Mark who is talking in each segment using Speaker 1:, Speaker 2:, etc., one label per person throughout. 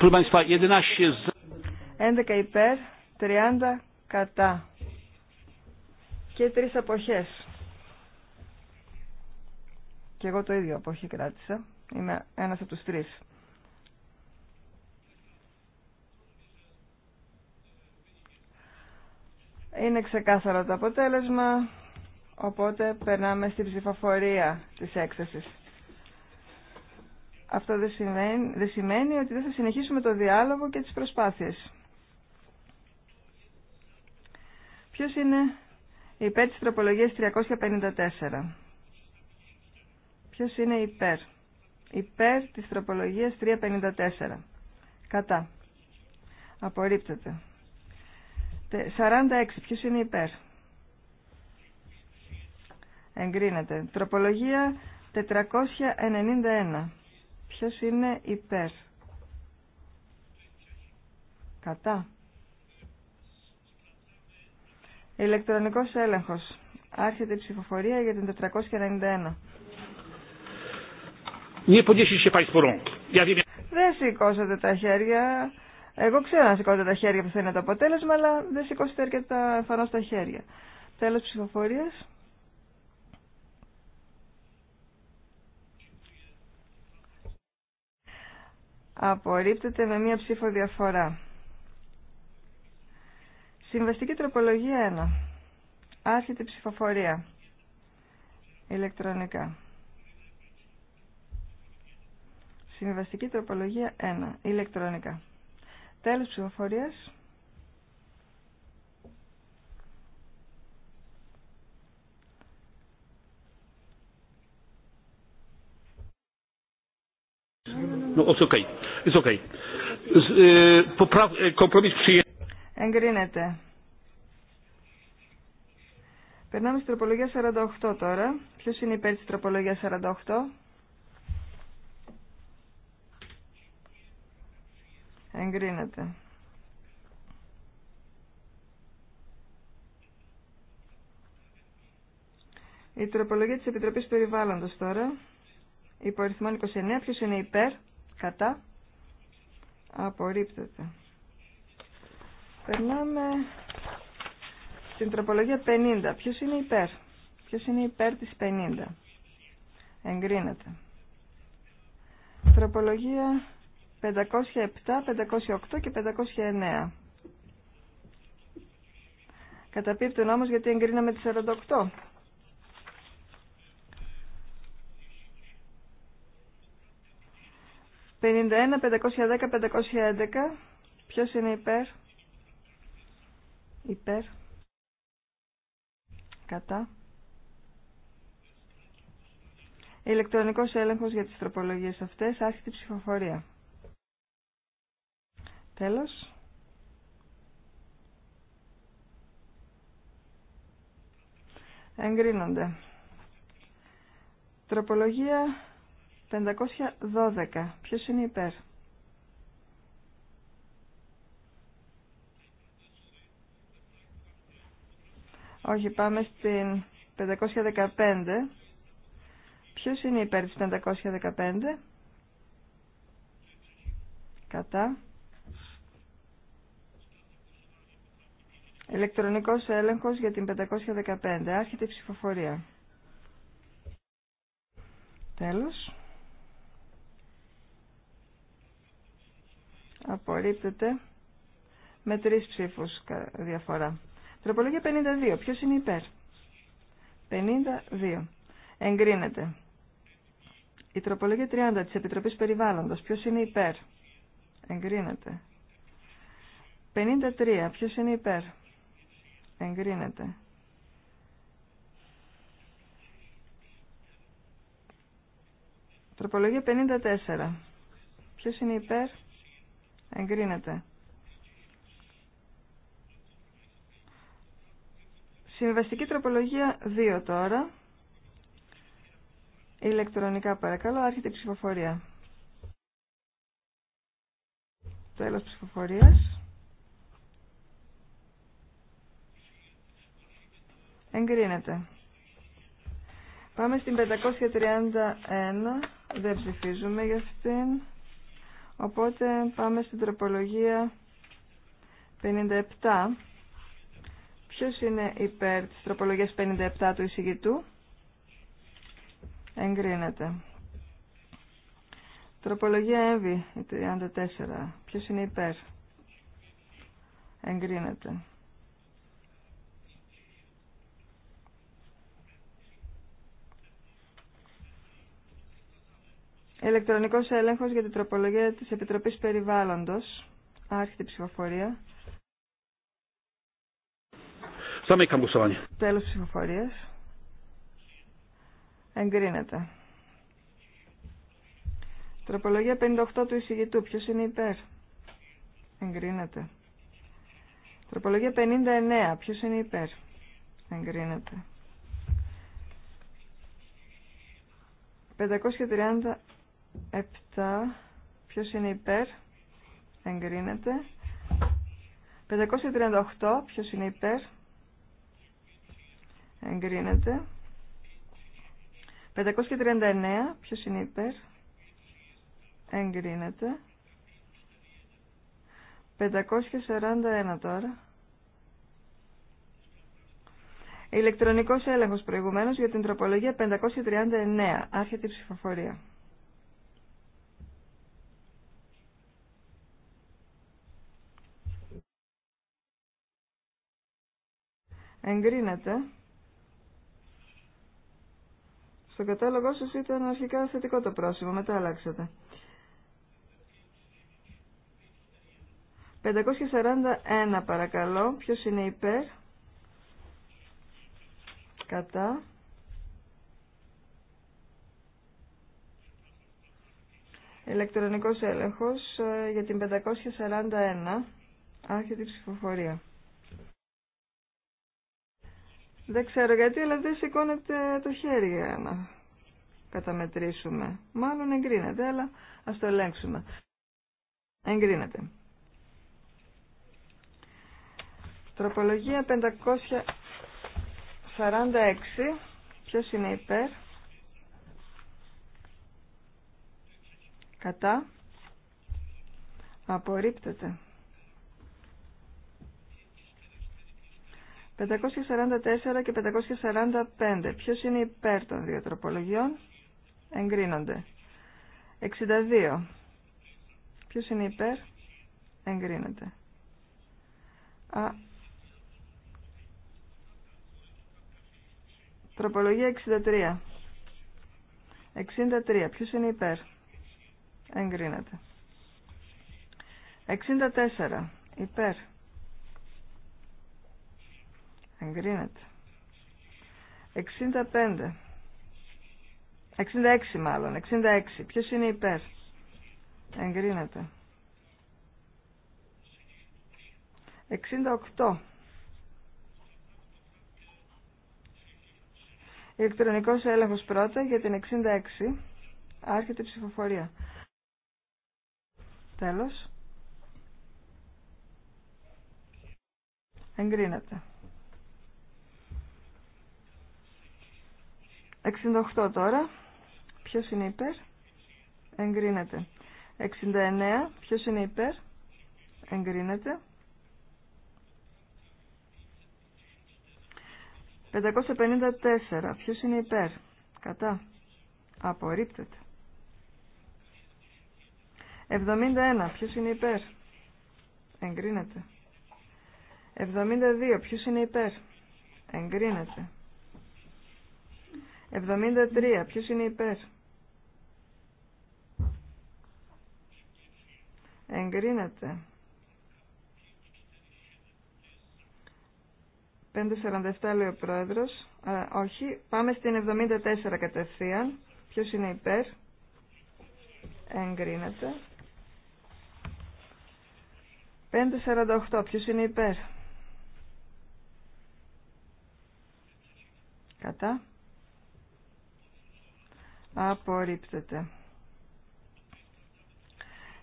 Speaker 1: 11 υπέρ, 30 κατά και τρεις αποχές. Και εγώ το ίδιο αποχή κράτησα. Είμαι ένας από τους τρεις. Είναι ξεκάθαρο το αποτέλεσμα, οπότε περνάμε στη ψηφοφορία της έκθεσης αυτό δεν σημαίνει, σημαίνει ότι δεν θα συνεχίσουμε το διάλογο και τις προσπάθειες. Ποιος είναι υπέρ της τροπολογίας 354. Ποιος είναι υπέρ. Υπέρ της τροπολογίας 354. Κατά. Απορρίπτεται. 46. Ποιος είναι υπέρ. Εγκρίνεται. Τροπολογία 491. Ποιο είναι υπέρ. Κατά. Ηλεκτρονικός έλεγχος. Άρχεται η ψηφοφορία για την 491. Δεν σηκώσατε τα χέρια. Εγώ ξέρω να σηκώσετε τα χέρια που θα είναι το αποτέλεσμα, αλλά δεν σηκώσετε αρκετά εμφανώ τα χέρια. Τέλο ψηφοφορία. απορρίπτεται με μία ψήφο διαφορά. Συμβαστική τροπολογία 1. Άρχεται ψηφοφορία. Ηλεκτρονικά. Συμβαστική τροπολογία 1. Ηλεκτρονικά. Τέλος ψηφοφορίας. Εγκρίνεται. Περνάμε στην τροπολογία 48 τώρα. Ποιο είναι υπέρ τη τροπολογία 48? Εγκρίνεται. Η τροπολογία της Επιτροπής Περιβάλλοντος τώρα. Υπορριθμόν 29. Ποιος είναι υπέρ. Κατά. Απορρίπτεται. Περνάμε στην τροπολογία 50. Ποιος είναι υπέρ. Ποιος είναι υπέρ της 50. Εγκρίνεται. Τροπολογία 507, 508 και 509. Καταπίπτουν όμως γιατί εγκρίναμε τη 48. 51, 510, 511. Ποιος είναι υπέρ. Υπέρ. Κατά. Ηλεκτρονικός έλεγχος για τις τροπολογίες αυτές. Άρχιτη ψηφοφορία. Τέλος. Εγκρίνονται. Τροπολογία 512. Ποιος είναι υπέρ. Όχι, πάμε στην 515. Ποιος είναι υπέρ της 515. Κατά. Ηλεκτρονικός έλεγχος για την 515. Άρχεται η ψηφοφορία. Τέλος. απορρίπτεται με τρεις ψήφους διαφορά. Τροπολογία 52. Ποιος είναι υπέρ. 52. Εγκρίνεται. Η τροπολογία 30 της Επιτροπής Περιβάλλοντος. Ποιος είναι υπέρ. Εγκρίνεται. 53. Ποιος είναι υπέρ. Εγκρίνεται. Τροπολογία 54. Ποιος είναι υπέρ. Εγκρίνεται. Συμβαστική τροπολογία 2 τώρα. Ηλεκτρονικά παρακαλώ, άρχεται η ψηφοφορία. Τέλος ψηφοφορίας. Εγκρίνεται. Πάμε στην 531. Δεν ψηφίζουμε για αυτήν. Οπότε πάμε στην τροπολογία 57. Ποιος είναι υπέρ της τροπολογίας 57 του εισηγητού. Εγκρίνεται. Τροπολογία έμβη, 34. Ποιος είναι υπέρ. Εγκρίνεται. Ελεκτρονικό έλεγχο για την τροπολογία της Επιτροπής Περιβάλλοντος. Άρχεται η ψηφοφορία. Τέλος ψηφοφορία. Εγκρίνεται. Τροπολογία 58 του εισηγητού. Ποιο είναι υπέρ. Εγκρίνεται. Τροπολογία 59. Ποιο είναι υπέρ. Εγκρίνεται. 530 7. Ποιος είναι υπέρ. Εγκρίνεται. 538. Ποιος είναι υπέρ. Εγκρίνεται. 539. Ποιος είναι υπέρ. Εγκρίνεται. 541 τώρα. Ηλεκτρονικός έλεγχος προηγουμένως για την τροπολογία 539. Άρχεται η ψηφοφορία. εγκρίνεται. Στο κατάλογό σας ήταν αρχικά θετικό το πρόσημο, μετά αλλάξατε. 541 παρακαλώ, ποιος είναι υπέρ, κατά. Ηλεκτρονικός έλεγχος ε, για την 541, άρχεται η ψηφοφορία. Δεν ξέρω γιατί, αλλά δεν σηκώνεται το χέρι για να καταμετρήσουμε. Μάλλον εγκρίνεται, αλλά ας το ελέγξουμε. Εγκρίνεται. Τροπολογία 546. Ποιος είναι υπέρ. Κατά. Απορρίπτεται. 544 και 545. Ποιος είναι υπέρ των δύο τροπολογιών. Εγκρίνονται. 62. Ποιος είναι υπέρ. Εγκρίνεται. Α. Τροπολογία 63. 63. Ποιος είναι υπέρ. Εγκρίνεται. 64. Υπέρ. Εγκρίνεται. 65. 66 μάλλον. 66. Ποιος είναι υπέρ. Εγκρίνεται. 68. Ηλεκτρονικός έλεγχος πρώτα για την 66. Άρχεται η ψηφοφορία. Τέλος. Εγκρίνεται. 68 τώρα. ποιο είναι υπέρ. Εγκρίνεται. 69. ποιο είναι υπέρ. Εγκρίνεται. 554. ποιο είναι υπέρ. Κατά. Απορρίπτεται. 71. ποιο είναι υπέρ. Εγκρίνεται. 72. ποιο είναι υπέρ. Εγκρίνεται. 73. Ποιος είναι υπέρ. Εγκρίνεται. 5.47 λέει ο πρόεδρος. όχι. Πάμε στην 74 κατευθείαν. Ποιος είναι υπέρ. Εγκρίνεται. 5.48. Ποιος είναι υπέρ. Κατά απορρίπτεται.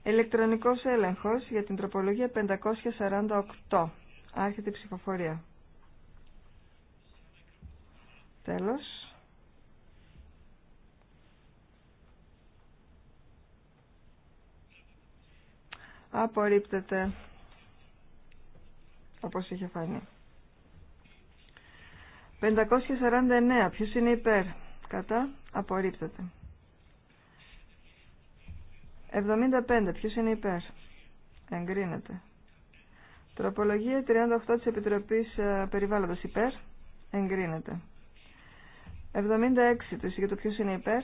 Speaker 1: Ηλεκτρονικός έλεγχος για την τροπολογία 548. Άρχεται η ψηφοφορία. Τέλος. Απορρίπτεται όπως είχε φανεί. 549. Ποιος είναι υπέρ. Κατά. Απορρίπτεται. 75. Ποιος είναι υπέρ. Εγκρίνεται. Τροπολογία 38 της Επιτροπής ε, Περιβάλλοντος υπέρ. Εγκρίνεται. 76. Το εισηγητό ποιος είναι υπέρ.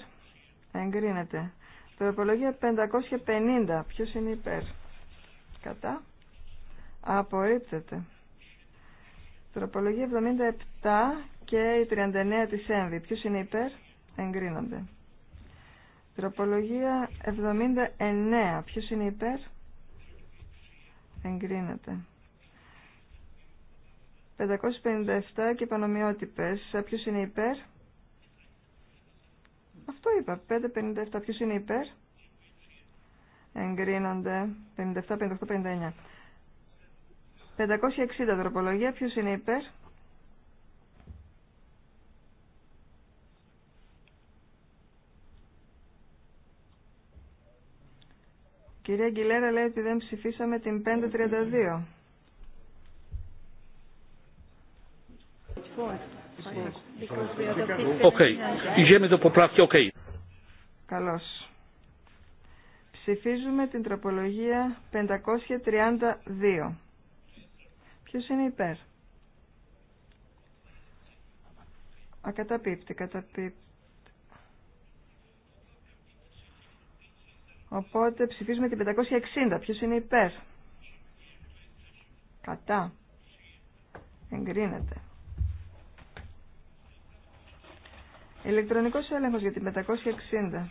Speaker 1: Εγκρίνεται. Τροπολογία 550. Ποιος είναι υπέρ. Κατά. Απορρίπτεται. Τροπολογία 77 και η 39 της ΕΜΒΗ. Ποιος είναι υπέρ εγκρίνονται. Τροπολογία 79. Ποιος είναι υπέρ? Εγκρίνεται. 557 και πανομοιότυπες. Ποιος είναι υπέρ? Αυτό είπα. 557. Ποιος είναι υπέρ? Εγκρίνονται. 57, 58, 59. 560 τροπολογία. Ποιος είναι υπέρ? κυρία Γκιλέρα λέει ότι δεν ψηφίσαμε την 532. Καλώ. το Καλώς. Ψηφίζουμε την τροπολογία 532. Ποιος είναι υπέρ. Ακαταπίπτει, καταπίπτει. Οπότε ψηφίζουμε την 560. Ποιος είναι υπέρ. Κατά. Εγκρίνεται. Ηλεκτρονικός έλεγχος για την 560.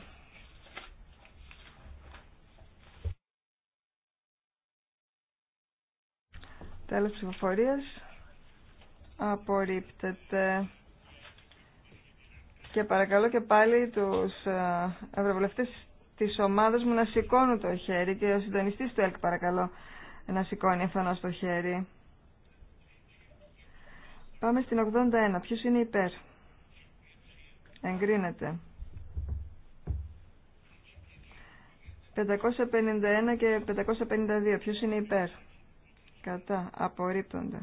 Speaker 1: Τέλος ψηφοφορίας. Απορρίπτεται. Και παρακαλώ και πάλι τους ε, ευρωβουλευτές Τη ομάδα μου να σηκώνουν το χέρι και ο συντονιστή του ΕΛΚ παρακαλώ να σηκώνει εμφανώ το χέρι. Πάμε στην 81. Ποιο είναι υπέρ. Εγκρίνεται. 551 και 552. Ποιο είναι υπέρ. Κατά. Απορρίπτονται.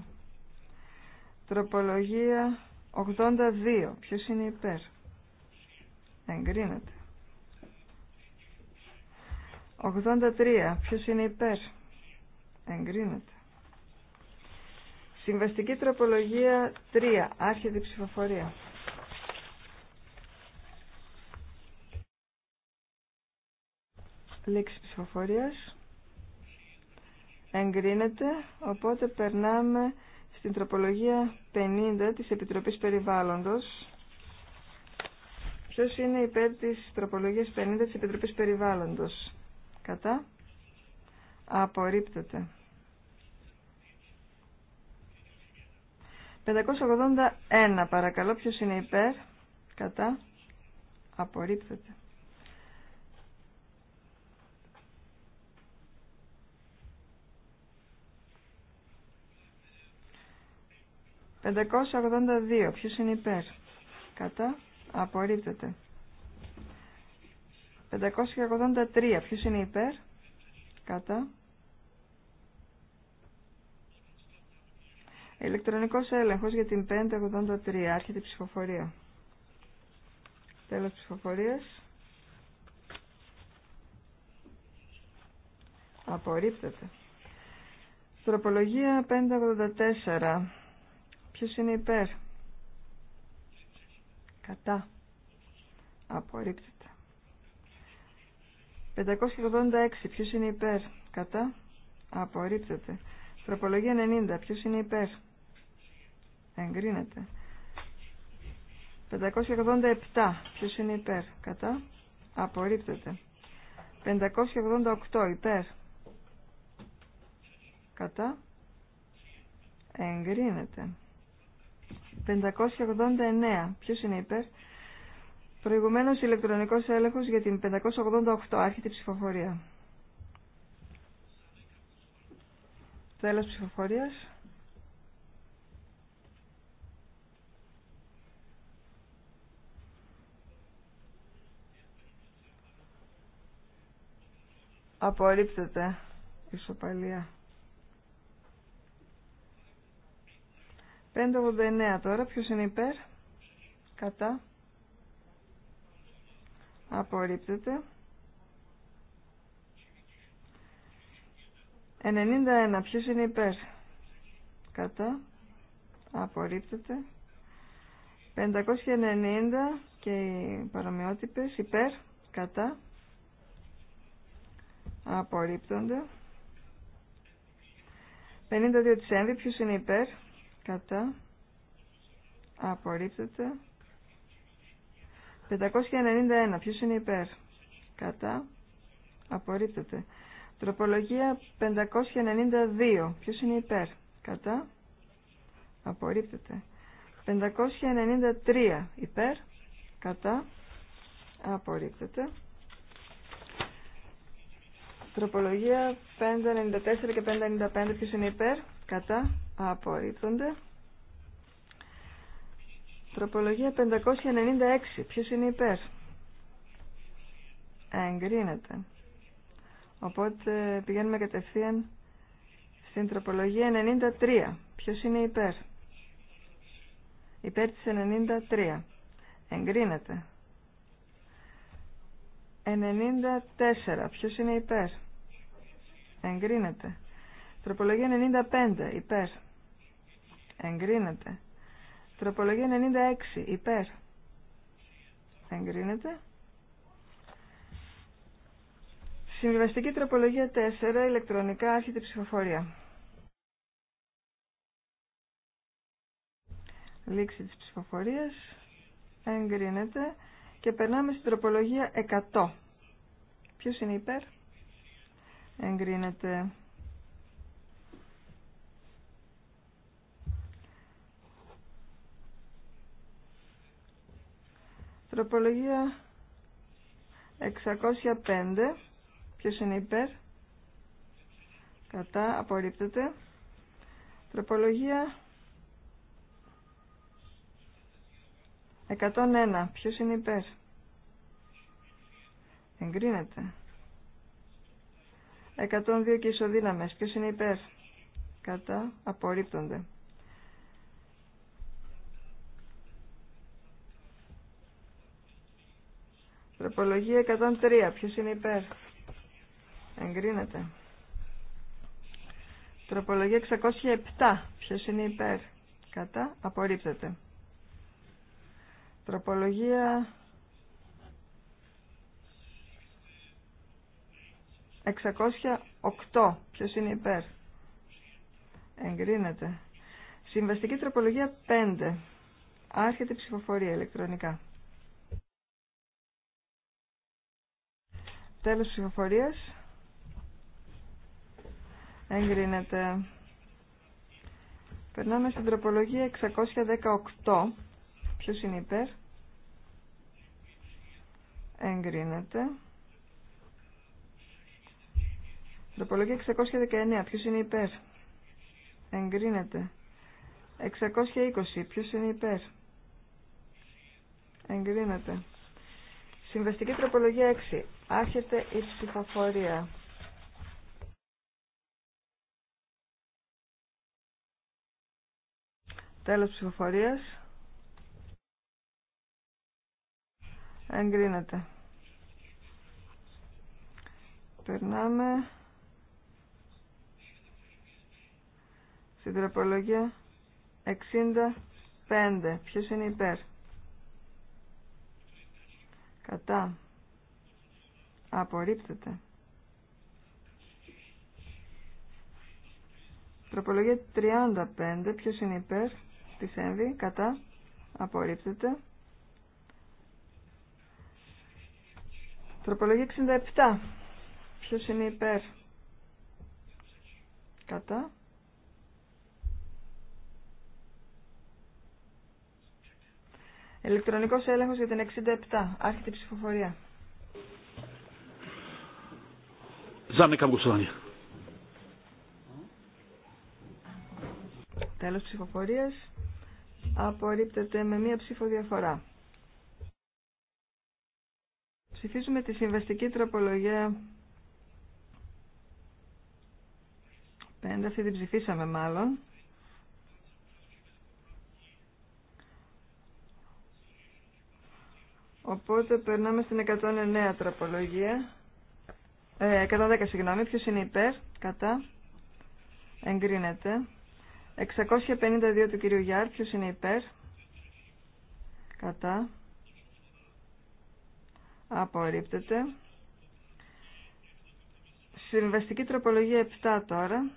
Speaker 1: Τροπολογία 82. Ποιο είναι υπέρ. Εγκρίνεται. 83. Ποιος είναι υπέρ. Εγκρίνεται. Συμβαστική τροπολογία 3. Άρχεται η ψηφοφορία. Λήξη ψηφοφορίας. Εγκρίνεται, οπότε περνάμε στην τροπολογία 50 της Επιτροπής Περιβάλλοντος. Ποιος είναι υπέρ της τροπολογίας 50 της Επιτροπής Περιβάλλοντος. Κατά. Απορρίπτεται. 581 παρακαλώ. Ποιος είναι υπέρ. Κατά. Απορρίπτεται. 582. Ποιος είναι υπέρ. Κατά. Απορρίπτεται. 583. Ποιος είναι υπέρ. Κατά. Ηλεκτρονικός έλεγχος για την 583. Άρχεται η ψηφοφορία. Τέλος ψηφοφορίας. Απορρίπτεται. Τροπολογία 584. Ποιος είναι υπέρ. Κατά. Απορρίπτεται. 586. Ποιο είναι υπέρ. Κατά. Απορρίπτεται. Τροπολογία 90. Ποιο είναι υπέρ. Εγκρίνεται. 587. ποιο είναι υπέρ. Κατά. Απορρίπτεται. 588. Υπέρ. Κατά. Εγκρίνεται. 589. Ποιο είναι υπέρ. Προηγουμένω ηλεκτρονικός έλεγχος για την 588 άρχεται ψηφοφορία. Τέλος ψηφοφορίας. Απορρίπτεται ισοπαλία. 589 τώρα, ποιος είναι υπέρ, κατά, απορρίπτεται. 91. Ποιος είναι υπέρ. Κατά. Απορρίπτεται. 590 και οι παρομοιότυπες υπέρ. Κατά. Απορρίπτονται. 52 τη Ποιος είναι υπέρ. Κατά. Απορρίπτεται. 591. Ποιος είναι υπέρ. Κατά. Απορρίπτεται. Τροπολογία 592. Ποιος είναι υπέρ. Κατά. Απορρίπτεται. 593. Υπέρ. Κατά. Απορρίπτεται. Τροπολογία 594 και 595. Ποιος είναι υπέρ. Κατά. Απορρίπτονται. Τροπολογία 596. Ποιος είναι υπέρ. Ε, εγκρίνεται. Οπότε πηγαίνουμε κατευθείαν στην τροπολογία 93. Ποιος είναι υπέρ. Υπέρ της 93. Εγκρίνεται. 94. Ποιος είναι υπέρ. Εγκρίνεται. Τροπολογία 95. Υπέρ. Εγκρίνεται. Τροπολογία 96. Υπέρ. Εγκρίνεται. Συμβιβαστική τροπολογία 4. Ηλεκτρονικά άρχεται ψηφοφορία. Λήξη της ψηφοφορίας. Εγκρίνεται. Και περνάμε στην τροπολογία 100. Ποιος είναι υπέρ. Εγκρίνεται. Τροπολογία 605. Ποιος είναι υπέρ. Κατά. Απορρίπτεται. Τροπολογία 101. Ποιος είναι υπέρ. Εγκρίνεται. 102 και ισοδύναμες. Ποιος είναι υπέρ. Κατά. Απορρίπτονται. Τροπολογία 103. Ποιος είναι υπέρ. Εγκρίνεται. Τροπολογία 607. Ποιος είναι υπέρ. Κατά. Απορρίπτεται. Τροπολογία 608. Ποιος είναι υπέρ. Εγκρίνεται. Συμβαστική τροπολογία 5. Άρχεται η ψηφοφορία ηλεκτρονικά. Τέλος της ψηφοφορίας. Εγκρίνεται. Περνάμε στην τροπολογία 618. Ποιος είναι υπέρ. Εγκρίνεται. Τροπολογία 619. Ποιος είναι υπέρ. Εγκρίνεται. 620. Ποιος είναι υπέρ. Εγκρίνεται. Συμβαστική τροπολογία 6. Άρχεται η ψηφοφορία. Τέλος ψηφοφορίας. Εγκρίνεται. Περνάμε στην τροπολογία 65. Ποιος είναι υπέρ. Κατά. Απορρίπτεται. Τροπολογία 35. Ποιος είναι υπέρ της ΕΜΒΗ. Κατά. Απορρίπτεται. Τροπολογία 67. Ποιος είναι υπέρ. Κατά. Ελεκτρονικός έλεγχος για την 67. Άρχεται ψηφοφορία.
Speaker 2: Zamykam głosowanie.
Speaker 1: Τέλος ψηφοφορίας. Απορρίπτεται με μία ψήφο διαφορά. Ψηφίζουμε τη συμβαστική τροπολογία Πέντε αυτή την ψηφίσαμε μάλλον. Οπότε περνάμε στην 109 τροπολογία. Ε, 110 συγγνώμη, ποιος είναι υπέρ, κατά, εγκρίνεται. 652 του κυρίου Γιάρ, ποιος είναι υπέρ, κατά, απορρίπτεται. Συμβαστική τροπολογία 7 τώρα,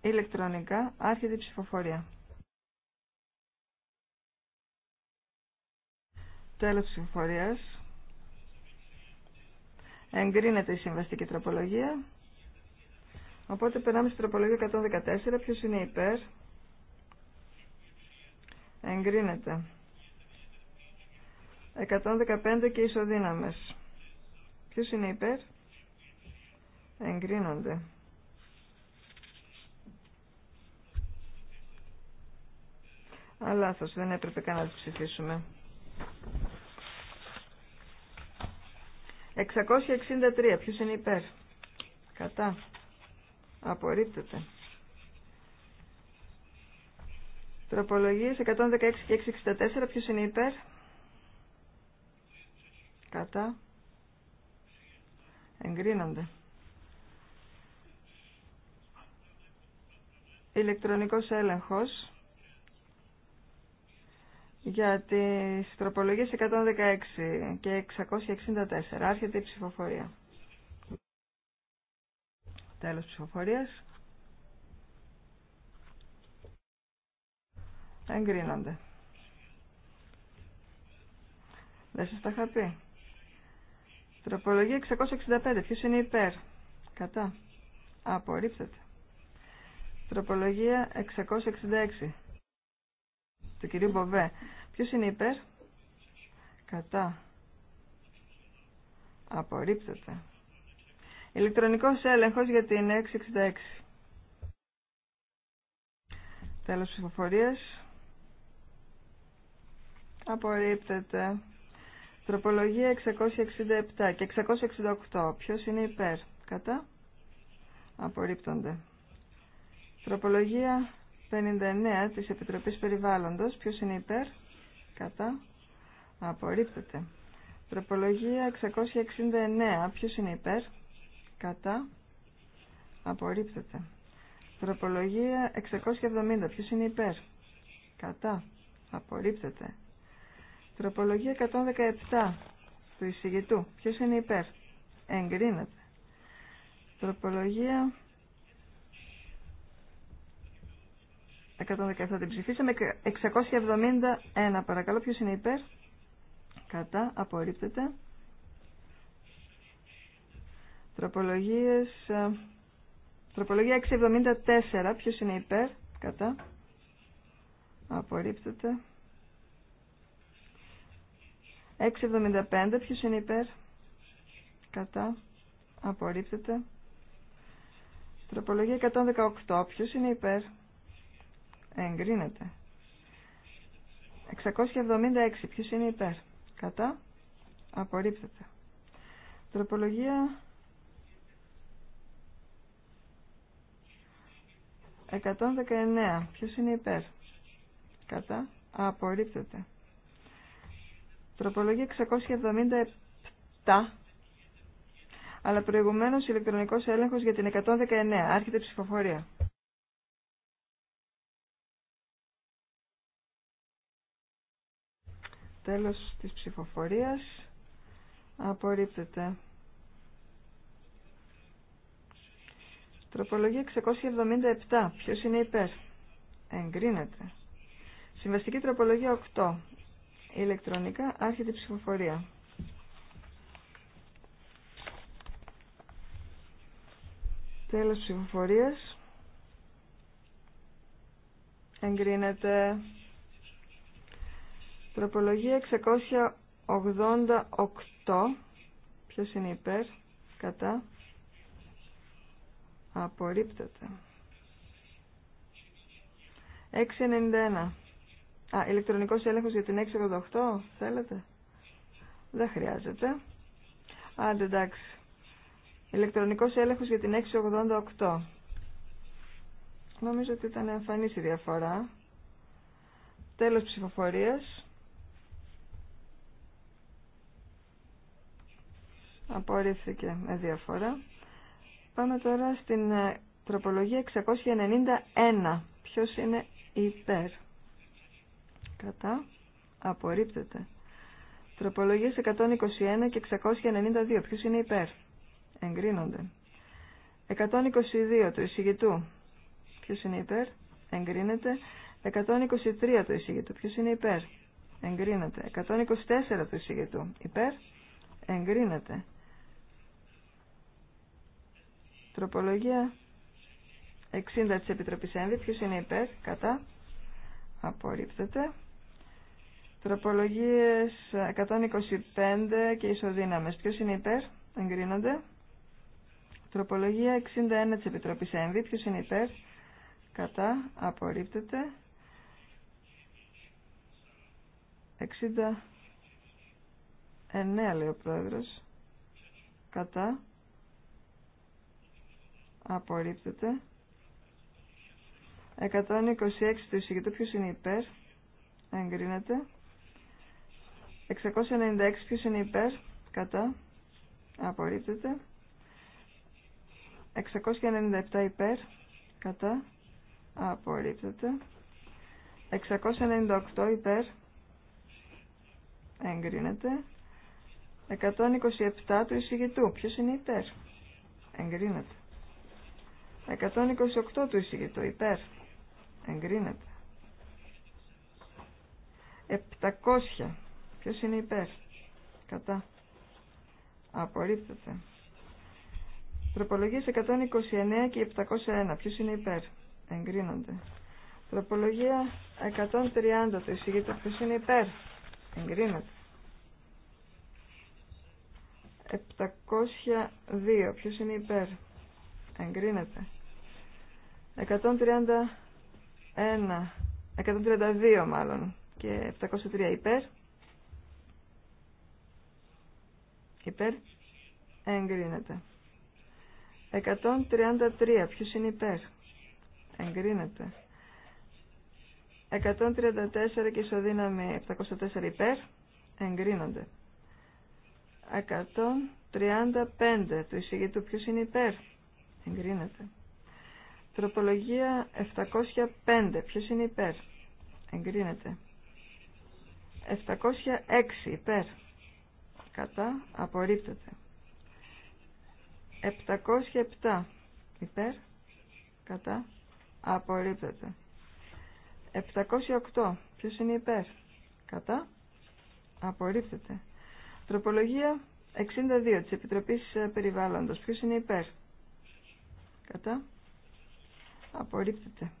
Speaker 1: ηλεκτρονικά, άρχεται η ψηφοφορία. Τέλος ψηφοφορίας. Εγκρίνεται η συμβαστική τροπολογία. Οπότε περνάμε στη τροπολογία 114. Ποιος είναι υπέρ. Εγκρίνεται. 115 και ισοδύναμες. Ποιος είναι υπέρ. Εγκρίνονται. Αλλά λάθος, δεν έπρεπε καν να τους ψηφίσουμε. 663. Ποιος είναι υπέρ. Κατά. Απορρίπτεται. Τροπολογίες 116 και 664. Ποιος είναι υπέρ. Κατά. Εγκρίνονται. Ηλεκτρονικός έλεγχος για τις τροπολογίες 116 και 664. Άρχεται η ψηφοφορία. Τέλος ψηφοφορίας. Εγκρίνονται. Δεν σας τα είχα πει. Τροπολογία 665. Ποιος είναι υπέρ. Κατά. Απορρίπτεται. Τροπολογία 666 του κυρίου Μποβέ. Ποιος είναι υπέρ? Κατά. Απορρίπτεται. Ηλεκτρονικός έλεγχος για την 666. Τέλος ψηφοφορίας. Απορρίπτεται. Τροπολογία 667 και 668. Ποιος είναι υπέρ? Κατά. Απορρίπτονται. Τροπολογία 59 της Επιτροπής Περιβάλλοντος. Ποιος είναι υπέρ, κατά, απορρίπτεται. Τροπολογία 669. Ποιος είναι υπέρ, κατά, απορρίπτεται. Τροπολογία 670. Ποιος είναι υπέρ, κατά, απορρίπτεται. Τροπολογία 117 του εισηγητού. Ποιος είναι υπέρ, εγκρίνεται. Τροπολογία 117 την ψηφίσαμε. 671 παρακαλώ. Ποιος είναι υπέρ. Κατά. Απορρίπτεται. Τροπολογίες. Ε, τροπολογία 674. Ποιο είναι υπέρ. Κατά. Απορρίπτεται. 675. ποιο είναι υπέρ. Κατά. Απορρίπτεται. Τροπολογία 118. ποιο είναι υπέρ Εγκρίνεται. 676. Ποιος είναι υπέρ. Κατά. Απορρίπτεται. Τροπολογία 119. Ποιος είναι υπέρ. Κατά. Απορρίπτεται. Τροπολογία 677. Αλλά προηγουμένως ηλεκτρονικός έλεγχος για την 119. Άρχεται ψηφοφορία. Τέλος της ψηφοφορίας. Απορρίπτεται. Τροπολογία 677. Ποιος είναι υπέρ. Εγκρίνεται. Συμβαστική τροπολογία 8. Ηλεκτρονικά άρχεται η ψηφοφορία. Τέλος ψηφοφορίας. Εγκρίνεται. Τροπολογία 688. Ποιος είναι υπέρ, κατά. Απορρίπτεται. 691. Α, ηλεκτρονικός έλεγχος για την 688. Θέλετε. Δεν χρειάζεται. Άντε εντάξει. Ηλεκτρονικός έλεγχος για την 688. Νομίζω ότι ήταν εμφανής η διαφορά. Τέλος ψηφοφορίας. Απορρίφθηκε με διαφορά. Πάμε τώρα στην ε, τροπολογία 691. Ποιος είναι υπέρ. Κατά. Απορρίπτεται. Τροπολογίες 121 και 692. Ποιος είναι υπέρ. Εγκρίνονται. 122 το εισηγητού. Ποιος είναι υπέρ. Εγκρίνεται. 123 το εισηγητού. Ποιος είναι υπέρ. Εγκρίνεται. 124 του εισηγητού. Υπέρ. Εγκρίνεται. Τροπολογία 60 της Επιτροπής Ένδη. Ποιος είναι υπέρ, κατά. Απορρίπτεται. Τροπολογίες 125 και ισοδύναμες. Ποιος είναι υπέρ, εγκρίνονται. Τροπολογία 61 της Επιτροπής Ένδη. Ποιος είναι υπέρ, κατά. Απορρίπτεται. 69 λέει ο πρόεδρος. Κατά απορρίπτεται 126 του εισηγητού ποιος είναι υπέρ εγκρίνεται 696 ποιος είναι υπέρ κατά απορρίπτεται 697 υπέρ κατά απορρίπτεται 698 υπέρ εγκρίνεται 127 του εισηγητού ποιος είναι υπέρ εγκρίνεται 128 του εισηγητού υπέρ. Εγκρίνεται. 700. Ποιος είναι υπέρ. Κατά. Απορρίπτεται. Τροπολογίες 129 και 701. Ποιος είναι υπέρ. Εγκρίνονται. Τροπολογία 130 του εισηγητού. Ποιος είναι υπέρ. Εγκρίνεται. 702. Ποιος είναι υπέρ εγκρίνεται. 131, 132 μάλλον και 703 υπέρ. Υπέρ εγκρίνεται. 133 ποιος είναι υπέρ. Εγκρίνεται. 134 και ισοδύναμη 704 υπέρ. Εγκρίνονται. 135 του εισηγητού ποιος είναι υπέρ Εγκρίνεται. Τροπολογία 705. Ποιος είναι υπέρ. Εγκρίνεται. 706 υπέρ. Κατά. Απορρίπτεται. 707 υπέρ. Κατά. Απορρίπτεται. 708. Ποιος είναι υπέρ. Κατά. Απορρίπτεται. Τροπολογία 62 της Επιτροπής Περιβάλλοντος. Ποιος είναι υπέρ. Κατά. Απορρίπτεται.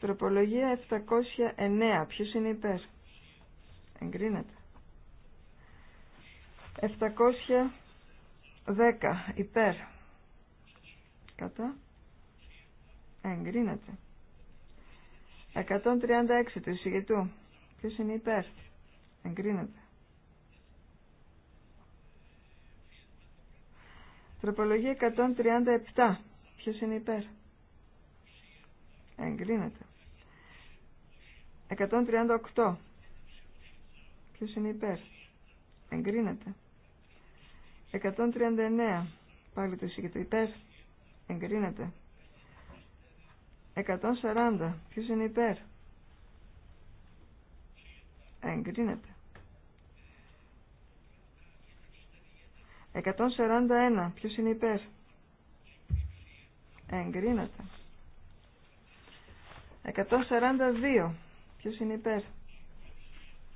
Speaker 1: Τροπολογία 709. Ποιος είναι υπέρ. Εγκρίνεται. 710. Υπέρ. Κατά. Εγκρίνεται. 136 του εισηγητού. Ποιος είναι υπέρ. Εγκρίνεται. Τροπολογία 137. Ποιος είναι υπέρ. Εγκρίνεται. 138. Ποιος είναι υπέρ. Εγκρίνεται. 139. Πάλι το εισηγητή υπέρ. Εγκρίνεται. 140. Ποιος είναι υπέρ. Εγκρίνεται. 141. Ποιος είναι υπέρ. Εγκρίνεται. 142. Ποιος είναι υπέρ.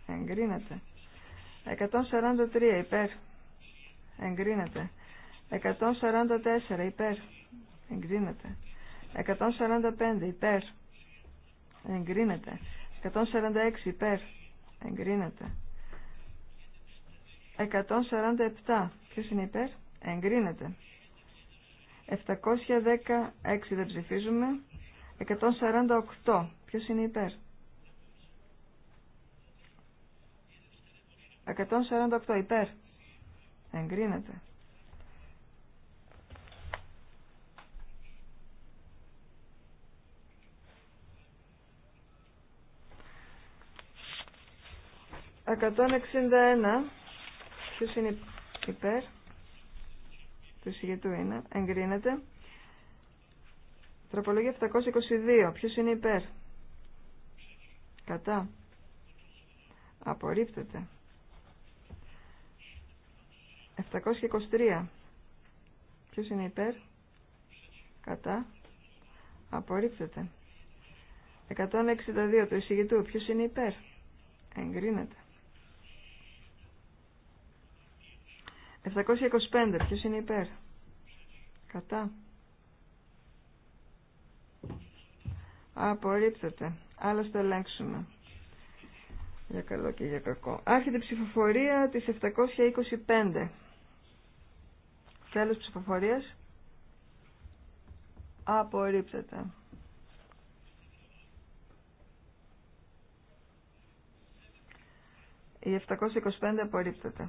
Speaker 1: Εγκρίνεται. 143 υπέρ. Εγκρίνεται. 144 υπέρ. Εγκρίνεται. 145 υπέρ. Εγκρίνεται. 146 υπέρ. Εγκρίνεται. 147. Ποιος είναι υπέρ. Εγκρίνεται. 716 δεν ψηφίζουμε. 148. Ποιος είναι υπέρ. 148 υπέρ. Εγκρίνεται. Εκατόν εξήντα ένα. Ποιος είναι υπέρ του συγγετού είναι, εγκρίνεται. Τροπολογία 722. Ποιος είναι υπέρ. Κατά. Απορρίπτεται. 723. Ποιος είναι υπέρ. Κατά. Απορρίπτεται. 162 του εισηγητού. Ποιος είναι υπέρ. Εγκρίνεται. 725. Ποιος είναι υπέρ. Κατά. Απορρίπτεται. Άλλο στο ελέγξουμε. Για καλό και για κακό. Άρχεται η ψηφοφορία της 725. Τέλος ψηφοφορίας. Απορρίπτεται. η 725 απορρίπτεται.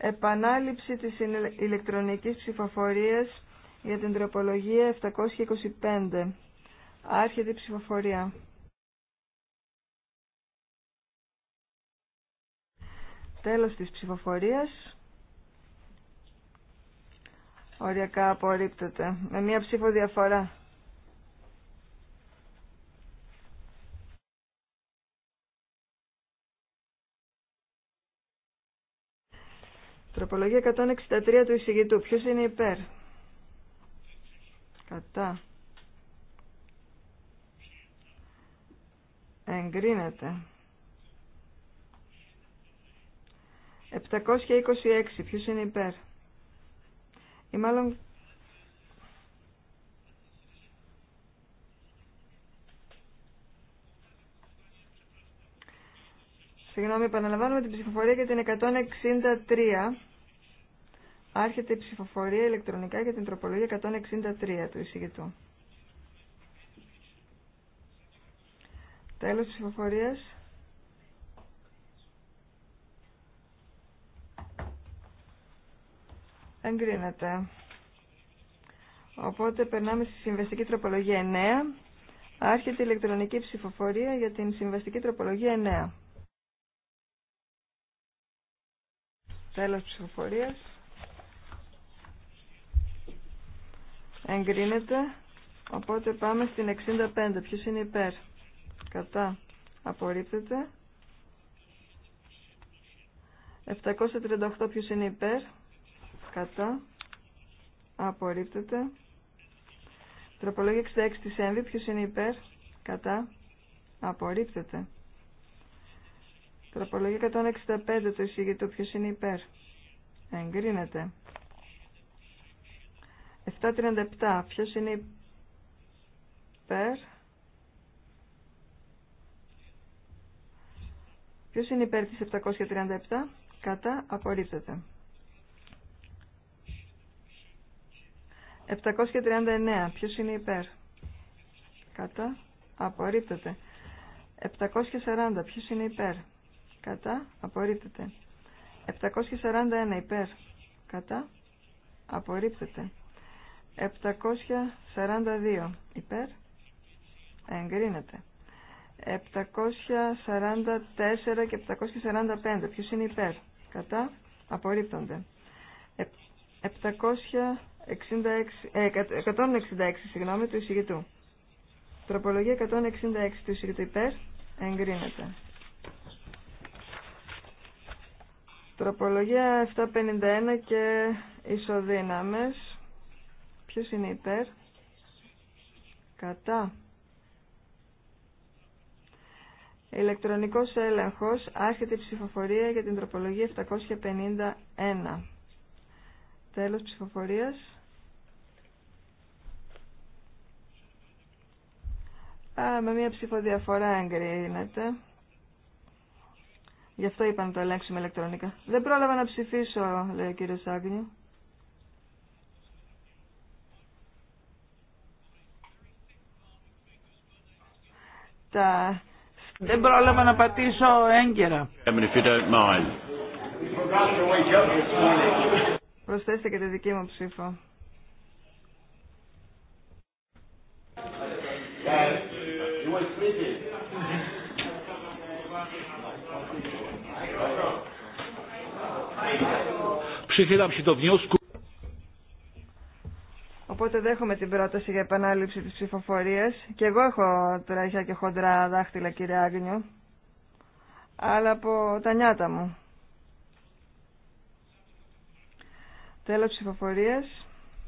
Speaker 1: επανάληψη της ηλεκτρονικής ψηφοφορίας για την τροπολογία 725. Άρχεται η ψηφοφορία. Τέλος της ψηφοφορίας. Οριακά απορρίπτεται. Με μία ψήφο διαφορά. Τροπολογία 163 του εισηγητού. Ποιο είναι υπέρ. Κατά. Εγκρίνεται. 726. ποιο είναι υπέρ. Ή μάλλον Συγγνώμη, επαναλαμβάνουμε την ψηφοφορία για την 163. Άρχεται η ψηφοφορία ηλεκτρονικά για την τροπολογία 163 του εισηγητού. Τέλος της ψηφοφορίας. Εγκρίνεται. Οπότε περνάμε στη συμβαστική τροπολογία 9. Άρχεται η ηλεκτρονική ψηφοφορία για την συμβαστική τροπολογία 9. Τέλος ψηφοφορίας. Εγκρίνεται. Οπότε πάμε στην 65. Ποιος είναι υπέρ. Κατά. Απορρίπτεται. 738. Ποιος είναι υπέρ. Κατά. Απορρίπτεται. Τροπολόγια 66 της ΕΜΒΗ. Ποιος είναι υπέρ. Κατά. Απορρίπτεται. Τροπολογία 165 το εισηγητού. Ποιο είναι υπέρ. Εγκρίνεται. 737. Ποιο είναι υπέρ. Ποιο είναι υπέρ τη 737. Κατά. Απορρίπτεται. 739. Ποιος είναι υπέρ. Κατά. Απορρίπτεται. 740. Ποιος είναι υπέρ κατά, απορρίπτεται. 741 υπέρ, κατά, απορρίπτεται. 742 υπέρ, εγκρίνεται. 744 και 745, ποιος είναι υπέρ, κατά, απορρίπτονται. 766, 166, ε, συγγνώμη, του εισηγητού. Τροπολογία 166 του εισηγητού υπέρ, εγκρίνεται. Τροπολογία 751 και ισοδύναμες. Ποιος είναι υπέρ. Κατά. Ηλεκτρονικός έλεγχος. Άρχεται η ψηφοφορία για την τροπολογία 751. Τέλος ψηφοφορίας. Α, με μία ψηφοδιαφορά εγκρίνεται. Γι' αυτό είπα να το ελέγξουμε ηλεκτρονικά. Δεν πρόλαβα να ψηφίσω, λέει ο κύριο Άγνιου. Τα... Δεν πρόλαβα να πατήσω έγκαιρα. Προσθέστε και τη δική μου ψήφο.
Speaker 3: Yeah.
Speaker 1: Οπότε δέχομαι την πρόταση για επανάληψη της ψηφοφορία και εγώ έχω τραχιά και χοντρά δάχτυλα κύριε Άγνιο. αλλά από τα νιάτα μου. Τέλο ψηφοφορία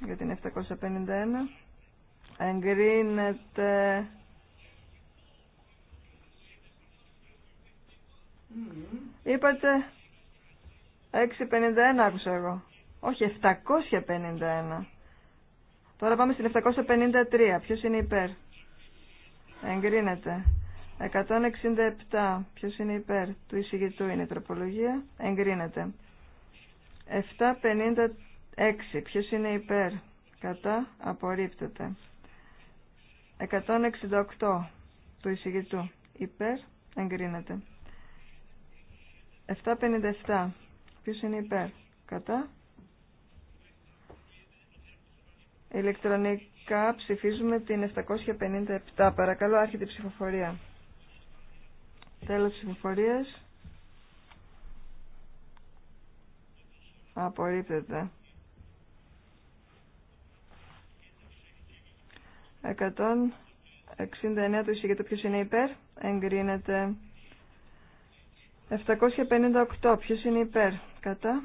Speaker 1: για την 751 εγκρίνεται mm. Είπατε 651 άκουσα εγώ. Όχι, 751. Τώρα πάμε στην 753. Ποιος είναι υπέρ. Εγκρίνεται. 167. Ποιος είναι υπέρ. Του εισηγητού είναι η τροπολογία. Εγκρίνεται. 756. Ποιος είναι υπέρ. Κατά. Απορρίπτεται. 168. Του εισηγητού. Υπέρ. Εγκρίνεται. 757. Ποιος είναι υπέρ. Κατά. Ηλεκτρονικά ψηφίζουμε την 757. Παρακαλώ άρχεται η ψηφοφορία. Τέλος της ψηφοφορίας. Απορρίπτεται. 169 του το ποιος είναι υπέρ. Εγκρίνεται. 758. Ποιο είναι υπέρ. Κατά.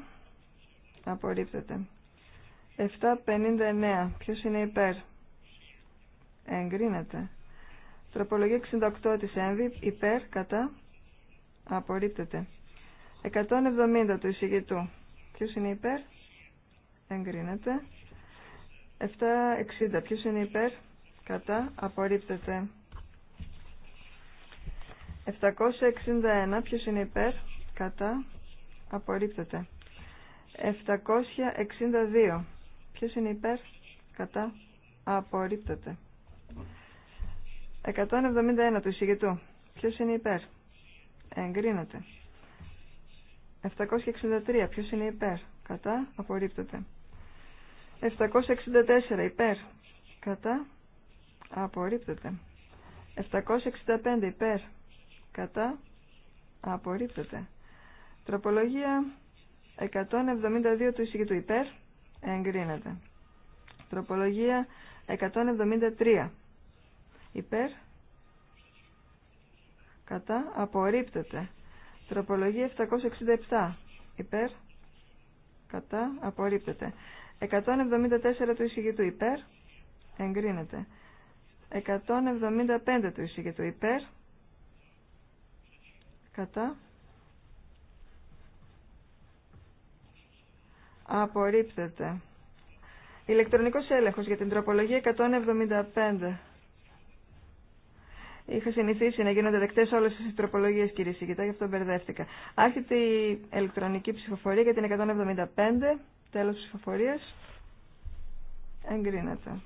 Speaker 1: Απορρίπτεται. 759. ποιο είναι υπέρ. Εγκρίνεται. Τροπολογία 68 της ΕΜΒΗ. Υπέρ. Κατά. Απορρίπτεται. 170 του εισηγητού. Ποιο είναι υπέρ. Εγκρίνεται. 760. ποιο είναι υπέρ. Κατά. Απορρίπτεται. 761 ποιος είναι υπέρ κατά απορρίπτεται 762 ποιος είναι υπέρ κατά απορρίπτεται 171 του εισηγητού ποιος είναι υπέρ εγκρίνεται 763 ποιος είναι υπέρ κατά απορρίπτεται 764 υπέρ κατά απορρίπτεται 765 υπέρ Κατά. Απορρίπτεται. Τροπολογία 172 του εισηγητού υπέρ. Εγκρίνεται. Τροπολογία 173 υπέρ. Κατά. Απορρίπτεται. Τροπολογία 767 υπέρ. Κατά. Απορρίπτεται. 174 του εισηγητού υπέρ. Εγκρίνεται. 175 του εισηγητού υπέρ κατά απορρίπτεται ηλεκτρονικός έλεγχος για την τροπολογία 175 Είχα συνηθίσει να γίνονται δεκτέ όλε τι τροπολογίε, κύριε Σιγητά, γι' αυτό μπερδεύτηκα. Άρχεται η ηλεκτρονική ψηφοφορία για την 175. Τέλο ψηφοφορία. Εγκρίνεται.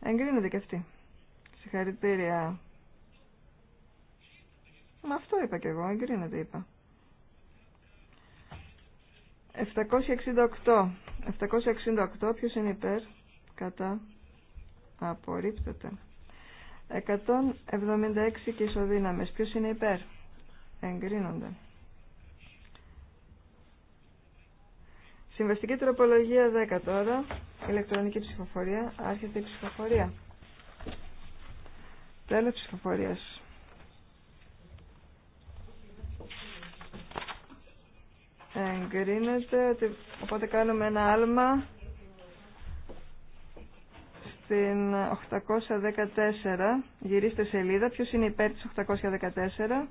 Speaker 1: Εγκρίνεται και αυτή. Συγχαρητήρια Μα αυτό είπα και εγώ, εγκρίνεται είπα. 768. 768, ποιος είναι υπέρ, κατά, απορρίπτεται. 176 και ισοδύναμες, ποιος είναι υπέρ, εγκρίνονται. Συμβαστική τροπολογία 10 τώρα, ηλεκτρονική ψηφοφορία, άρχεται η ψηφοφορία. Τέλος ψηφοφορίας. εγκρίνεται, οπότε κάνουμε ένα άλμα στην 814. Γυρίστε σελίδα. Ποιος είναι υπέρ της 814.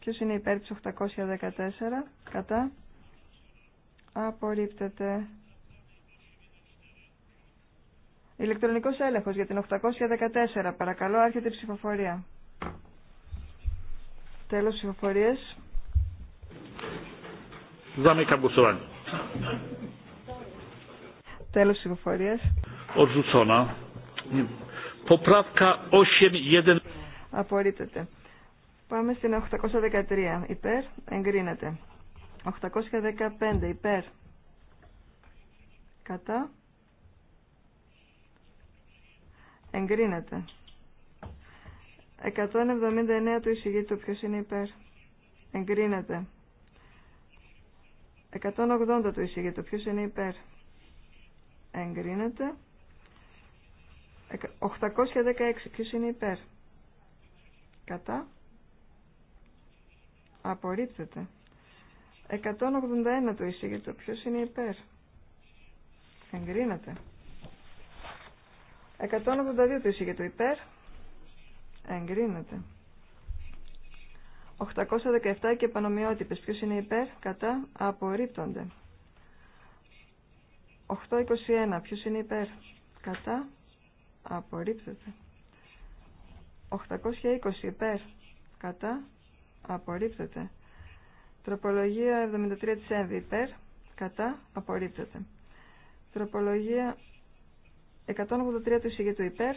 Speaker 1: Ποιος είναι υπέρ της 814. Κατά. Απορρίπτεται. Ηλεκτρονικός έλεγχος για την 814. Παρακαλώ, άρχεται η ψηφοφορία. Τέλος ψηφοφορίες
Speaker 2: Zamykam głosowanie. Τέλος Odrzucona.
Speaker 1: Πάμε στην 813. Υπέρ. Εγκρίνεται. 815. Υπέρ. Κατά. Εγκρίνεται. 179 του εισηγήτου. Ποιος είναι υπέρ. Εγκρίνεται. 180 του το Ποιος είναι υπέρ. Εγκρίνεται. 816. Ποιος είναι υπέρ. Κατά. Απορρίπτεται. 181 του το Ποιος είναι υπέρ. Εγκρίνεται. 182 του το υπέρ. Εγκρίνεται. 817 και επανομοιότυπες. Ποιος είναι υπέρ, κατά, απορρίπτονται. 821. Ποιος είναι υπέρ, κατά, απορρίπτεται. 820 υπέρ, κατά, απορρίπτεται. Τροπολογία 73 της ΕΒΗ, υπέρ, κατά, απορρίπτεται. Τροπολογία 183 του εισηγητού υπέρ,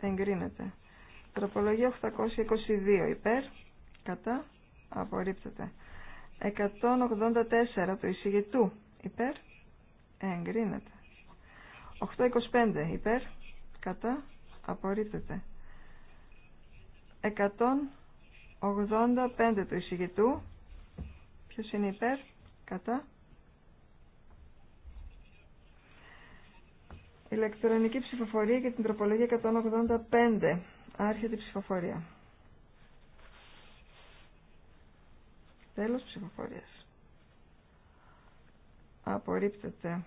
Speaker 1: εγκρίνεται. Τροπολογία 822 υπέρ, κατά απορρίπτεται 184 του εισηγητού υπέρ εγκρίνεται 825 υπέρ κατά απορρίπτεται 185 το εισηγητού ποιος είναι υπέρ κατά ηλεκτρονική ψηφοφορία για την τροπολογία 185 άρχεται η ψηφοφορία Τέλος ψηφοφορίας. Απορρίπτεται.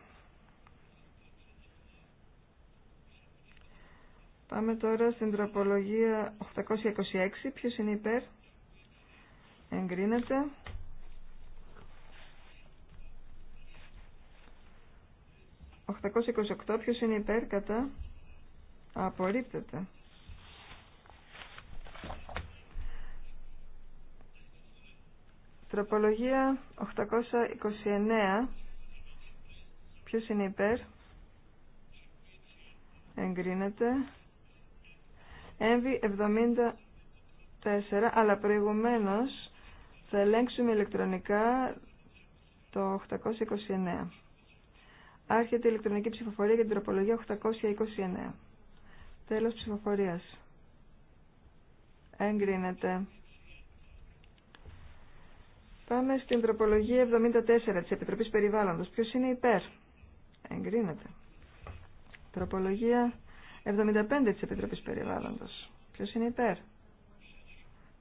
Speaker 1: Πάμε τώρα στην τροπολογία 826. Ποιος είναι υπέρ. Εγκρίνεται. «828 ποιος είναι υπέρ κατά» απορρίπτεται. Τροπολογία 829. Ποιος είναι υπέρ. Εγκρίνεται. Έμβη 74. Αλλά προηγουμένως θα ελέγξουμε ηλεκτρονικά το 829. Άρχεται η ηλεκτρονική ψηφοφορία για την τροπολογία 829. Τέλος ψηφοφορίας. Εγκρίνεται. Πάμε στην τροπολογία 74 της Επιτροπής Περιβάλλοντος. Ποιος είναι υπέρ. Εγκρίνεται. Τροπολογία 75 της Επιτροπής Περιβάλλοντος. Ποιος είναι υπέρ.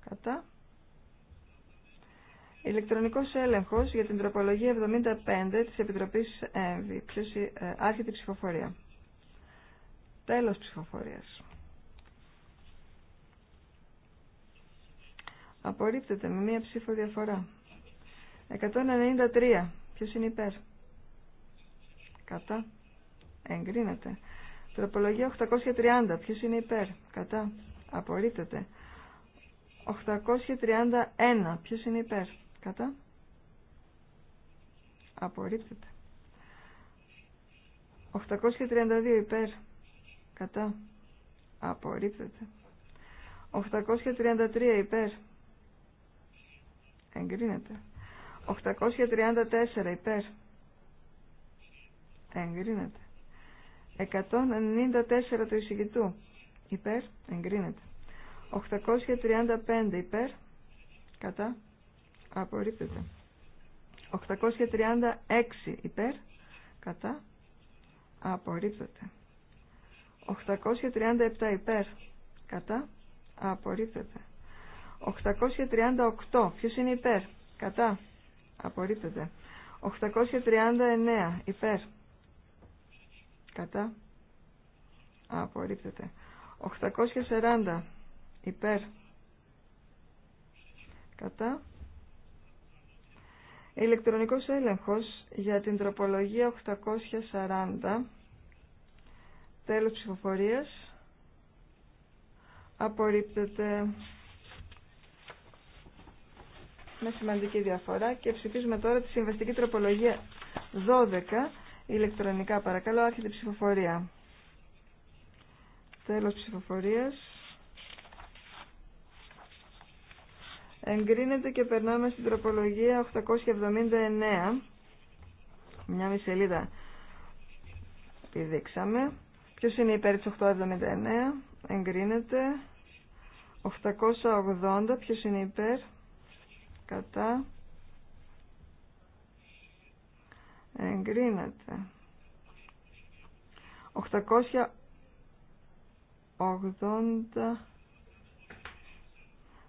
Speaker 1: Κατά. Ηλεκτρονικός έλεγχος για την τροπολογία 75 της Επιτροπής ΕΜΒΗ. Ποιος ε, άρχεται ψηφοφορία. Τέλος ψηφοφορίας. Απορρίπτεται με μία ψήφο διαφορά. 193. Ποιος είναι υπέρ. Κατά. Εγκρίνεται. Τροπολογία 830. Ποιος είναι υπέρ. Κατά. Απορρίπτεται. 831. Ποιος είναι υπέρ. Κατά. Απορρίπτεται. 832 υπέρ. Κατά. Απορρίπτεται. 833 υπέρ. Εγκρίνεται. 834 υπέρ. Εγκρίνεται. 194 του εισηγητού υπέρ. Εγκρίνεται. 835 υπέρ. Κατά. Απορρίπτεται. 836 υπέρ. Κατά. Απορρίπτεται. 837 υπέρ. Κατά. Απορρίπτεται. 838. Ποιος είναι υπέρ. Κατά. Απορρίπτεται. 839 υπέρ. Κατά. Απορρίπτεται. 840 υπέρ. Κατά. Ηλεκτρονικός έλεγχος για την τροπολογία 840. Τέλος ψηφοφορίας. Απορρίπτεται με σημαντική διαφορά και ψηφίζουμε τώρα τη συμβαστική τροπολογία 12 ηλεκτρονικά παρακαλώ άρχεται η ψηφοφορία τέλος ψηφοφορίας εγκρίνεται και περνάμε στην τροπολογία 879 μια μισή σελίδα επιδείξαμε ποιος είναι υπέρ της 879 εγκρίνεται 880 ποιος είναι υπέρ κατά εγκρίνεται 880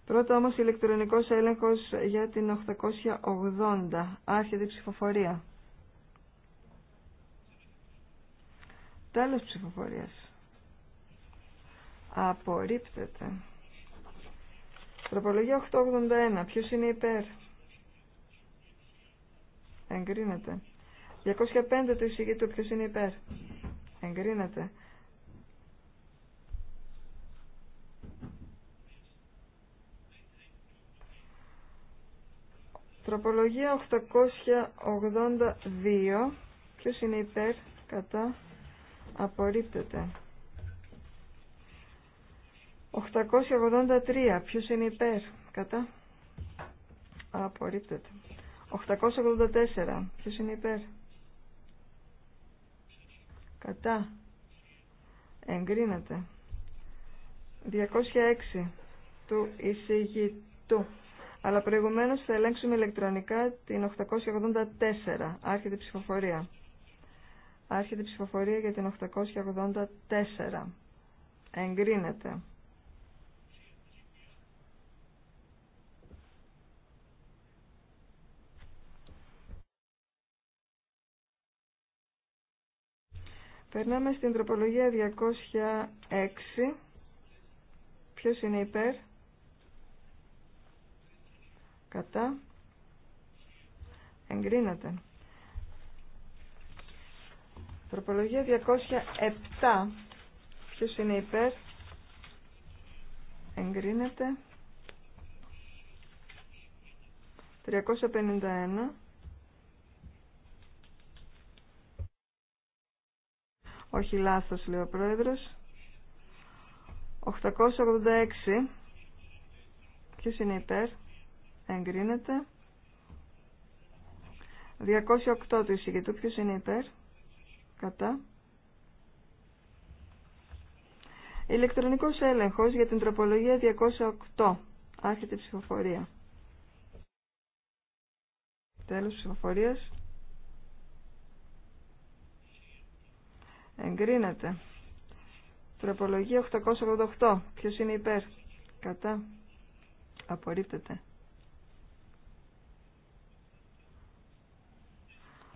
Speaker 1: πρώτα όμως ηλεκτρονικός έλεγχος για την 880 άρχεται η ψηφοφορία τέλος ψηφοφορίας απορρίπτεται Τροπολογία 881. Ποιος είναι υπέρ. Εγκρίνεται. 205 του εισηγήτου. Ποιος είναι υπέρ. Εγκρίνεται. Τροπολογία 882. Ποιος είναι υπέρ, κατά, απορρίπτεται. 883. Ποιος είναι υπέρ. Κατά. Απορρίπτεται. 884. Ποιος είναι υπέρ. Κατά. Εγκρίνεται. 206 του εισηγητού. Αλλά προηγουμένως θα ελέγξουμε ηλεκτρονικά την 884. Άρχεται η ψηφοφορία. Άρχεται ψηφοφορία για την 884. Εγκρίνεται. Περνάμε στην τροπολογία 206. Ποιος είναι υπέρ? Κατά. Εγκρίνεται. Τροπολογία 207. Ποιος είναι υπέρ? Εγκρίνεται. 351. Όχι λάθος, λέει ο Πρόεδρος. 886. Ποιος είναι υπέρ. Εγκρίνεται. 208 του εισηγητού. Ποιος είναι υπέρ. Κατά. Ηλεκτρονικός έλεγχος για την τροπολογία 208. Άρχεται ψηφοφορία. Τέλος ψηφοφορίας. Εγκρίνεται. Τροπολογία 888. Ποιος είναι υπέρ. Κατά. Απορρίπτεται.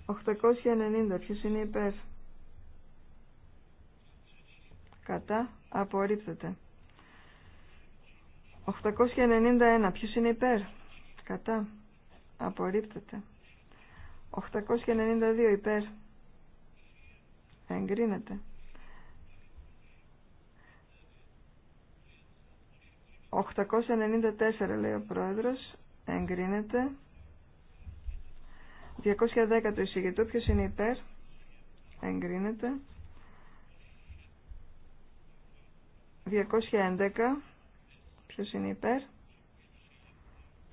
Speaker 1: 890. Ποιος είναι υπέρ. Κατά. Απορρίπτεται. 891. Ποιος είναι υπέρ. Κατά. Απορρίπτεται. 892 υπέρ. Εγκρίνεται. 894 λέει ο πρόεδρος. Εγκρίνεται. 210 το εισηγητό. Ποιος είναι υπέρ. Εγκρίνεται. 211. Ποιος είναι υπέρ.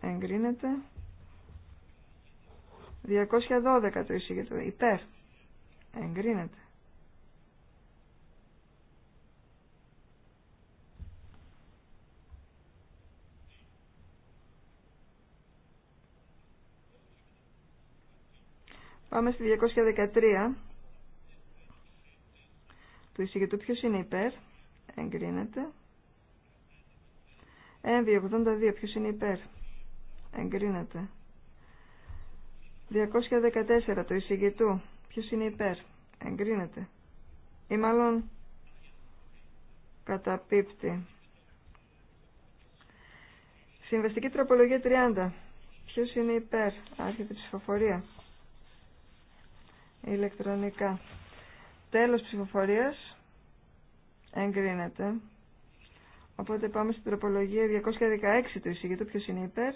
Speaker 1: Εγκρίνεται. 212 το εισηγητό. Υπέρ. Εγκρίνεται. Πάμε στη 213 του εισηγητού. Ποιος είναι υπέρ. Έμβιο MV82. Ποιος είναι υπέρ. Εγκρίνεται. 214 του εισηγητού. Ποιος είναι υπέρ. Εγκρίνεται. Ή μάλλον καταπίπτει. Συμβαστική τροπολογία 30. Ποιος είναι υπέρ. Άρχεται η ψηφοφορία ηλεκτρονικά. Τέλος ψηφοφορίας. Εγκρίνεται. Οπότε πάμε στην τροπολογία 216 του εισηγητού. Ποιος είναι υπέρ.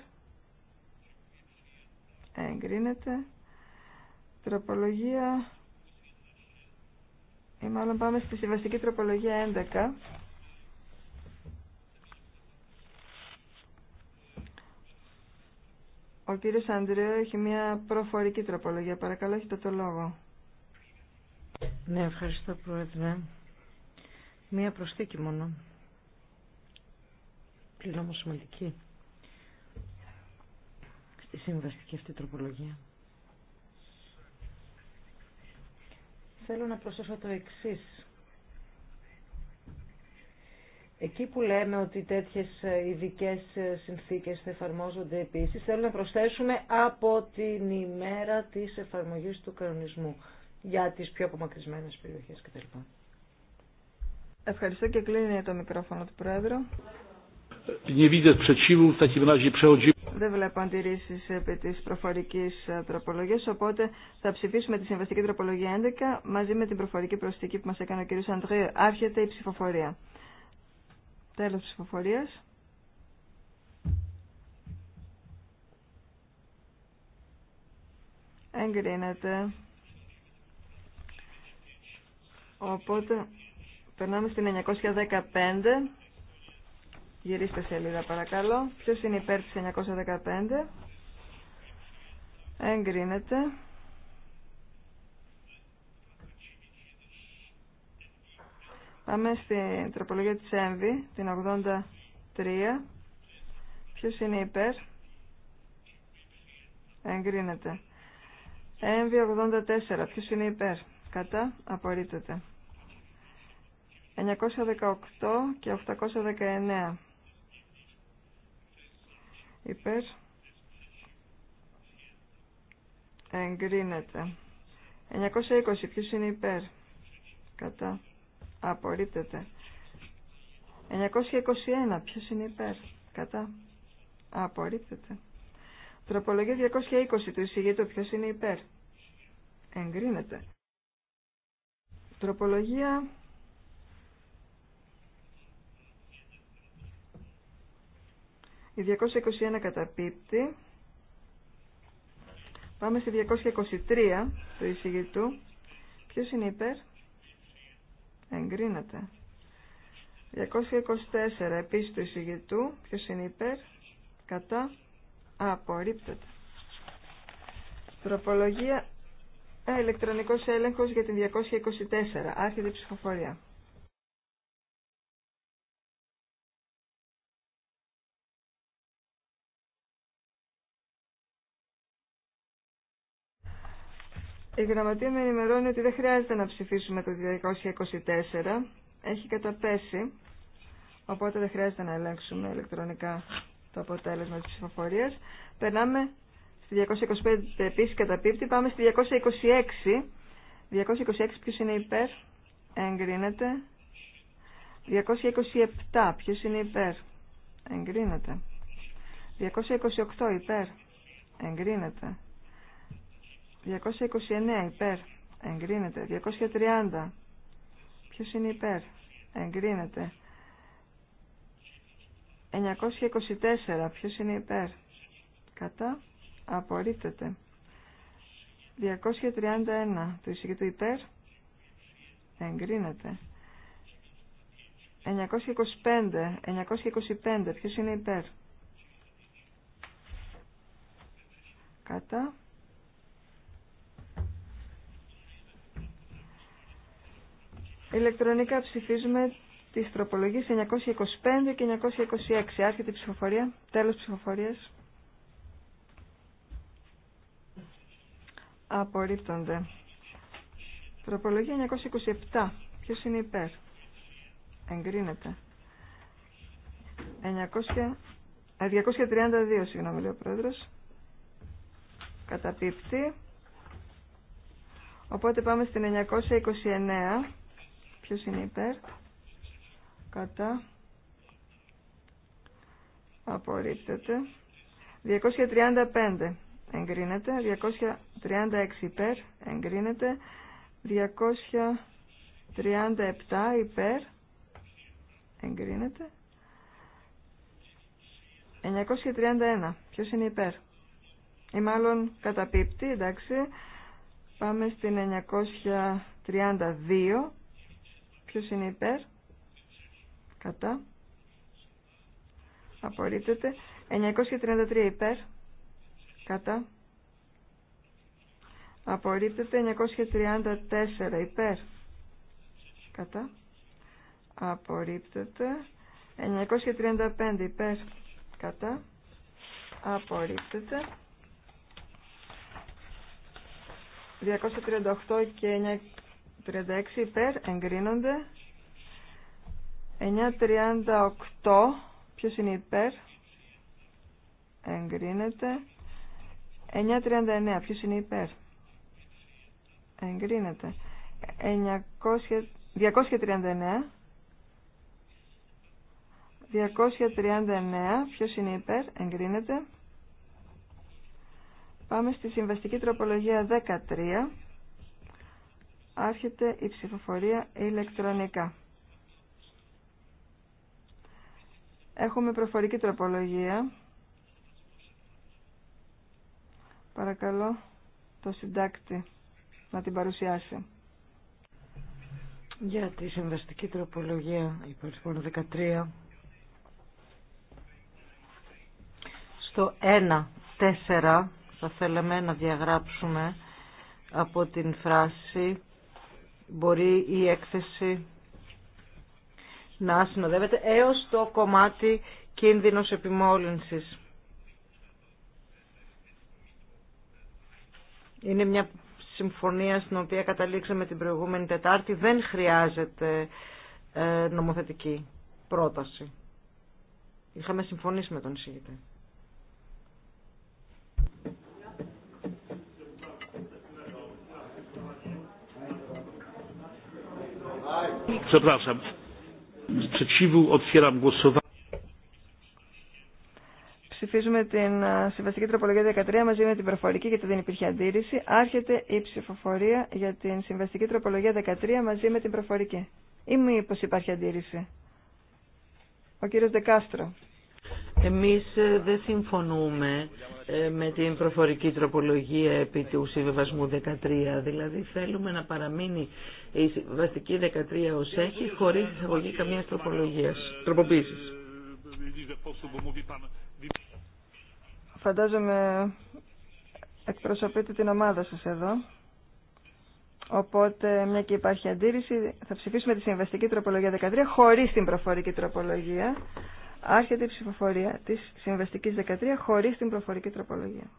Speaker 1: Εγκρίνεται. Τροπολογία... Ή μάλλον πάμε στη συμβαστική τροπολογία 11. Ο κύριος Ανδρέο έχει μια προφορική τροπολογία. Παρακαλώ, έχετε
Speaker 4: το λόγο. Ναι, ευχαριστώ Πρόεδρε. Μία προσθήκη μόνο. Πλην όμως σημαντική. Στη συμβαστική αυτή τροπολογία. Θέλω να προσθέσω το εξής. Εκεί που λέμε ότι τέτοιες ε, ειδικέ ε, συνθήκες θα εφαρμόζονται επίσης, θέλουμε να προσθέσουμε από την ημέρα της εφαρμογής του κανονισμού για τις πιο απομακρυσμένες περιοχές κτλ. Ευχαριστώ και κλείνει το μικρόφωνο του Πρόεδρου.
Speaker 1: Δεν βλέπω αντιρρήσει επί τη προφορική ε, τροπολογία, οπότε θα ψηφίσουμε τη συμβαστική τροπολογία 11 μαζί με την προφορική προσθήκη που μα έκανε ο κ. Αντρέ. Άρχεται η ψηφοφορία. Τέλος ψηφοφορίας. Εγκρίνεται. Οπότε περνάμε στην 915. Γυρίστε σελίδα παρακαλώ. Ποιος είναι υπέρ της 915. Εγκρίνεται. Πάμε στην τροπολογία της ΕΜΒΗ, την 83. Ποιος είναι υπέρ? Εγκρίνεται. ΕΜΒΗ 84. Ποιος είναι υπέρ? Κατά. Απορρίπτεται. 918 και 819. Υπέρ. Εγκρίνεται. 920. Ποιος είναι υπέρ? Κατά. Απορρίπτεται. 921. ποιο είναι υπέρ. Κατά. Απορρίπτεται. Τροπολογία 220 του εισηγήτου. Ποιο είναι υπέρ. Εγκρίνεται. Τροπολογία 221 καταπίπτει. Πάμε στη 223 του εισηγητού. Ποιος είναι υπέρ. Εγκρίνεται. 224 επίσης του εισηγητού. Ποιο είναι υπέρ. Κατά. Απορρίπτεται. Τροπολογία. Ε, ηλεκτρονικός έλεγχος για την 224. άρχιδη ψηφοφορία. Η γραμματεία με ενημερώνει ότι δεν χρειάζεται να ψηφίσουμε το 224. Έχει καταπέσει, οπότε δεν χρειάζεται να ελέγξουμε ηλεκτρονικά το αποτέλεσμα της ψηφοφορίας. Περνάμε στη 225 επίσης καταπίπτει, πάμε στη 226. 226 ποιος είναι υπέρ, εγκρίνεται. 227 ποιος είναι υπέρ, εγκρίνεται. 228 υπέρ, εγκρίνεται. 229 υπέρ. Εγκρίνεται. 230. Ποιος είναι υπέρ. Εγκρίνεται. 924. Ποιος είναι υπέρ. Κατά. Απορρίπτεται. 231. Του υπέρ. Εγκρίνεται. 925. 925. Ποιος είναι υπέρ. Κατά. Ηλεκτρονικά ψηφίζουμε τι τροπολογίε 925 και 926. Άρχεται η ψηφοφορία. Τέλο ψηφοφορία. Απορρίπτονται. Τροπολογία 927. Ποιο είναι υπέρ. Εγκρίνεται. 932, 232, ε, συγγνώμη, λέει ο πρόεδρο. Καταπίπτει. Οπότε πάμε στην 929 Ποιος είναι υπέρ. Κατά. Απορρίπτεται. 235 εγκρίνεται. 236 υπέρ εγκρίνεται. 237 υπέρ εγκρίνεται. 931. Ποιος είναι υπέρ. Ή μάλλον καταπίπτει, εντάξει. Πάμε στην 932 Ποιο είναι υπέρ. Κατά. Απορρίπτεται. 933 υπέρ. Κατά. Απορρίπτεται. 934 υπέρ. Κατά. Απορρίπτεται. 935 υπέρ. Κατά. Απορρίπτεται. 238 και 36 υπέρ εγκρίνονται. 9.38 ποιος είναι υπέρ εγκρίνεται. 9.39 ποιος είναι υπέρ εγκρίνεται. 900, 239 239 ποιος είναι υπέρ εγκρίνεται. Πάμε στη συμβαστική τροπολογία 13 άρχεται η ψηφοφορία ηλεκτρονικά. Έχουμε προφορική τροπολογία. Παρακαλώ το συντάκτη
Speaker 4: να την παρουσιάσει. Για τη συμβαστική τροπολογία υπάρχουν 13 στο 1-4 θα θέλαμε να διαγράψουμε από την φράση μπορεί η έκθεση να συνοδεύεται έως το κομμάτι κίνδυνος επιμόλυνσης. Είναι μια συμφωνία στην οποία καταλήξαμε την προηγούμενη Τετάρτη. Δεν χρειάζεται ε, νομοθετική πρόταση. Είχαμε συμφωνήσει με τον εισηγητή.
Speaker 1: Ψηφίζουμε την συμβαστική τροπολογία 13 μαζί με την προφορική γιατί δεν υπήρχε αντίρρηση. Άρχεται η ψηφοφορία για την συμβαστική τροπολογία 13 μαζί με την προφορική. Ή μήπω υπάρχει αντίρρηση. Ο κύριος Δεκάστρο.
Speaker 4: Εμείς ε, δεν συμφωνούμε ε, με την προφορική τροπολογία επί του συμβιβασμού 13. Δηλαδή θέλουμε να παραμείνει η συμβαστική 13 ως έχει χωρίς εισαγωγή καμία τροπολογίας, τροποποίησης.
Speaker 1: Φαντάζομαι εκπροσωπείτε την ομάδα σας εδώ. Οπότε, μια και υπάρχει αντίρρηση, θα ψηφίσουμε τη συμβαστική τροπολογία 13 χωρίς την προφορική τροπολογία. Άρχεται η ψηφοφορία της συμβαστικής 13 χωρίς την προφορική τροπολογία.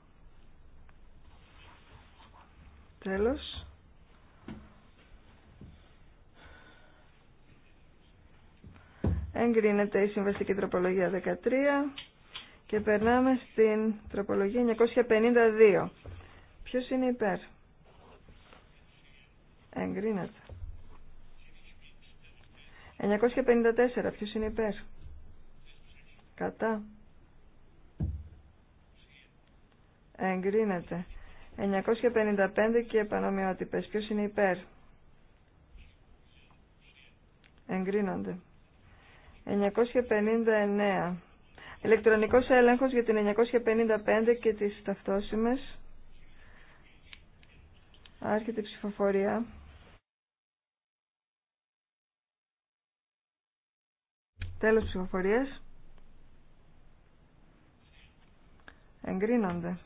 Speaker 1: Τέλος. Εγκρίνεται η συμβαστική τροπολογία 13 και περνάμε στην τροπολογία 952. Ποιος είναι υπέρ? Εγκρίνεται. 954. Ποιος είναι υπέρ? Κατά. Εγκρίνεται. 955 και επανομοιότυπες. Ποιος είναι υπέρ. Εγκρίνονται. 959. Ηλεκτρονικός έλεγχος για την 955 και τις ταυτόσημες. Άρχεται η ψηφοφορία. Τέλος ψηφοφορίας. Εγκρίνονται.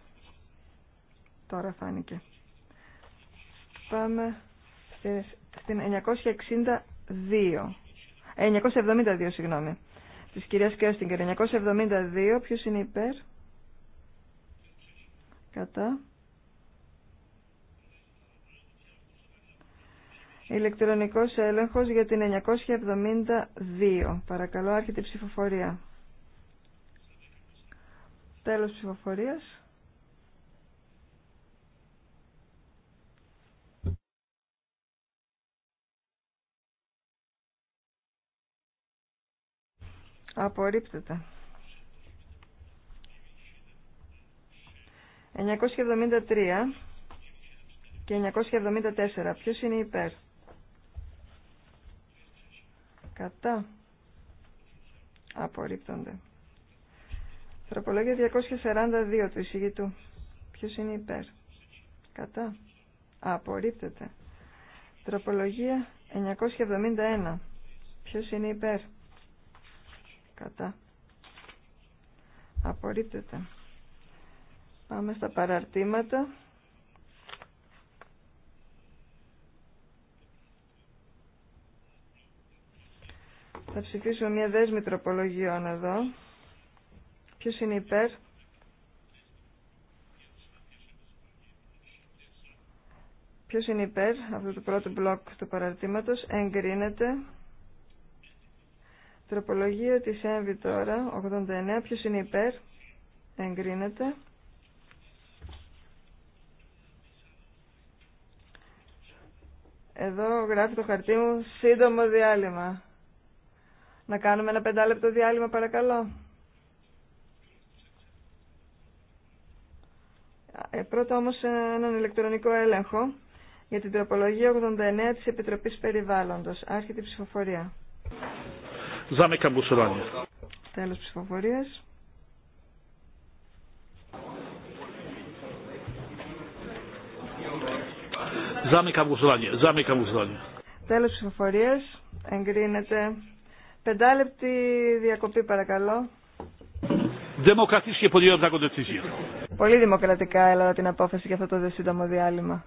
Speaker 1: Τώρα φάνηκε. Πάμε στην 962. 972, συγγνώμη. Τη κυρία Κέστιγκερ. 972. Ποιο είναι υπέρ. Κατά. Ηλεκτρονικός έλεγχος για την 972. Παρακαλώ, άρχεται η ψηφοφορία. Τέλος ψηφοφορίας. Απορρίπτεται. 973 και 974. Ποιος είναι υπέρ. Κατά. Απορρίπτονται. Τροπολόγια 242 του εισηγητού. Ποιο είναι υπέρ. Κατά. απορρίπτεται. Τροπολογία 971. Ποιο είναι υπέρ. Κατά. Απορρίπτεται. Πάμε στα παραρτήματα. Θα ψηφίσω μια δέσμη τροπολογιών εδώ. Ποιος είναι υπέρ. Ποιος είναι υπέρ αυτού του πρώτου μπλοκ του παραρτήματος. Εγκρίνεται. Τροπολογία της ΕΜΒΗ τώρα, 89. Ποιος είναι υπέρ. Εγκρίνεται. Εδώ γράφει το χαρτί μου σύντομο διάλειμμα. Να κάνουμε ένα πεντάλεπτο διάλειμμα παρακαλώ. Ε, Πρώτα όμως ε, έναν ηλεκτρονικό έλεγχο για την τροπολογία 89 της Επιτροπής Περιβάλλοντος. Άρχεται η ψηφοφορία. Τέλο Τέλος ψηφοφορίας. ψηφοφορία Τέλος ψηφοφορίας. Εγκρίνεται. Πεντάλεπτη διακοπή παρακαλώ.
Speaker 2: και подъем такой
Speaker 1: Πολύ δημοκρατικά έλαβα την απόφαση για αυτό το σύντομο διάλειμμα.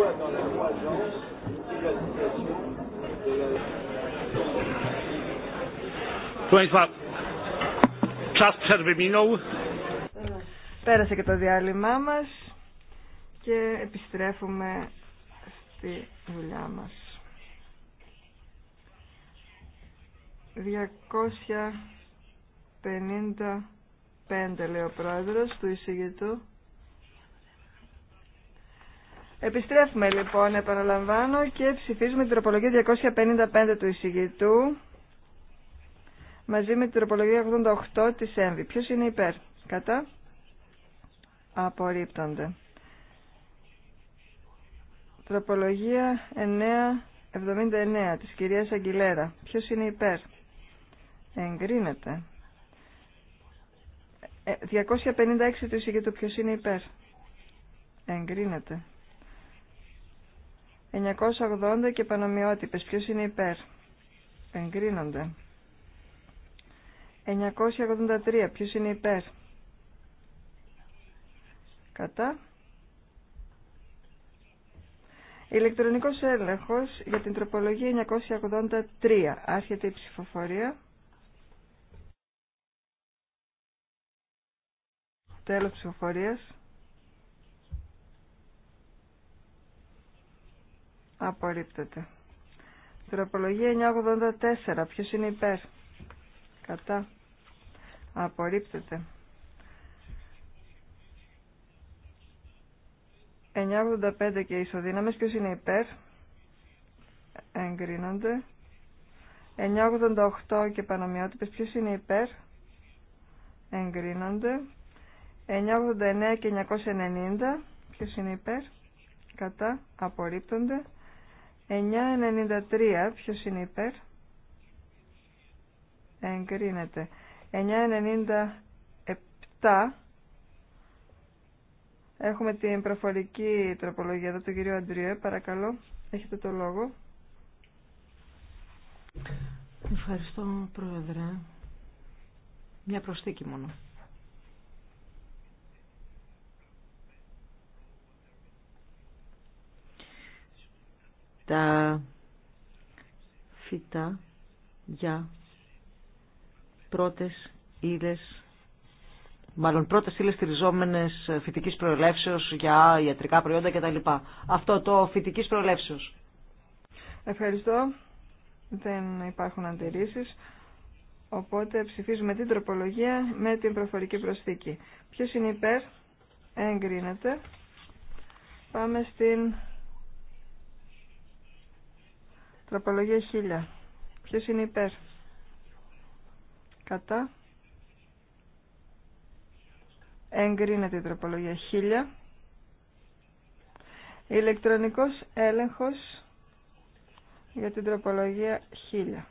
Speaker 3: voit dans la croissance et la situation
Speaker 2: de la... Czas przerwy minął.
Speaker 1: Πέρασε και το διάλειμμά μας και επιστρέφουμε στη δουλειά μας. 255 λέει ο πρόεδρος του εισηγητού. Επιστρέφουμε λοιπόν, επαναλαμβάνω, και ψηφίζουμε την τροπολογία 255 του εισηγητού μαζί με την τροπολογία 88 της ΕΜΒΗ. Ποιος είναι υπέρ, κατά, απορρίπτονται. Τροπολογία 979 της κυρίας Αγγιλέρα. Ποιος είναι υπέρ, εγκρίνεται. 256 ε, του εισηγητού, ποιος είναι υπέρ, εγκρίνεται. 980 και πανομοιότυπες. Ποιος είναι υπέρ. Εγκρίνονται. 983. Ποιος είναι υπέρ. Κατά. Ηλεκτρονικός έλεγχος για την τροπολογία 983. Άρχεται η ψηφοφορία. Τέλος ψηφοφορίας. Απορρίπτεται. Τροπολογία 984. Ποιο είναι υπέρ. Κατά. Απορρίπτεται. 985 και ισοδύναμες. ποιο είναι υπέρ. Εγκρίνονται. 988 και πανομοιότυπες. Ποιο είναι υπέρ. Εγκρίνονται. 989 και 990. Ποιο είναι υπέρ. Κατά. Απορρίπτονται. 9.93 ποιο είναι υπέρ εγκρίνεται 9.97 έχουμε την προφορική τροπολογία εδώ του κυρίου Αντρίου. παρακαλώ έχετε το λόγο
Speaker 4: Ευχαριστώ πρόεδρε μια προσθήκη μόνο τα φυτά για πρώτες ύλες μάλλον πρώτες ύλες στηριζόμενες φυτικής προελεύσεως για ιατρικά προϊόντα κτλ. Αυτό το φυτικής προελεύσεως.
Speaker 1: Ευχαριστώ. Δεν υπάρχουν αντιρρήσεις. Οπότε ψηφίζουμε την τροπολογία με την προφορική προσθήκη. Ποιος είναι υπέρ, εγκρίνεται. Πάμε στην Τροπολογία χίλια. Ποιο είναι υπέρ. Κατά. Εγκρίνεται η τροπολογία χίλια. Ηλεκτρονικός έλεγχος για την τροπολογία χίλια.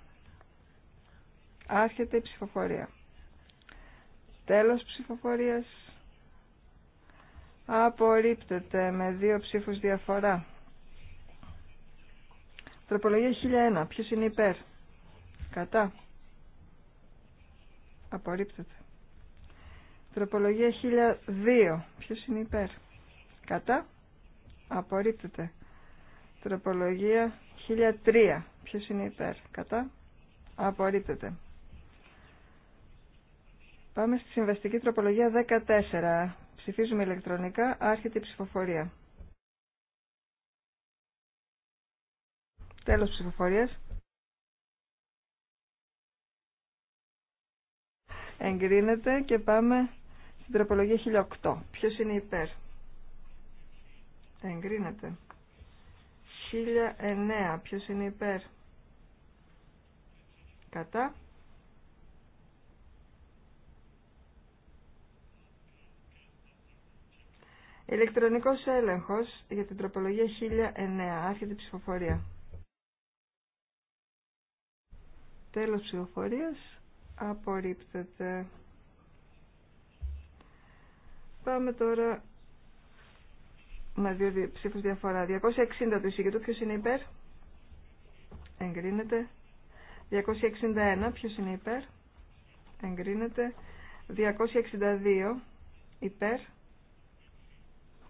Speaker 1: Άρχεται η ψηφοφορία. Τέλος ψηφοφορίας. Απορρίπτεται με δύο ψήφους διαφορά. Τροπολογία 1001. Ποιος είναι υπέρ. Κατά. Απορρίπτεται. Τροπολογία 1002. Ποιος είναι υπέρ. Κατά. Απορρίπτεται. Τροπολογία 1003. Ποιος είναι υπέρ. Κατά. Απορρίπτεται. Πάμε στη συμβαστική τροπολογία 14. Ψηφίζουμε ηλεκτρονικά. Άρχεται η ψηφοφορία. Τέλος ψηφοφορίας. Εγκρίνεται και πάμε στην τροπολογία 1008. Ποιος είναι υπέρ. Εγκρίνεται. 1009. Ποιος είναι υπέρ. Κατά. Ηλεκτρονικός έλεγχος για την τροπολογία 1009. Άρχεται η ψηφοφορία. Τέλος ψηφοφορίας. Απορρίπτεται. Πάμε τώρα με δύο ψήφους διαφορά. 260 του εισηγητού. Ποιος είναι υπέρ. Εγκρίνεται. 261. Ποιος είναι υπέρ. Εγκρίνεται. 262. Υπέρ.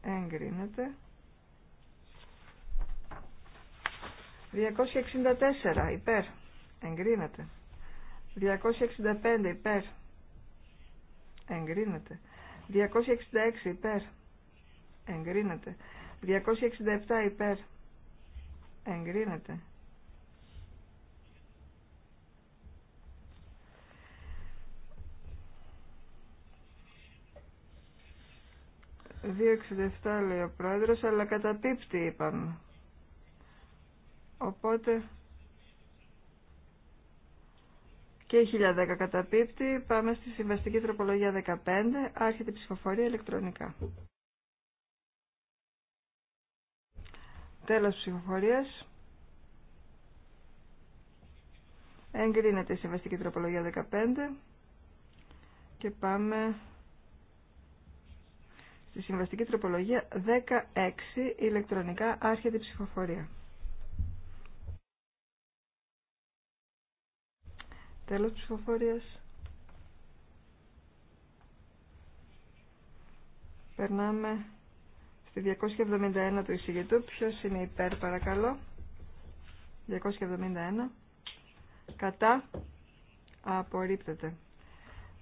Speaker 1: Εγκρίνεται. 264. Υπέρ. Εγκρίνεται. 265 υπέρ. Εγκρίνεται. 266 υπέρ. Εγκρίνεται. 267 υπέρ. Εγκρίνεται. 267 λέει ο πρόεδρος, αλλά καταπίπτει είπαμε. Οπότε Και 1010 καταπίπτει. Πάμε στη συμβαστική τροπολογία 15. Άρχεται η ψηφοφορία ηλεκτρονικά. Τέλος ψηφοφορίας. Εγκρίνεται η συμβαστική τροπολογία 15. Και πάμε στη συμβαστική τροπολογία 16 ηλεκτρονικά άρχεται η ψηφοφορία. Τέλος της Περνάμε στη 271 του εισηγητού. Ποιος είναι υπέρ παρακαλώ. 271. Κατά. Απορρίπτεται.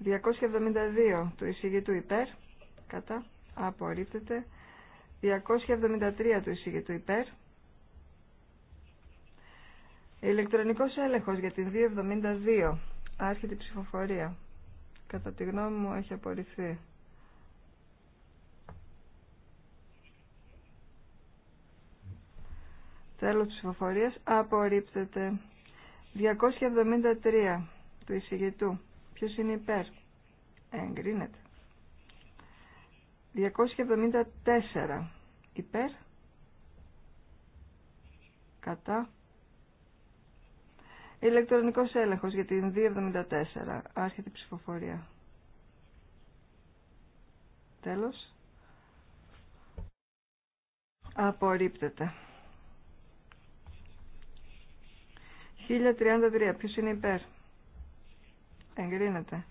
Speaker 1: 272 του εισηγητού υπέρ. Κατά. Απορρίπτεται. 273 του εισηγητού υπέρ. Ηλεκτρονικός έλεγχος για την 272. Άρχεται η ψηφοφορία. Κατά τη γνώμη μου έχει απορριφθεί. Τέλος ψηφοφορία απορρίπτεται. 273 του εισηγητού. Ποιο είναι υπέρ. Εγκρίνεται. 274 υπέρ. Κατά. Ηλεκτρονικός έλεγχος για την 274. Άρχεται η ψηφοφορία. Τέλος. Απορρίπτεται. 1033. Ποιος είναι υπέρ. Εγκρίνεται.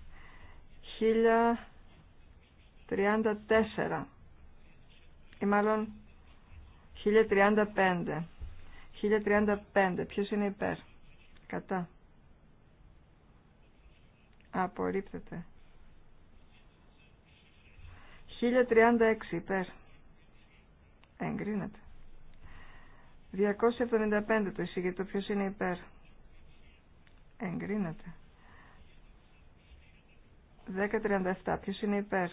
Speaker 1: 1034. Ή μάλλον 1035. 1035. Ποιος είναι υπέρ. Κατά. Απορρίπτεται. 1036 υπέρ. Εγκρίνεται. 275 το εισηγητό ποιο είναι υπέρ. Εγκρίνεται. 1037 ποιο είναι υπέρ.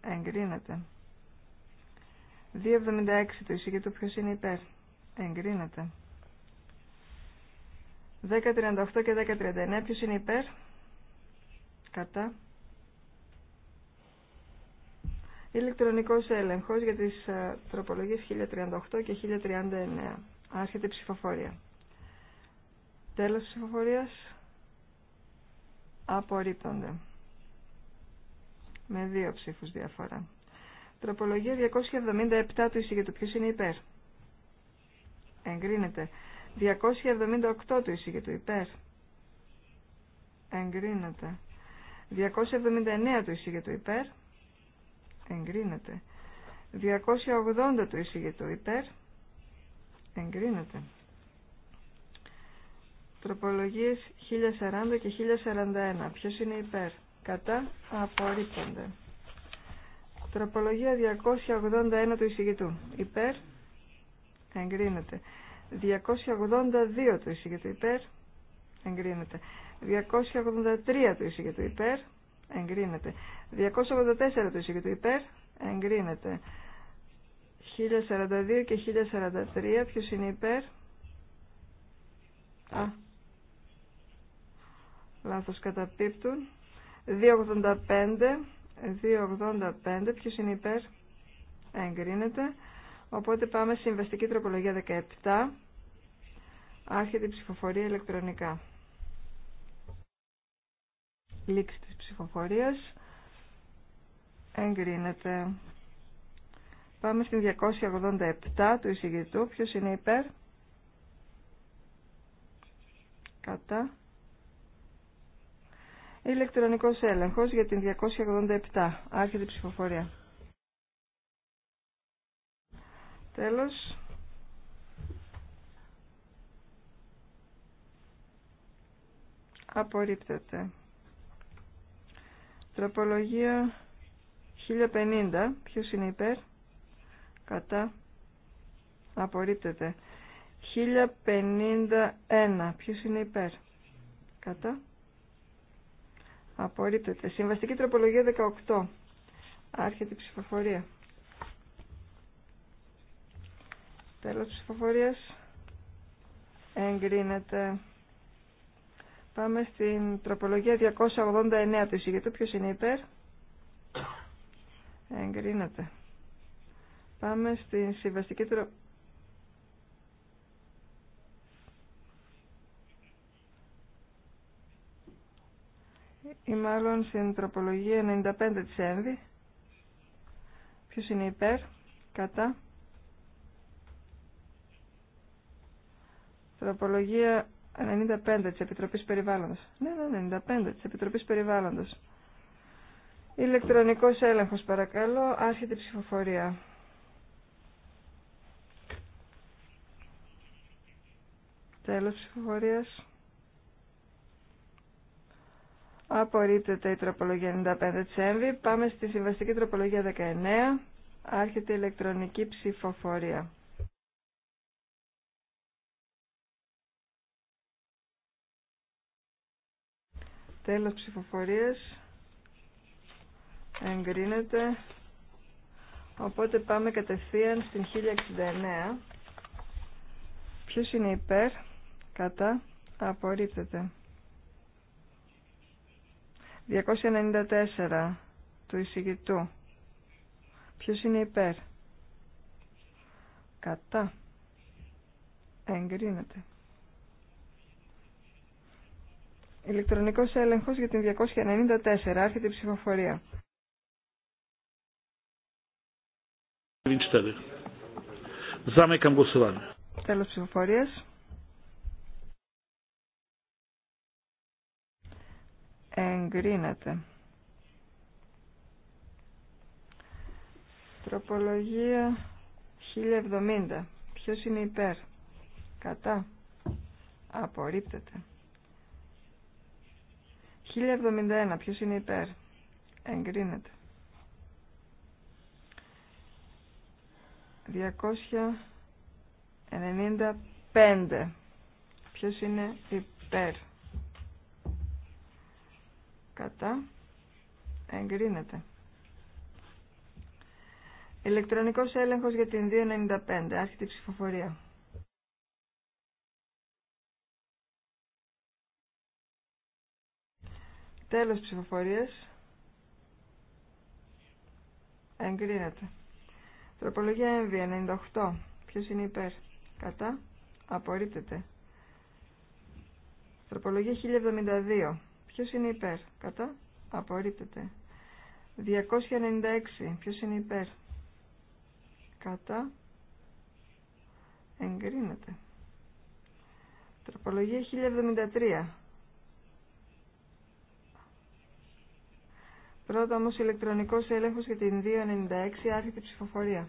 Speaker 1: Εγκρίνεται. 276 το εισηγητό ποιο είναι υπέρ. Εγκρίνεται. 10.38 και 10.39. Ποιος είναι υπέρ. Κατά. Ηλεκτρονικός έλεγχος για τις ε, τροπολογίες 1038 και 1039. Άρχεται η ψηφοφορία. Τέλος της ψηφοφορίας. Απορρίπτονται. Με δύο ψήφους διαφορά. Τροπολογία 277 του εισηγητού. Ποιος είναι υπέρ. Εγκρίνεται. 278 του εισηγητού υπέρ. Εγκρίνεται. 279 του εισηγητού υπέρ. Εγκρίνεται. 280 του εισηγητού υπέρ. Εγκρίνεται. Τροπολογίες 1040 και 1041. Ποιος είναι υπέρ. Κατά. Απορρίπτονται. Τροπολογία 281 του εισηγητού. Υπέρ. Εγκρίνεται. 282 του εισηγητού υπέρ εγκρίνεται. 283 του εισηγητού υπέρ εγκρίνεται. 284 του εισηγητού υπέρ εγκρίνεται. 1042 και 1043 ποιος είναι υπέρ Α. Λάθος καταπίπτουν. 285 285 ποιος είναι υπέρ εγκρίνεται. Οπότε πάμε συμβαστική τροπολογία 17 Άρχεται η ψηφοφορία ηλεκτρονικά. Λήξη της ψηφοφορίας. Εγκρίνεται. Πάμε στην 287 του εισηγητού. Ποιος είναι υπέρ. Κατά. Ηλεκτρονικός έλεγχος για την 287. Άρχεται η ψηφοφορία. Τέλος. απορρίπτεται. Τροπολογία 1050. Ποιος είναι υπέρ? Κατά. Απορρίπτεται. 1051. Ποιος είναι υπέρ? Κατά. Απορρίπτεται. Συμβαστική τροπολογία 18. Άρχεται η ψηφοφορία. Τέλος ψηφοφορίας. Εγκρίνεται. Πάμε στην τροπολογία 289 του εισηγητού. Ποιος είναι υπέρ. Εγκρίνεται. Πάμε στην συμβαστική τροπολογία. ή μάλλον στην τροπολογία 95 της ΕΝΔΗ. Ποιος είναι υπέρ, κατά. Τροπολογία 95 της Επιτροπής Περιβάλλοντος. Ναι, ναι, 95 ναι, της Επιτροπής Περιβάλλοντος. Ηλεκτρονικός έλεγχος παρακαλώ, η ψηφοφορία. Τέλος ψηφοφορίας. Απορρίπτεται η τροπολογία 95 της ΕΜΒΗ. Πάμε στη συμβαστική τροπολογία 19. Άρχεται η ηλεκτρονική ψηφοφορία. Τέλος ψηφοφορίες, Εγκρίνεται. Οπότε πάμε κατευθείαν στην 1069. Ποιος είναι υπέρ, κατά, απορρίπτεται. 294 του εισηγητού. Ποιος είναι υπέρ. Κατά. Εγκρίνεται. Ηλεκτρονικό έλεγχο για την 294. Άρχεται η ψηφοφορία. Τέλο ψηφοφορία. Εγκρίνεται. Τροπολογία 1070. Ποιος είναι υπέρ. Κατά. Απορρίπτεται. 1071. Ποιος είναι υπέρ. Εγκρίνεται. 295. Ποιος είναι υπέρ. Κατά. Εγκρίνεται. Ηλεκτρονικός έλεγχος για την 295. Άρχεται η ψηφοφορία. Τέλος ψηφοφορίας. Εγκρίνεται. Τροπολογία MV 98. Ποιος είναι υπέρ. Κατά. Απορρίπτεται. Τροπολογία 1072. Ποιος είναι υπέρ. Κατά. Απορρίπτεται. 296. Ποιος είναι υπέρ. Κατά. Εγκρίνεται. Τροπολογία 1073. Πρώτα όμως ηλεκτρονικός έλεγχος για την 296 άρχεται η ψηφοφορία.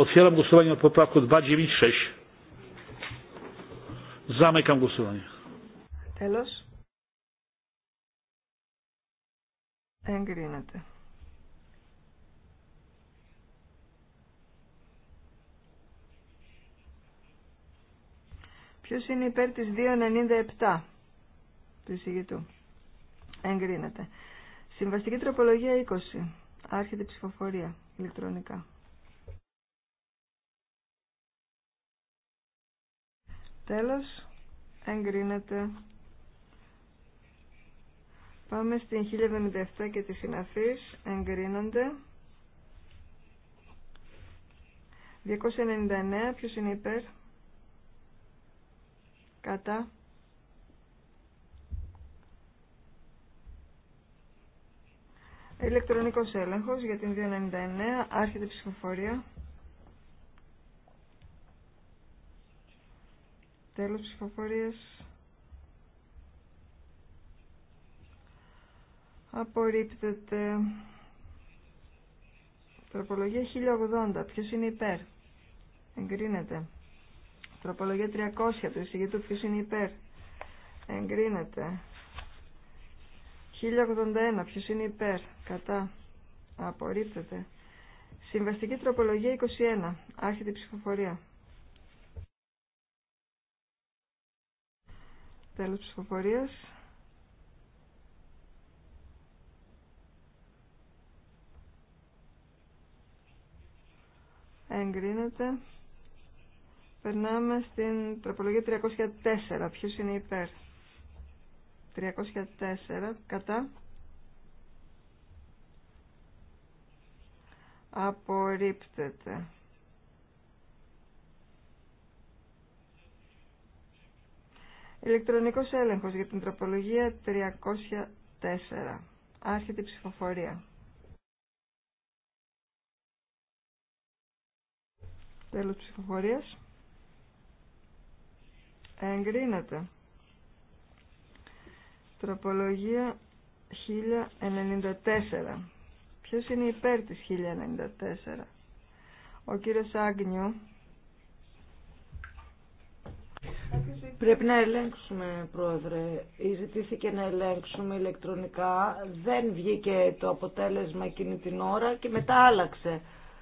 Speaker 2: Otwieram głosowanie nad poprawką 296. Zamykam głosowanie.
Speaker 1: Τέλος. Εγκρίνεται. Ποιος είναι υπέρ της 297 του εισηγητού. Εγκρίνεται. Συμβαστική τροπολογία 20. Άρχεται ψηφοφορία ηλεκτρονικά. Τέλος, εγκρίνεται. Πάμε στην 1077 και τη συναφής, εγκρίνονται. 299, ποιος είναι υπέρ. Κατά. Ηλεκτρονικός έλεγχος για την 299. Άρχεται ψηφοφορία. Τέλος ψηφοφορίας. Απορρίπτεται. Τροπολογία 1080. Ποιος είναι υπέρ. Εγκρίνεται. Τροπολογία 300 του εισηγητού. Ποιος είναι υπέρ. Εγκρίνεται. 1081. ποιο είναι υπέρ. Κατά. Απορρίπτεται. Συμβαστική τροπολογία 21. Άρχεται η ψηφοφορία. Τέλος ψηφοφορίας. Εγκρίνεται. Περνάμε στην τροπολογία 304. Ποιος είναι υπέρ. 304 κατά απορρίπτεται. Ηλεκτρονικός έλεγχος για την τροπολογία 304. Άρχεται η ψηφοφορία. Τέλος ψηφοφορίας. Εγκρίνεται. Τροπολογία 1094. Ποιος είναι υπέρ της 1094. Ο κύριος Άγνιου.
Speaker 4: Πρέπει να ελέγξουμε, Πρόεδρε. Ζητήθηκε να ελέγξουμε ηλεκτρονικά. Δεν βγήκε το αποτέλεσμα εκείνη την ώρα και μετά άλλαξε.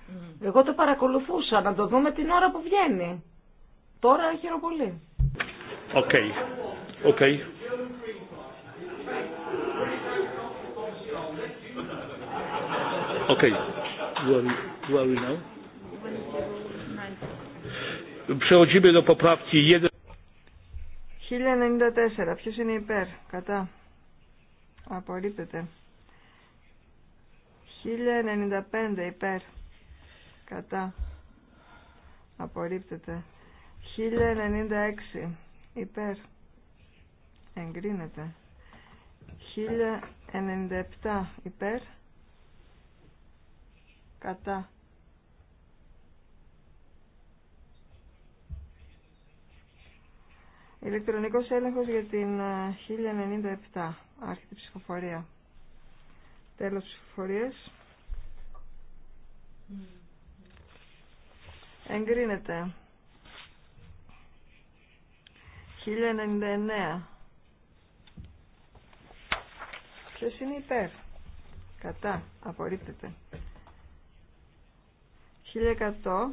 Speaker 4: Mm. Εγώ το παρακολουθούσα, να το δούμε την ώρα που βγαίνει. Τώρα χαίρομαι πολύ.
Speaker 3: Οκ. Okay. Okay.
Speaker 2: Przechodzimy do poprawki
Speaker 1: 1094. Ποιος είναι υπέρ, κατά. Απορρίπτεται. 1095 υπέρ, κατά. Απορρίπτεται. 1096 υπέρ. Εγκρίνεται. 1097 υπέρ κατά ηλεκτρονικός έλεγχος για την 1097 ε, άρχεται ψηφοφορία τέλος ψηφοφορίας εγκρίνεται 1099 Ποιος είναι υπέρ Κατά Απορρίπτεται 1100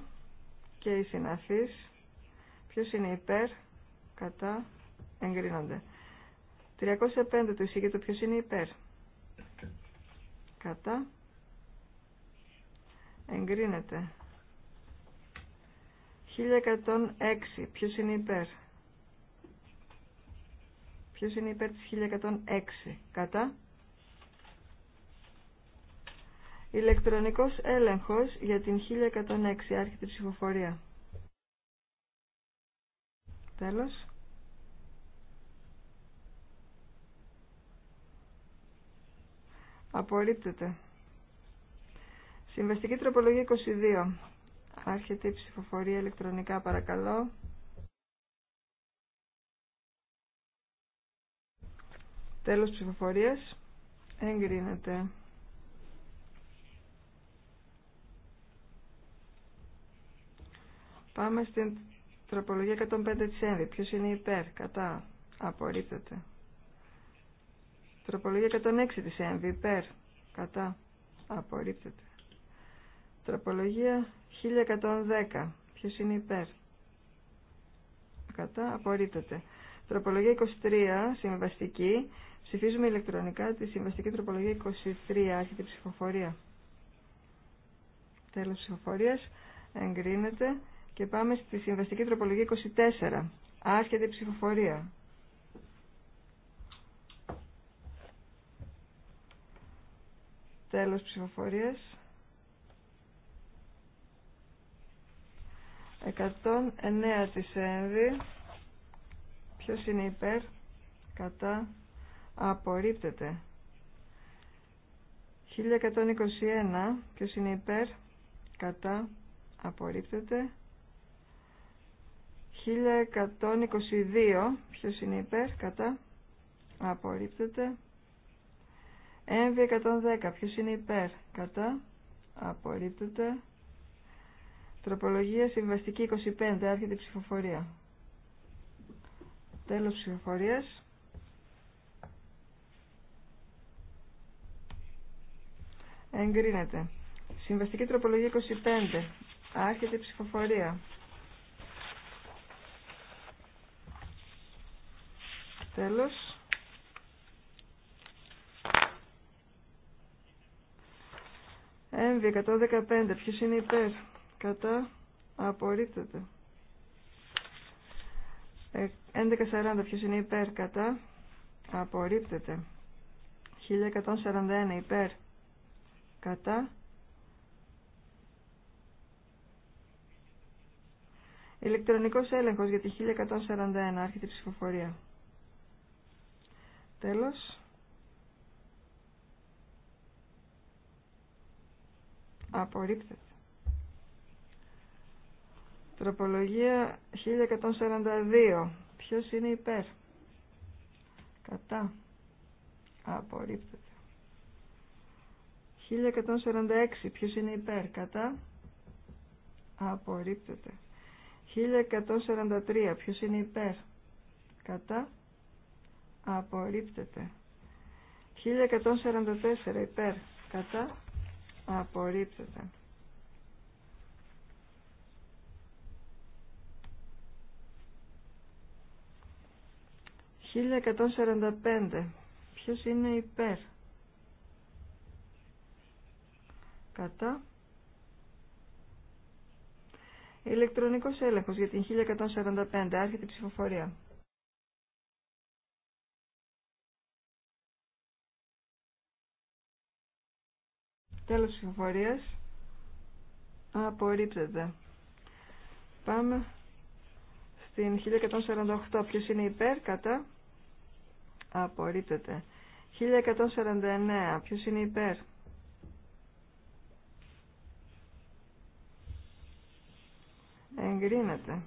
Speaker 1: και οι συναφείς ποιος είναι υπέρ κατά εγκρίνονται 305 του εισήγητο ποιος είναι υπέρ κατά εγκρίνεται 1106 ποιος είναι υπέρ ποιος είναι υπέρ της 1106 κατά Ηλεκτρονικός έλεγχος για την 1106 άρχιτη ψηφοφορία. Τέλος. Απορρίπτεται. Συμβαστική τροπολογία 22. Άρχεται η ψηφοφορία ηλεκτρονικά παρακαλώ. Τέλος ψηφοφορίας. Εγκρίνεται. Πάμε στην τροπολογία 105 της ΕΜΒΗ. Ποιος είναι υπέρ, κατά, απορρίπτεται. Τροπολογία 106 της υπέρ, κατά, απορρίπτεται. Τροπολογία 1110. Ποιος είναι υπέρ. Κατά, απορρίπτεται. Τροπολογία 23, συμβαστική. Ψηφίζουμε ηλεκτρονικά τη συμβαστική τροπολογία 23, άρχεται ψηφοφορία. Τέλος ψηφοφορίας, εγκρίνεται. Και πάμε στη συμβαστική τροπολογία 24. Άρχεται η ψηφοφορία. Τέλος ψηφοφορίας. 109 της ένδυ. Ποιος είναι υπέρ. Κατά. Απορρίπτεται. 1121. Ποιος είναι υπέρ. Κατά. Απορρίπτεται. 1122 ποιο είναι υπέρ κατά απορρίπτεται έμβη 110 ποιος είναι υπέρ κατά απορρίπτεται τροπολογία συμβαστική 25 άρχεται η ψηφοφορία τέλος ψηφοφορίας εγκρίνεται συμβαστική τροπολογία 25 άρχεται η ψηφοφορία Τέλος. Έμβη 115. ποιο είναι υπέρ. Κατά. Απορρίπτεται. 11.40. Ε, ποιο είναι υπέρ. Κατά. Απορρίπτεται. 1141. Υπέρ. Κατά. Ηλεκτρονικός έλεγχος για τη 1141. Άρχεται η ψηφοφορία. Τέλος. Απορρίπτεται. Τροπολογία 1142. Ποιος είναι υπέρ. Κατά. Απορρίπτεται. 1146. Ποιος είναι υπέρ. Κατά. Απορρίπτεται. 1143. Ποιος είναι υπέρ. Κατά απορρίπτεται 1144 υπέρ κατά απορρίπτεται 1145. Ποιος είναι υπέρ. Κατά. Ηλεκτρονικός έλεγχος για την 1145. Άρχεται η ψηφοφορία. Τέλος ψηφοφορίας. Απορρίπτεται. Πάμε στην 1148. Ποιος είναι υπέρ, κατά. Απορρίπτεται. 1149. Ποιος είναι υπέρ. Εγκρίνεται.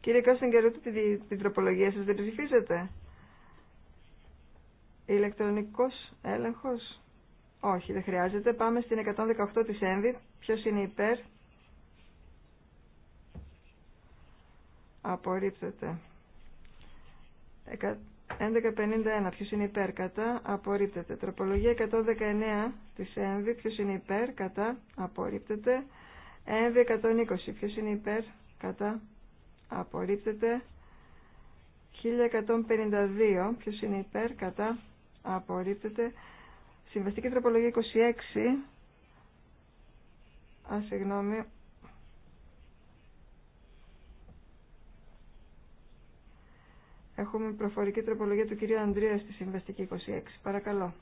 Speaker 1: Κύριε και ούτε την τροπολογία σας δεν ψηφίζετε. Ηλεκτρονικός έλεγχος. Όχι, δεν χρειάζεται. Πάμε στην 118 της ΕΜΒΗ. Ποιος είναι υπέρ. Απορρίπτεται. 1151. Ποιος είναι υπέρ κατά. Απορρίπτεται. Τροπολογία 119 της ΕΜΒΗ. Ποιος είναι υπέρ κατά. Απορρίπτεται. ΕΜΒΗ 120. Ποιος είναι υπέρ κατά. Απορρίπτεται. 1152. Ποιος είναι υπέρ κατά. Απορρίπτεται. Συμβαστική τροπολογία 26. Α, συγγνώμη. Έχουμε προφορική τροπολογία του κυρίου Ανδρέα στη συμβαστική 26. Παρακαλώ.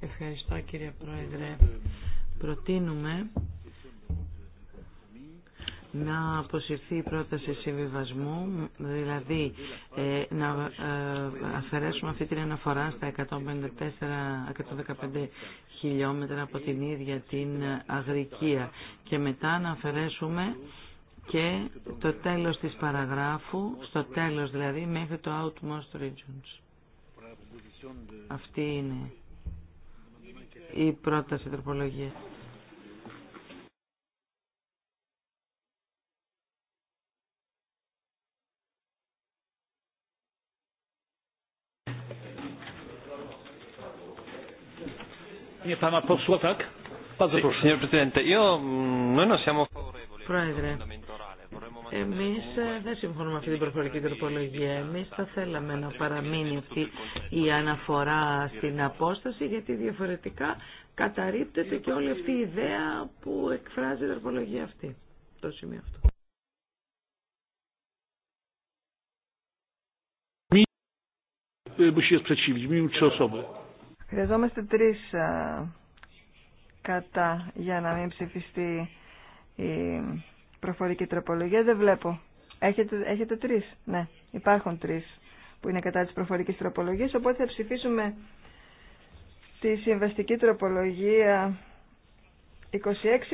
Speaker 1: Ευχαριστώ
Speaker 4: κύριε Πρόεδρε. Προτείνουμε να αποσυρθεί η πρόταση συμβιβασμού, δηλαδή ε, να ε, αφαιρέσουμε αυτή την αναφορά στα 154-115 χιλιόμετρα από την ίδια την αγρικία και μετά να αφαιρέσουμε και το τέλος της παραγράφου, στο τέλος δηλαδή μέχρι το outmost regions. Αυτή είναι η πρόταση τροπολογία. Πρόεδρε, εμείς ε, δεν συμφωνούμε με αυτή την προφορική τροπολογία. Εμείς θα θέλαμε να παραμείνει αυτή η αναφορά στην απόσταση, γιατί διαφορετικά καταρρύπτεται και όλη αυτή η ιδέα που εκφράζει η τροπολογία αυτή. Το σημείο αυτό.
Speaker 2: Musi e, sprzeciwić.
Speaker 1: Χρειαζόμαστε τρεις κατά για να μην ψηφιστεί η προφορική τροπολογία. Δεν βλέπω. Έχετε, έχετε τρεις. Ναι, υπάρχουν τρεις που είναι κατά της προφορικής τροπολογίας. Οπότε θα ψηφίσουμε τη συμβαστική τροπολογία 26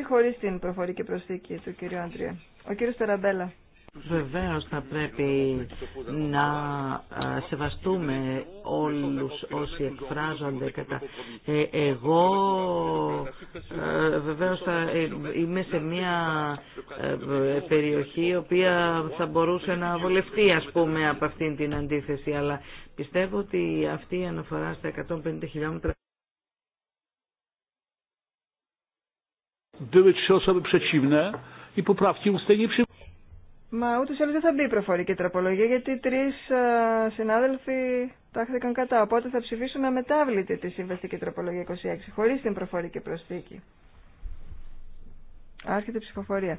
Speaker 1: χωρίς την προφορική προσθήκη του κ. Αντρία. Ο κύριος Ταραμπέλα.
Speaker 4: Βεβαίως θα πρέπει να ε, σεβαστούμε όλους όσοι εκφράζονται κατά... Ε, εγώ ε, βεβαίως ε, είμαι σε μια περιοχή η οποία θα μπορούσε να βολευτεί ας πούμε από αυτήν την αντίθεση αλλά πιστεύω ότι αυτή η αναφορά στα 150 χιλιόμετρα
Speaker 2: Były trzy osoby przeciwne i poprawki
Speaker 1: Μα ούτω ή άλλω δεν θα μπει η προφορική τροπολογία γιατί τρει ε, συνάδελφοι τάχθηκαν κατά. Οπότε θα ψηφίσουμε αμετάβλητη τη συμβαστική τροπολογία 26 χωρί την προφορική προσθήκη. Άρχεται η ψηφοφορία.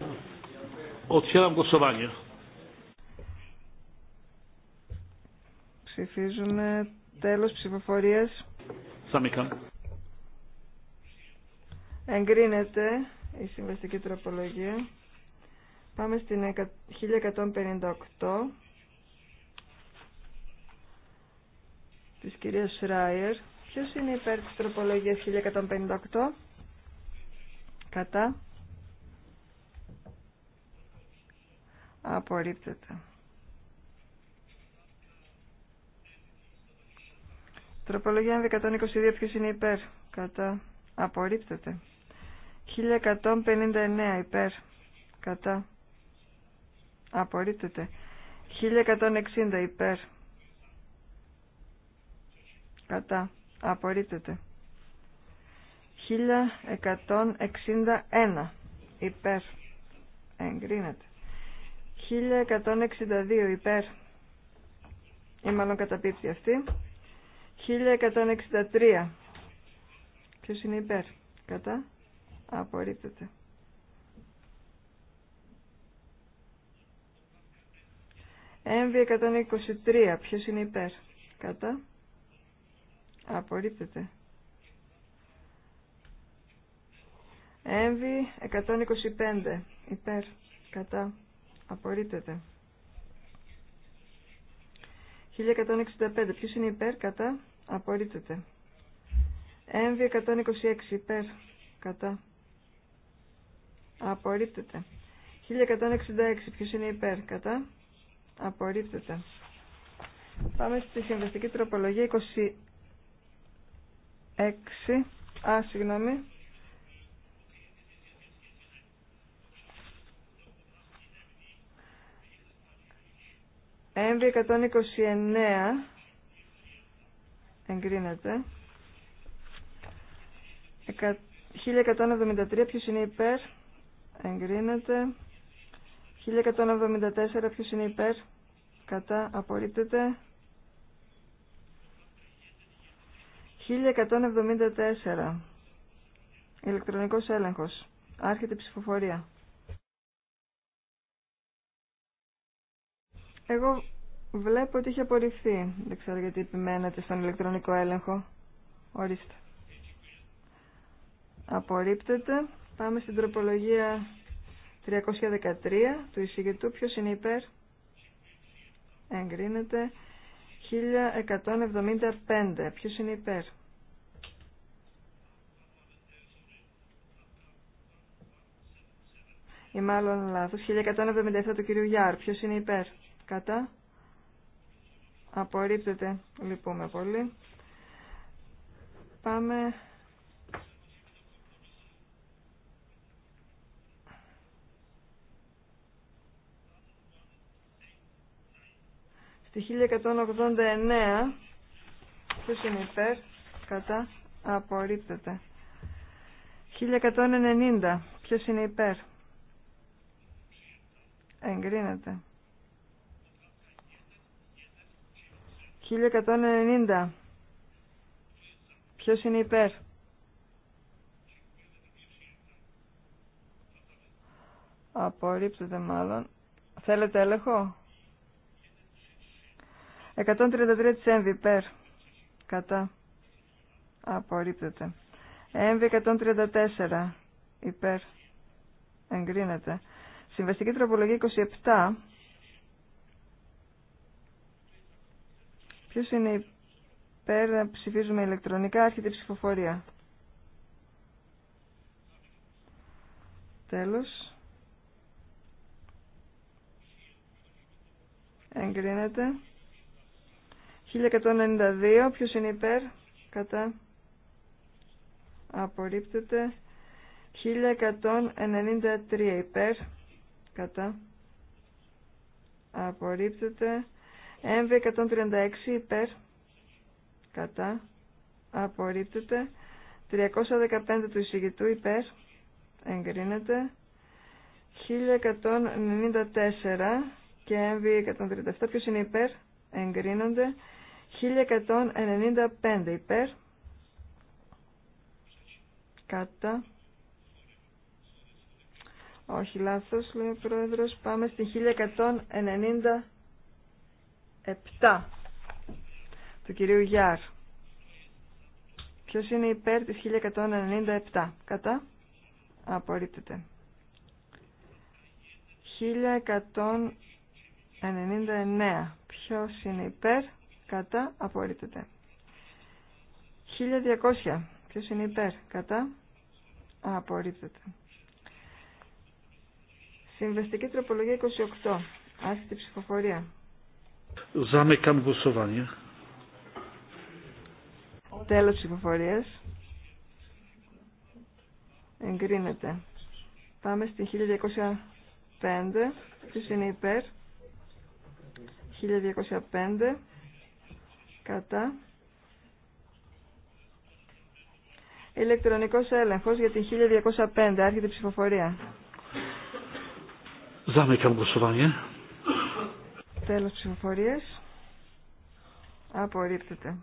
Speaker 1: Ψηφίζουμε τέλο ψηφοφορία. Εγκρίνεται η συμβαστική τροπολογία. Πάμε στην 1158 της κυρίας Σράιερ. Ποιος είναι υπέρ της τροπολογίας 1158? Κατά. Απορρίπτεται. Τροπολογία 122. Ποιος είναι υπέρ? Κατά. Απορρίπτεται. 1159 υπέρ. Κατά. Απορρίπτεται. 1160 υπέρ. Κατά. Απορρίπτεται. 1161 υπέρ. Εγκρίνεται. 1162 υπέρ. Ή μάλλον καταπίπτει αυτή. 1163. Ποιος είναι υπέρ. Κατά. Απορρίπτεται. MV 123. Ποιος είναι υπέρ. Κατά. Απορρίπτεται. MV 125. Υπέρ. Κατά. Απορρίπτεται. 1165. Ποιος είναι υπέρ. Κατά. Απορρίπτεται. MV 126. Υπέρ. Κατά. Απορρίπτεται. 1166. Ποιος είναι υπέρ. Κατά. Απορρίπτεται. Πάμε στη συμβαστική τροπολογία 26. Α, συγγνώμη. Έμβη 129 εγκρίνεται. 1173 ποιος είναι υπέρ εγκρίνεται. 1174 ποιος είναι υπέρ κατά απορρίπτεται 1174 ηλεκτρονικός έλεγχος άρχεται ψηφοφορία εγώ βλέπω ότι είχε απορριφθεί δεν ξέρω γιατί επιμένετε στον ηλεκτρονικό έλεγχο ορίστε απορρίπτεται πάμε στην τροπολογία 313 του εισηγητού ποιος είναι υπέρ εγκρίνεται 1175. Ποιος είναι υπέρ. Ή μάλλον λάθος. 1177 του κυρίου Γιάρ. Ποιος είναι υπέρ. Κατά. Απορρίπτεται. Λυπούμε πολύ. Πάμε Στη 1189 ποιος είναι υπέρ κατά απορρίπτεται. 1190 ποιος είναι υπέρ εγκρίνεται. 1190 ποιος είναι υπέρ απορρίπτεται μάλλον. Θέλετε έλεγχο? 133 της ΕΜΒ υπέρ. Κατά. Απορρίπτεται. ΕΜΒ 134 υπέρ. Εγκρίνεται. Συμβαστική τροπολογία 27. Ποιος είναι υπέρ να ψηφίζουμε ηλεκτρονικά. Άρχεται η ψηφοφορία. Τέλος. Εγκρίνεται. 1192. Ποιος είναι υπέρ. Κατά. Απορρίπτεται. 1193 υπέρ. Κατά. Απορρίπτεται. Έμβε 136 υπέρ. Κατά. Απορρίπτεται. 315 του εισηγητού υπέρ. Εγκρίνεται. 1194 και έμβη 137. Ποιος είναι υπέρ. Εγκρίνονται. 1195 υπέρ κατά όχι λάθος λέει ο πρόεδρος πάμε στην 1197 του κυρίου Γιάρ ποιος είναι υπέρ της 1197 κατά απορρίπτεται 1199 ποιος είναι υπέρ κατά, απορρίπτεται. 1200, ποιος είναι υπέρ, κατά, απορρίπτεται. Συμβαστική τροπολογία 28, άσχητη ψηφοφορία.
Speaker 2: Τέλο głosowanie.
Speaker 1: Τέλος ψηφοφορίας. Εγκρίνεται. Πάμε στην 1205. Ποιος είναι υπέρ. 1205. Κατά. Ηλεκτρονικός έλεγχος για την 1205. Άρχεται η ψηφοφορία. Τέλο Τέλος ψηφοφορίας. Απορρίπτεται.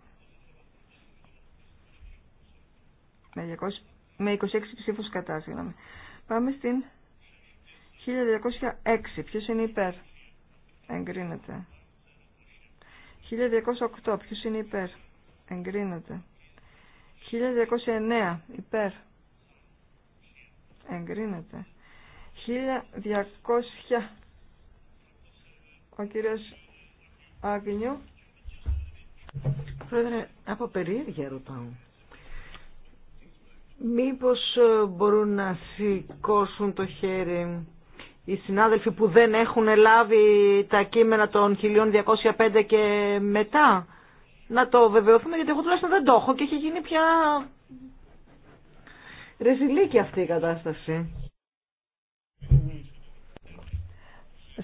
Speaker 1: Με, 26 ψήφους κατά, Πάμε στην 1206. Ποιος είναι υπέρ. Εγκρίνεται. 1208. Ποιος είναι υπέρ. Εγκρίνεται. 1209. Υπέρ. Εγκρίνεται. 1200.
Speaker 4: Ο κύριος Άγγινιου. Πρόεδρε, από περίεργεια ρωτάω. Μήπως ε, μπορούν να σηκώσουν το χέρι οι συνάδελφοι που δεν έχουν λάβει τα κείμενα των 1205 και μετά. Να το βεβαιωθούμε γιατί εγώ τουλάχιστον δεν το έχω και έχει γίνει πια ρεζιλίκη αυτή η κατάσταση.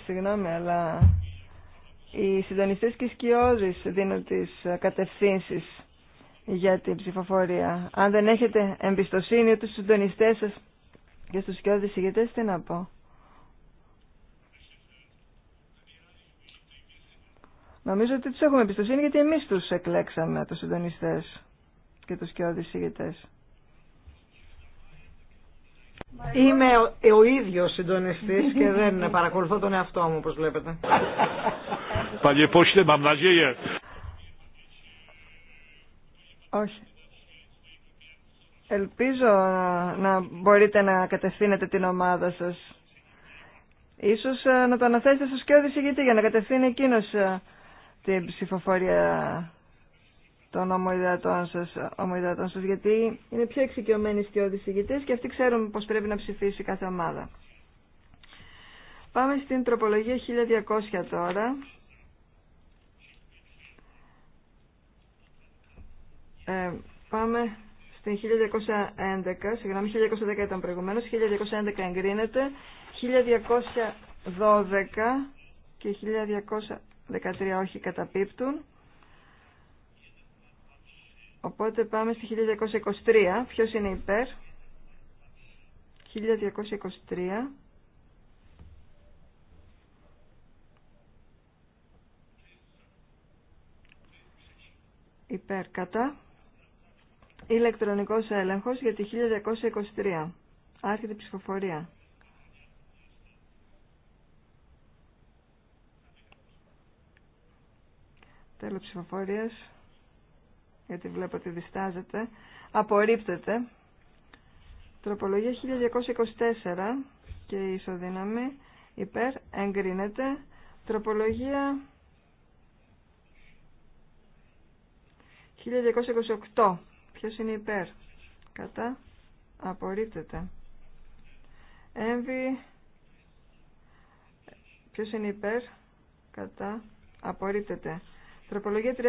Speaker 1: Συγγνώμη, αλλά οι συντονιστές και οι σκιώδεις δίνουν τις κατευθύνσεις για την ψηφοφορία. Αν δεν έχετε εμπιστοσύνη ούτε στους συντονιστές σας και στους σκιώδεις ηγετές, τι να πω. Νομίζω ότι του έχουμε εμπιστοσύνη γιατί εμεί του εκλέξαμε, του συντονιστέ και του και ηγητέ.
Speaker 4: Είμαι ο, ο ίδιος και δεν παρακολουθώ τον εαυτό μου, όπως βλέπετε. Όχι. Ελπίζω
Speaker 1: να μπορείτε να κατευθύνετε την ομάδα σας. Ίσως ε, να το αναθέσετε στο σκιώδη ηγητή για να κατευθύνει εκείνος ε, την ψηφοφορία των ομοειδάτων σας, ομοϊδάτων σας, γιατί είναι πιο εξοικειωμένοι και οδησηγητές και αυτοί ξέρουν πως πρέπει να ψηφίσει κάθε ομάδα. Πάμε στην τροπολογία 1200 τώρα. Ε, πάμε στην 1211, συγγνώμη, 1210 ήταν προηγουμένως, 1211 εγκρίνεται, 1212 και 1200 13 όχι καταπίπτουν. Οπότε πάμε στη 1223. Ποιος είναι υπέρ. 1223. Υπέρ κατά. Ηλεκτρονικός έλεγχος για τη 1223. Άρχεται η ψηφοφορία. Τέλος ψηφοφορίας, γιατί βλέπω ότι διστάζεται. Απορρίπτεται. Τροπολογία 1224 και ισοδύναμη υπέρ εγκρίνεται. Τροπολογία 1228. Ποιος είναι υπέρ. Κατά. Απορρίπτεται. Έμβη. Ποιος είναι υπέρ. Κατά. Απορρίπτεται. Τροπολογία 318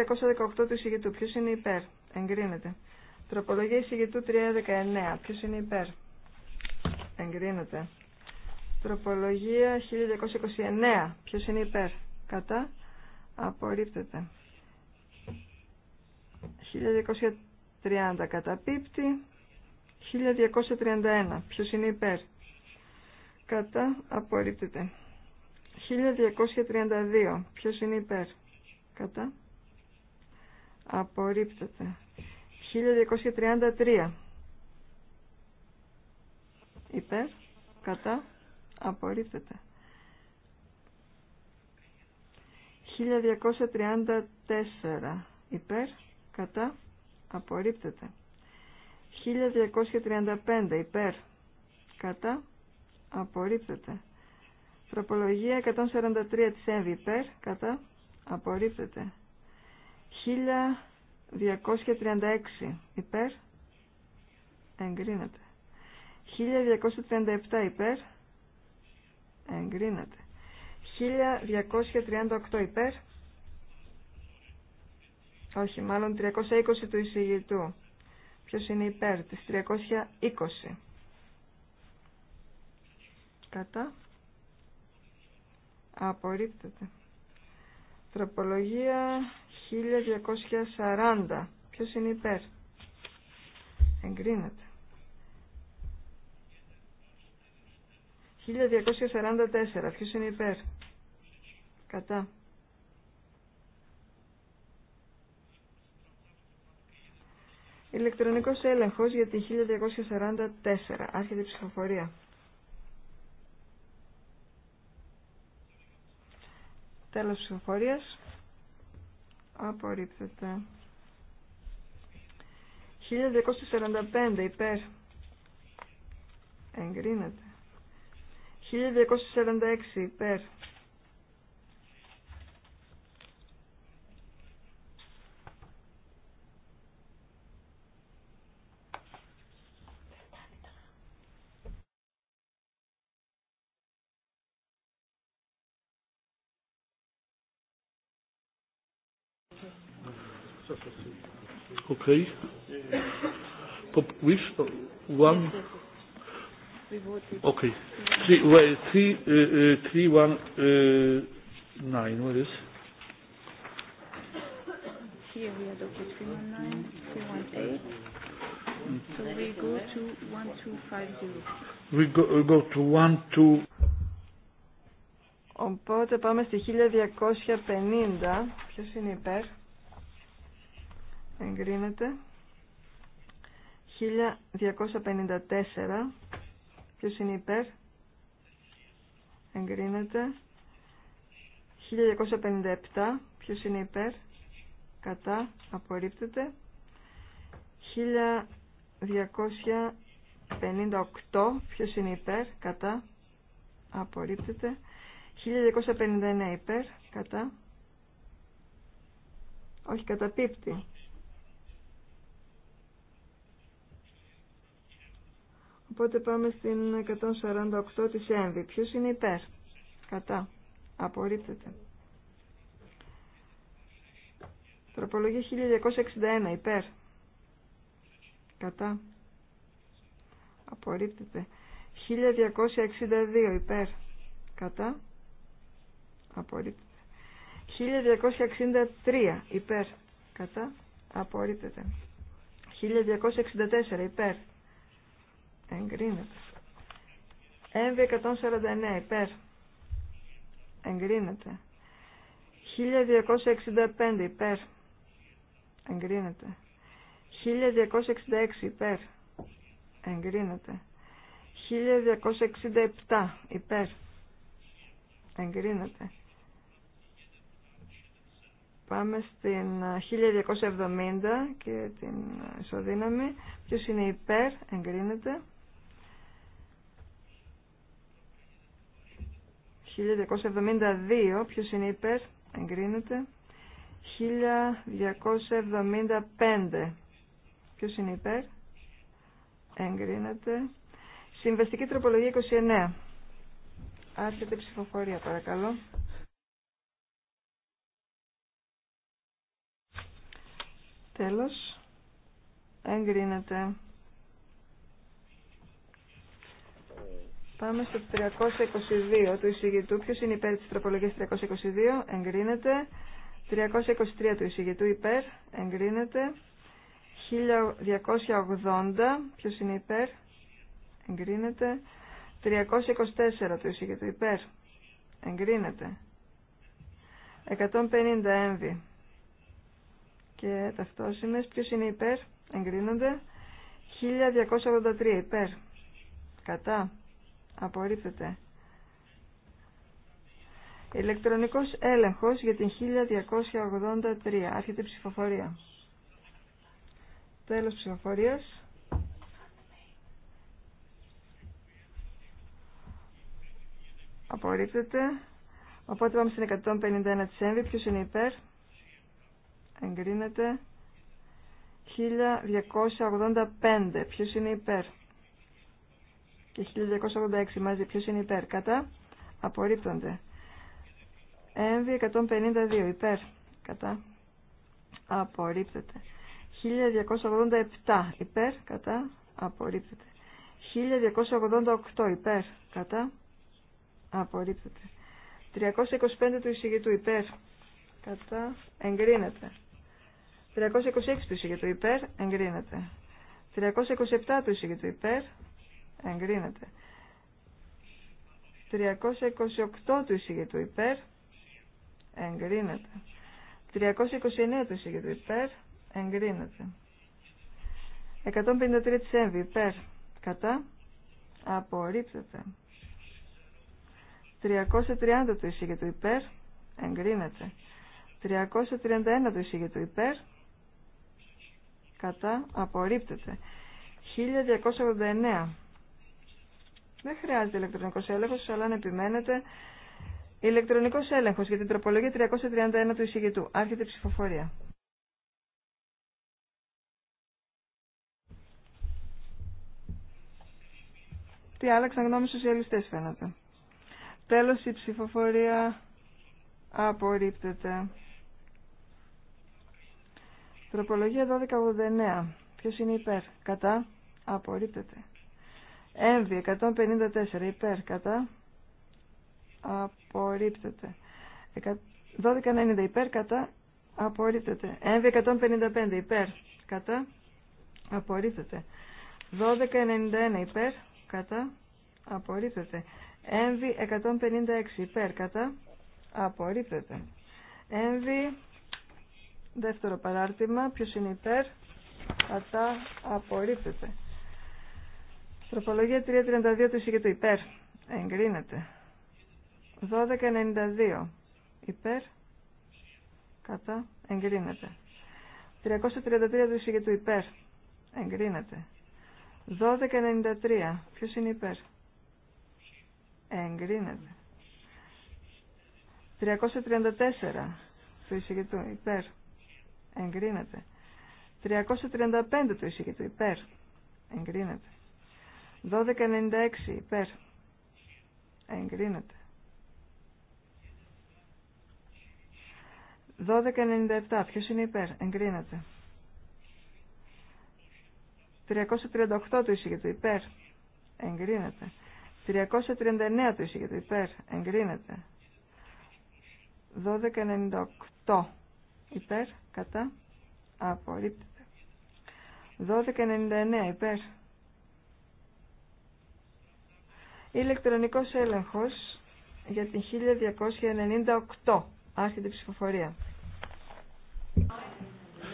Speaker 1: του εισηγητού. Ποιο είναι υπέρ. Εγκρίνεται. Τροπολογία εισηγητού 319. ποιο είναι υπέρ. Εγκρίνεται. Τροπολογία 1229. Ποιο είναι υπέρ. Κατά. Απορρίπτεται. 1230 καταπίπτει. 1231. ποιο είναι υπέρ. Κατά. Απορρίπτεται. 1232. ποιο είναι υπέρ κατά απορρίπτεται 1233 υπέρ κατά απορρίπτεται 1234 υπέρ κατά απορρίπτεται 1235 υπέρ κατά απορρίπτεται τροπολογία 143 της ΕΒΗ υπέρ κατά απορρίπτεται. 1236 υπέρ, εγκρίνεται. 1237 υπέρ, εγκρίνεται. 1238 υπέρ, όχι, μάλλον 320 του εισηγητού. Ποιος είναι υπέρ της 320. Κατά. Απορρίπτεται. Τροπολογία 1240. Ποιος είναι υπέρ. Εγκρίνεται. 1244. Ποιος είναι υπέρ. Κατά. Ηλεκτρονικός έλεγχος για την 1244. Άρχεται η ψηφοφορία. Τέλος ψηφοφορίας. Απορρίπτεται. 1245 υπέρ. Εγκρίνεται. 1246 υπέρ.
Speaker 2: Okay. Which one?
Speaker 3: Okay. Three, wait,
Speaker 2: three, three, one, nine. What is?
Speaker 3: Here we go 319, 318. So we go
Speaker 1: to 1250.
Speaker 2: We go, we go to 12.
Speaker 1: Οπότε πάμε στη 1250. Ποιος είναι υπέρ? εγκρίνεται 1254 ποιος είναι υπέρ εγκρίνεται 1257 ποιος είναι υπέρ κατά απορρίπτεται 1258 ποιος είναι υπέρ κατά απορρίπτεται 1259 υπέρ κατά όχι καταπίπτει Οπότε πάμε στην 148 της ΕΜΒΗ. Ποιος είναι υπέρ. Κατά. Απορρίπτεται. Τροπολογία 1261 υπέρ. Κατά. Απορρίπτεται. 1262 υπέρ. Κατά. Απορρίπτεται. 1263 υπέρ. Κατά. Απορρίπτεται. 1264 υπέρ. Εγκρίνεται. Έμβη 149 υπέρ. Εγκρίνεται. 1265 υπέρ. Εγκρίνεται. 1266 υπέρ. Εγκρίνεται. 1267 υπέρ. Εγκρίνεται. Πάμε στην 1270 ε, και την ε, ισοδύναμη. Ποιος είναι υπέρ, εγκρίνεται. 1272, ποιος είναι υπέρ, εγκρίνεται. 1275, ποιος είναι υπέρ, εγκρίνεται. Συμβαστική τροπολογία 29. Άρχεται ψηφοφορία παρακαλώ. Τέλος. Εγκρίνεται. Πάμε στο 322 του εισηγητού. Ποιο είναι υπέρ της τροπολογίας 322, εγκρίνεται. 323 του εισηγητού υπέρ, εγκρίνεται. 1280, ποιο είναι υπέρ, εγκρίνεται. 324 του εισηγητού υπέρ, εγκρίνεται. 150 έμβη και ταυτόσημε, ποιο είναι υπέρ, εγκρίνονται. 1283 υπέρ, κατά Απορρίπτεται. Ηλεκτρονικός έλεγχος για την 1283. Άρχεται η ψηφοφορία. Τέλος ψηφοφορίας. Απορρίπτεται. Οπότε πάμε στην 151 της ΕΜΒΗ. Ποιος είναι υπέρ. Εγκρίνεται. 1285. Ποιος είναι υπέρ και 1286 μαζί. Ποιος είναι υπέρ. Κατά. Απορρίπτονται. Έμβη 152 υπέρ. Κατά. Απορρίπτεται. 1287 υπέρ. Κατά. Απορρίπτεται. 1288 υπέρ. Κατά. Απορρίπτεται. 325 του εισηγητού υπέρ. Κατά. Εγκρίνεται. 326 του εισηγητού υπέρ. Εγκρίνεται. 327 του εισηγητού υπέρ εγκρίνεται. 328 του εισηγητού υπέρ, εγκρίνεται. 329 του εισηγητού υπέρ, εγκρίνεται. 153 της έμβη υπέρ, κατά, απορρίπτεται. 330 του εισηγητού υπέρ, εγκρίνεται. 331 του εισηγητού υπέρ, κατά, απορρίπτεται. 1289 δεν χρειάζεται ηλεκτρονικό έλεγχος, αλλά αν επιμένετε, ηλεκτρονικός έλεγχος για την τροπολογία 331 του εισηγητού. Άρχεται η ψηφοφορία. Τι άλλαξαν γνώμη ελιστέ, φαίνεται. Τέλος η ψηφοφορία απορρίπτεται. Τροπολογία 1289. Ποιο είναι υπέρ. Κατά. Απορρίπτεται. Έμβη 154 υπέρ κατά απορρίπτεται. 1290 υπέρ κατά απορρίπτεται. Έμβη 155 υπέρ κατά απορρίπτεται. 1291 υπέρ κατά απορρίπτεται. Έμβη 156 υπέρ κατά απορρίπτεται. Έμβη δεύτερο παράρτημα ποιος είναι υπέρ κατά απορρίπτεται. Τροπολογία 332 του εισηγητού υπέρ. Εγκρίνεται. 1292 υπέρ. Κατά. Εγκρίνεται. 333 του εισηγητού υπέρ. Εγκρίνεται. 1293. Ποιος είναι υπέρ. Εγκρίνεται. 334 του εισηγητού υπέρ. Εγκρίνεται. 335 του εισηγητού υπέρ. Εγκρίνεται. 1296 υπέρ. Εγκρίνεται. 1297. Ποιος είναι υπέρ. Εγκρίνεται. 338 του εισηγητού υπέρ. Εγκρίνεται. 339 του εισηγητού υπέρ. Εγκρίνεται. 1298 υπέρ. Κατά. Απορρίπτεται. 1299 υπέρ Ηλεκτρονικός έλεγχος για την 1298. Άρχεται η ψηφοφορία.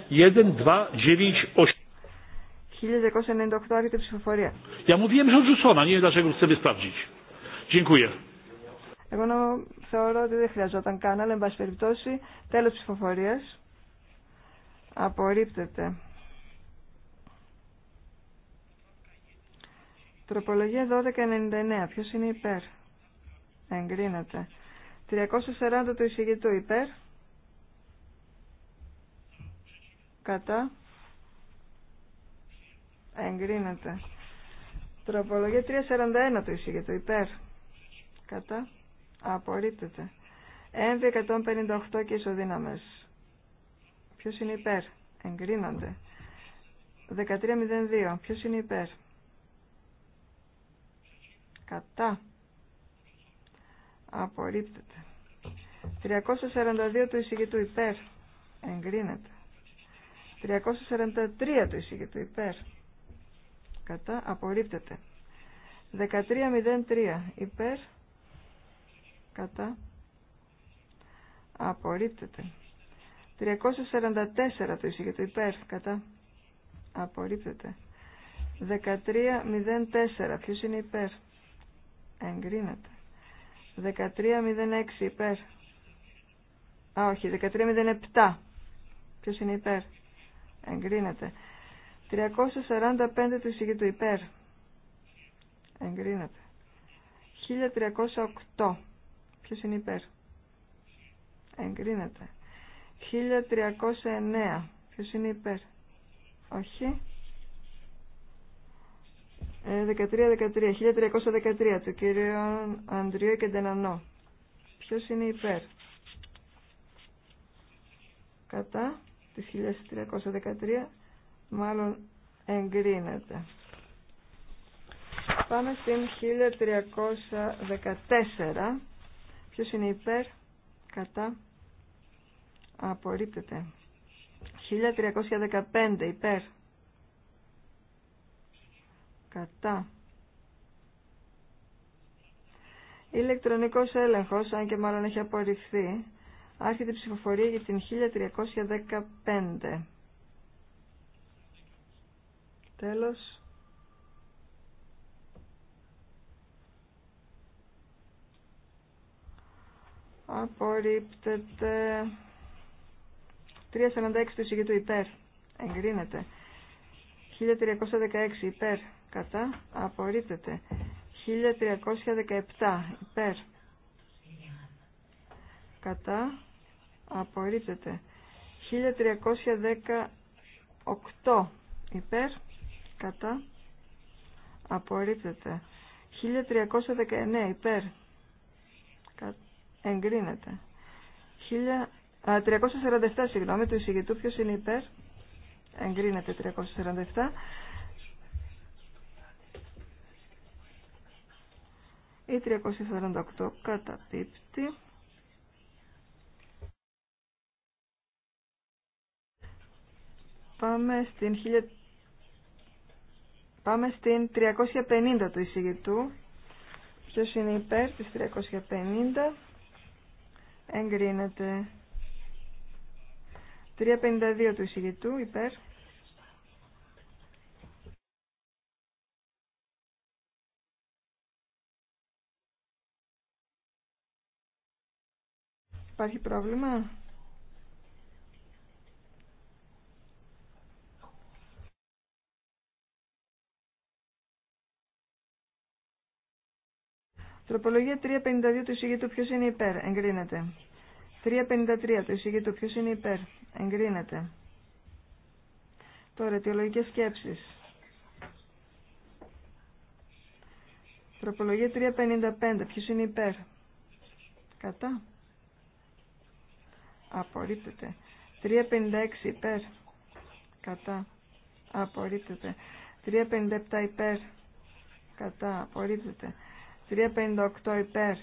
Speaker 2: 1298. 1298
Speaker 1: άρχεται η ψηφοφορία.
Speaker 2: Για μου nie dlaczego chcemy sprawdzić. Dziękuję.
Speaker 1: Εγώ θεωρώ ότι δεν χρειαζόταν καν, αλλά εν πάση περιπτώσει, τέλος ψηφοφορίας. Απορρίπτεται. Τροπολογία 1299. ποιο είναι υπέρ. Εγκρίνεται. 340 του εισηγητού υπέρ. Κατά. Εγκρίνεται. Τροπολογία 341 του εισηγητού υπέρ. Κατά. Απορρίπτεται. Ένδυ 158 και ισοδύναμες. Ποιος είναι υπέρ. Εγκρίνονται. 1302. Ποιος είναι υπέρ κατά απορρίπτεται 342 του εισηγητού υπέρ εγκρίνεται 343 του εισηγητού υπέρ κατά απορρίπτεται 1303 υπέρ κατά απορρίπτεται 344 του εισηγητού υπέρ κατά απορρίπτεται 1304 ποιος είναι υπέρ Εγκρίνεται. 13.06 υπέρ. Α, όχι, 13.07. Ποιος είναι υπέρ. Εγκρίνεται. 345 του εισηγητού υπέρ. Εγκρίνεται. 1308. Ποιος είναι υπέρ. Εγκρίνεται. 1309. Ποιος είναι υπέρ. Όχι. 1313, του κυρίου Ανδρίου και Ντενανό. Ποιος είναι υπέρ. Κατά τη 1313 μάλλον εγκρίνεται. Πάμε στην 1314. Ποιος είναι υπέρ. Κατά. Απορρίπτεται. 1315 υπέρ. Κατά. Ηλεκτρονικός έλεγχος, αν και μάλλον έχει απορριφθεί, άρχεται η ψηφοφορία για την 1315. Τέλος. Απορρίπτεται. 346 του εισηγητού υπέρ. Εγκρίνεται. 1316 υπέρ κατά απορρίπτεται 1317 υπέρ κατά απορρίπτεται 1318 υπέρ κατά απορρίπτεται 1319 υπέρ εγκρίνεται 347 συγγνώμη του εισηγητού ποιος είναι υπέρ εγκρίνεται 347 Η 348 καταπίπτει. Πάμε στην, Πάμε στην 350 του εισηγητού. Ποιος είναι υπέρ της 350. Εγκρίνεται. 352 του εισηγητού υπέρ Υπάρχει πρόβλημα. Τροπολογία 352 του εισηγήτου ποιος είναι υπέρ. Εγκρίνεται. 353 του εισηγήτου ποιος είναι υπέρ. Εγκρίνεται. Τώρα, αιτιολογικές σκέψεις. Τροπολογία 355. Ποιος είναι υπέρ. Κατά απορρίπτεται. 3.56 υπέρ, κατά, απορρίπτεται. 3.57 υπέρ, κατά, απορρίπτεται. 3.58 υπέρ,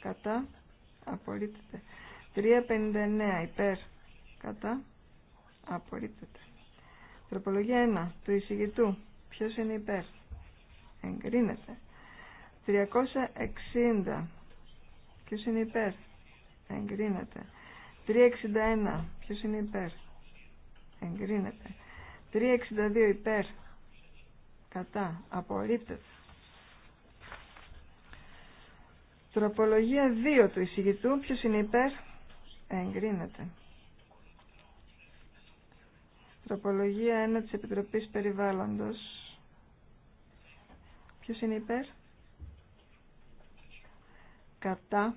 Speaker 1: κατά, απορρίπτεται. 3.59 υπέρ, κατά, απορρίπτεται. Τροπολογία 1 του εισηγητού. Ποιο είναι υπέρ. Εγκρίνεται. 360. Ποιο είναι υπέρ. Εγκρίνεται. 361. Ποιος είναι υπέρ. Εγκρίνεται. 362 υπέρ. Κατά. Απορρίπτεται. Τροπολογία 2 του εισηγητού. Ποιος είναι υπέρ. Εγκρίνεται. Τροπολογία 1 της Επιτροπής Περιβάλλοντος. Ποιος είναι υπέρ. Κατά.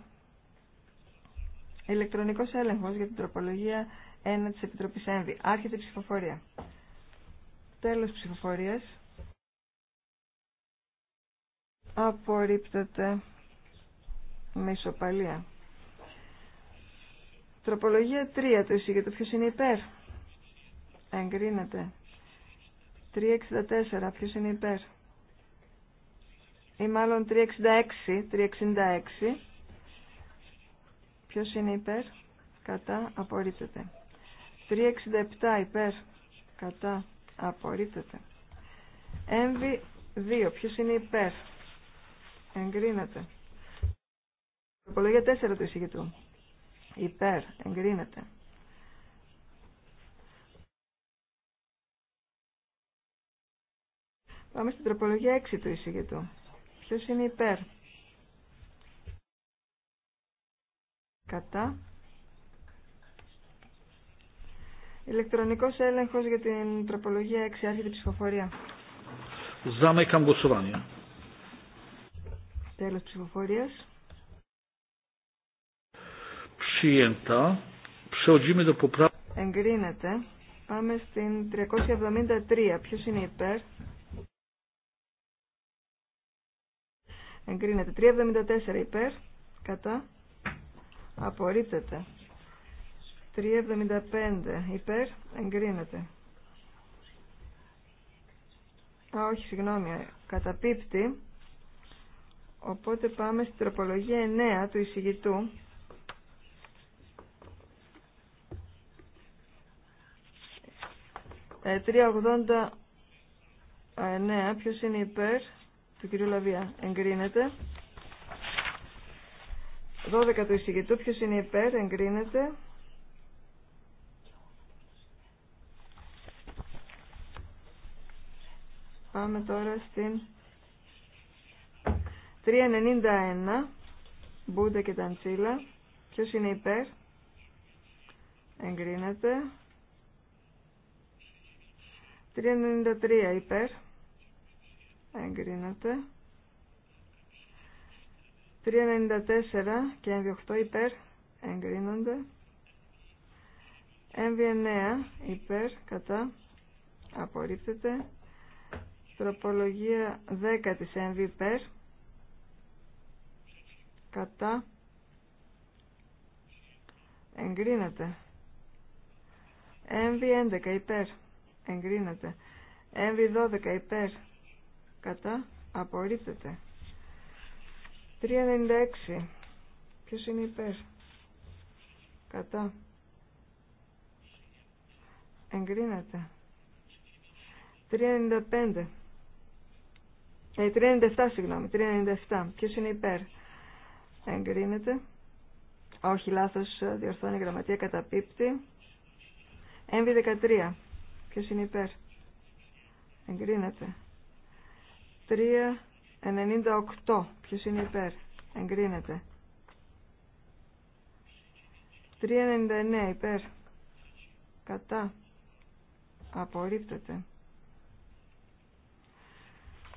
Speaker 1: Ηλεκτρονικός έλεγχος για την τροπολογία 1 της Επιτροπής ΕΜΒΗ. Άρχεται η ψηφοφορία. Τέλος ψηφοφορίας. Απορρίπτεται με ισοπαλία. Τροπολογία 3 του εισηγητού. Ποιος είναι υπέρ. Εγκρίνεται. 364. Ποιος είναι υπέρ. Ή μάλλον 366. 366. Ποιος είναι υπέρ, κατά, απορρίπτεται. 367 υπέρ, κατά, απορρίπτεται. Έμβη 2. Ποιος είναι υπέρ, εγκρίνεται. Τροπολογία 4 του εισηγητού. Υπέρ, εγκρίνεται. Πάμε στην τροπολογία 6 του εισηγητού. Ποιος είναι υπέρ, Κατά. Ηλεκτρονικός έλεγχος για την τροπολογία 6. ψηφοφορία.
Speaker 2: Zamykam głosowanie.
Speaker 1: Τέλος ψηφοφορίας.
Speaker 2: Przyjęta.
Speaker 1: Εγκρίνεται. Πάμε στην 373. Ποιος είναι υπέρ? Εγκρίνεται. 374 υπέρ. Κατά. Απορρίπτεται. 3.75 υπέρ. Εγκρίνεται. Α, όχι, συγγνώμη. Καταπίπτει. Οπότε πάμε στην τροπολογία 9 του εισηγητού. Ε, 3.89. Ποιος είναι υπέρ του κυρίου Λαβία. Εγκρίνεται. 12 του εισηγητού. Ποιος είναι υπέρ, εγκρίνεται. Πάμε τώρα στην 391. Μπούντα και Ταντσίλα. Ποιος είναι υπέρ. Εγκρίνεται. 393 υπέρ. Εγκρίνεται. 394 και MV8 υπέρ εγκρίνονται. MV9 υπέρ κατά απορρίπτεται. Τροπολογία 10 της MV υπέρ κατά εγκρίνεται. MV11 υπέρ εγκρίνεται. MV12 υπέρ κατά απορρίπτεται. 396. Ποιος είναι υπέρ. Κατά. Εγκρίνεται. 395. Ε, 37, συγγνώμη. 397. Ποιος είναι υπέρ. Εγκρίνεται. Όχι, λάθος. Διορθώνει η γραμματεία. Καταπίπτει. Έμβη 13. Ποιος είναι υπέρ. Εγκρίνεται. 3 98. Ποιος είναι υπέρ. Εγκρίνεται. 399 υπέρ. Κατά. Απορρίπτεται.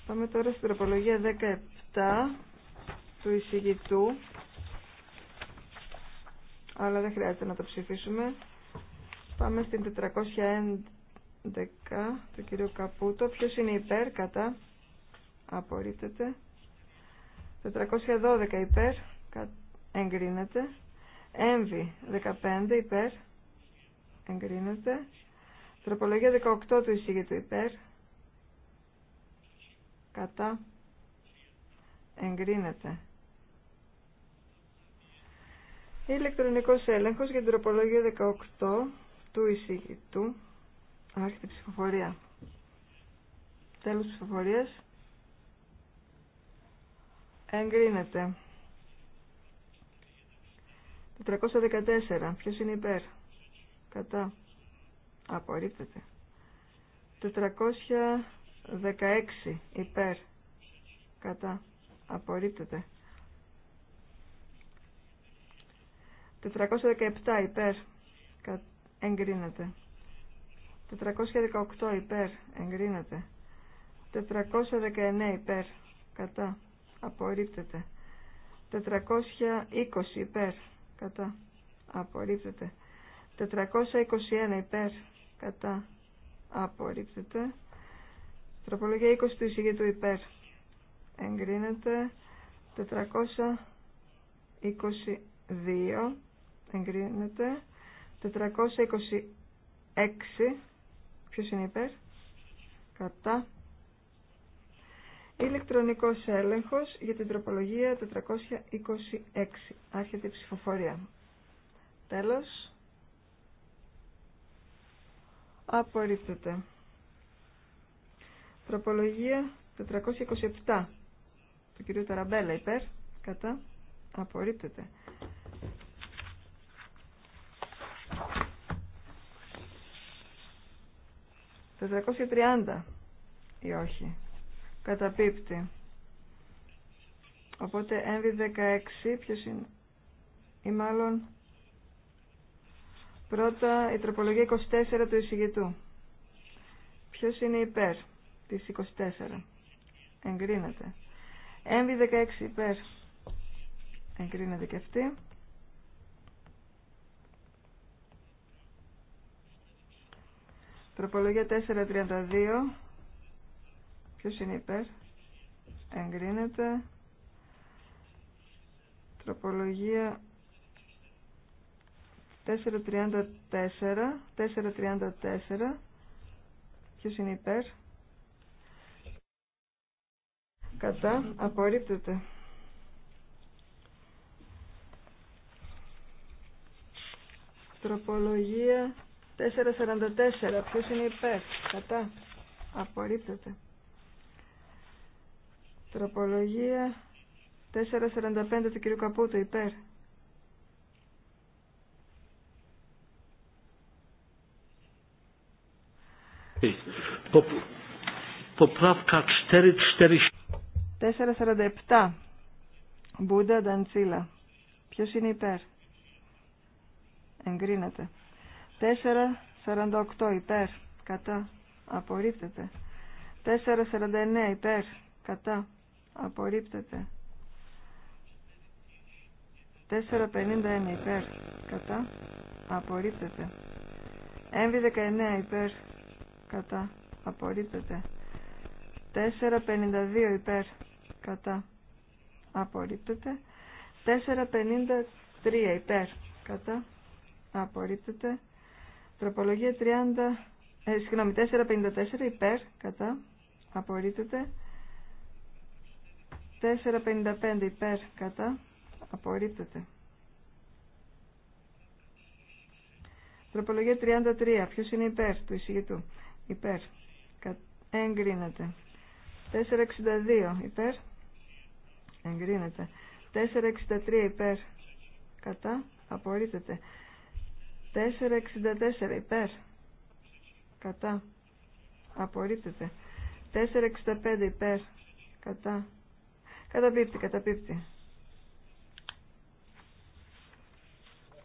Speaker 1: Πάμε τώρα στην τροπολογία 17 του εισηγητού. Αλλά δεν χρειάζεται να το ψηφίσουμε. Πάμε στην 411 του κυρίου Καπούτο. Ποιος είναι υπέρ, κατά απορρίπτεται. 412 υπέρ, εγκρίνεται. Έμβη 15 υπέρ, εγκρίνεται. Τροπολογία 18 του εισήγητου υπέρ, κατά, εγκρίνεται. Ηλεκτρονικός έλεγχος για την τροπολογία 18 του εισηγητού. Άρχεται ψηφοφορία. Τέλος ψηφοφορίας. Εγκρίνεται. 414. Ποιος είναι υπέρ. Κατά. Απορρίπτεται. 416. Υπέρ. Κατά. Απορρίπτεται. 417. Υπέρ. Εγκρίνεται. 418. Υπέρ. Εγκρίνεται. 419. Υπέρ. Κατά απορρίπτεται. 420 υπέρ, κατά, απορρίπτεται. 421 υπέρ, κατά, απορρίπτεται. Τροπολογία 20 του εισηγήτου υπέρ, εγκρίνεται. 422 εγκρίνεται. 426 ποιος είναι υπέρ, κατά, Ηλεκτρονικός έλεγχος για την τροπολογία 426. Άρχεται η ψηφοφορία. Τέλος. Απορρίπτεται. Τροπολογία 427. το κυρίου Ταραμπέλα υπέρ. Κατά. Απορρίπτεται. «430» ή όχι καταπίπτει. Οπότε MV16 ποιος είναι ή μάλλον πρώτα η τροπολογία 24 του εισηγητού. Ποιος είναι υπέρ της 24. Εγκρίνεται. MV16 υπέρ. Εγκρίνεται και αυτή. Τροπολογία 432 Ποιος είναι υπέρ. Εγκρίνεται. Τροπολογία 434. 434. Ποιος είναι υπέρ. Κατά. Απορρίπτεται. Τροπολογία 444. Ποιος είναι υπέρ. Κατά. Απορρίπτεται. Τροπολογία 445 του κ. Καπούτου υπέρ. 447. Μπούντα Νταντσίλα. Ποιο είναι υπέρ. Εγκρίνεται. 448 υπέρ. Κατά. Απορρίπτεται. 449 υπέρ. Κατά απορρίπτεται 4.51 υπέρ κατά απορρίπτεται MV19 υπέρ κατά απορρίπτεται 4.52 υπέρ κατά απορρίπτεται 4.53 υπέρ κατά απορρίπτεται τροπολογία 30 ε, συγγνώμη 4.54 υπέρ κατά απορρίπτεται 4.55 υπέρ κατά απορρίπτεται. Τροπολογία 33. Ποιος είναι υπέρ του εισηγητού. Υπέρ. Εγκρίνεται. 4.62 υπέρ. Εγκρίνεται. 4.63 υπέρ. Κατά. Απορρίπτεται. 4.64 υπέρ. Κατά. Απορρίπτεται. 4.65 υπέρ. Κατά. Καταπίπτει, καταπίπτει.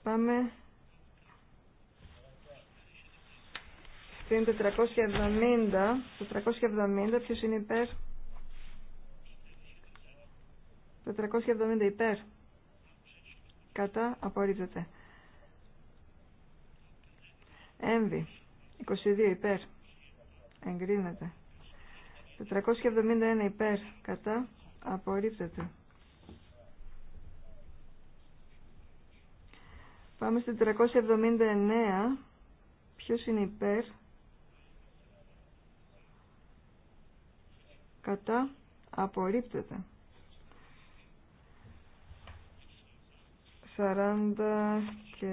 Speaker 1: Πάμε στην 470. Το 470 ποιος είναι υπέρ. 470 υπέρ. Κατά απορρίπτεται. Έμβη. 22 υπέρ. Εγκρίνεται. 471 υπέρ. Κατά Απορρίπτεται. Πάμε στο 379. Ποιος είναι υπέρ. Κατά. Απορρίπτεται. 40 και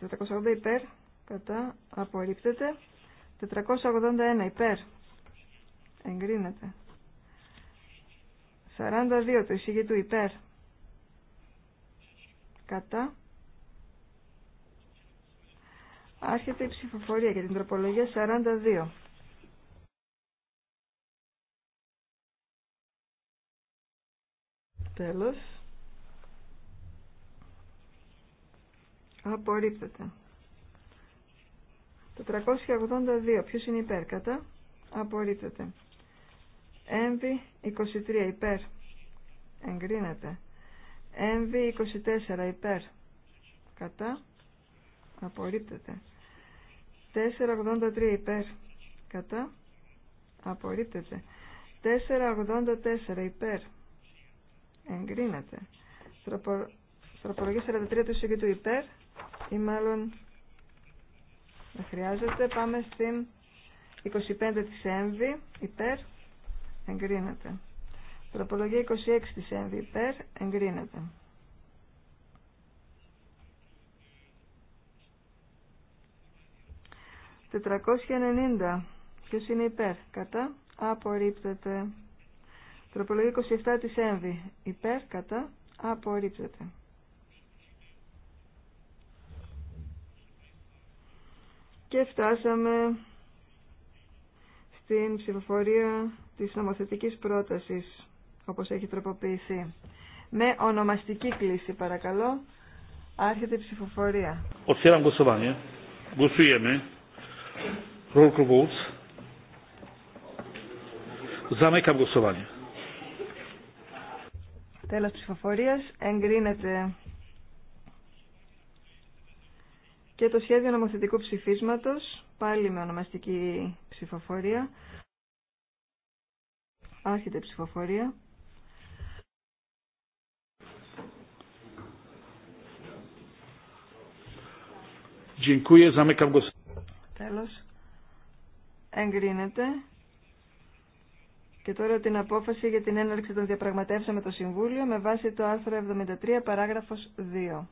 Speaker 1: 480 υπέρ. Κατά. Απορρίπτεται. 481 υπέρ. Εγκρίνεται. 42 του εισηγητού υπέρ. Κατά. Άρχεται η ψηφοφορία για την τροπολογία 42. Τέλος. Απορρίπτεται. 482. Ποιος είναι υπέρ κατά. Απορρίπτεται. Έμβη 23 υπέρ. Εγκρίνεται. Έμβη 24 υπέρ. Κατά. Απορρίπτεται. 483 υπέρ. Κατά. Απορρίπτεται. 484 υπέρ. Εγκρίνεται. Στροπολογή 43 του συγκεκριτού υπέρ. Ή μάλλον δεν χρειάζεται. Πάμε στην 25 της έμβη υπέρ εγκρίνεται. Τροπολογία 26 της ΕΜΒ υπέρ, εγκρίνεται. «490. Ποιο είναι υπέρ. Κατά. Απορρίπτεται. Τροπολογία 27 της ΕΜΒΗ. Υπέρ. Κατά. Απορρίπτεται. Και φτάσαμε στην ψηφοφορία της νομοθετικής πρότασης όπως έχει τροποποιηθεί. Με ονομαστική κλίση παρακαλώ. Άρχεται η ψηφοφορία.
Speaker 2: Otwieram głosowanie.
Speaker 1: ψηφοφορίας. Εγκρίνεται και το σχέδιο νομοθετικού ψηφίσματος, πάλι με ονομαστική ψηφοφορία. Άρχεται η ψηφοφορία. Τέλος. Εγκρίνεται. Και τώρα την απόφαση για την έναρξη των διαπραγματεύσεων με το Συμβούλιο με βάση το άρθρο 73 παράγραφος 2.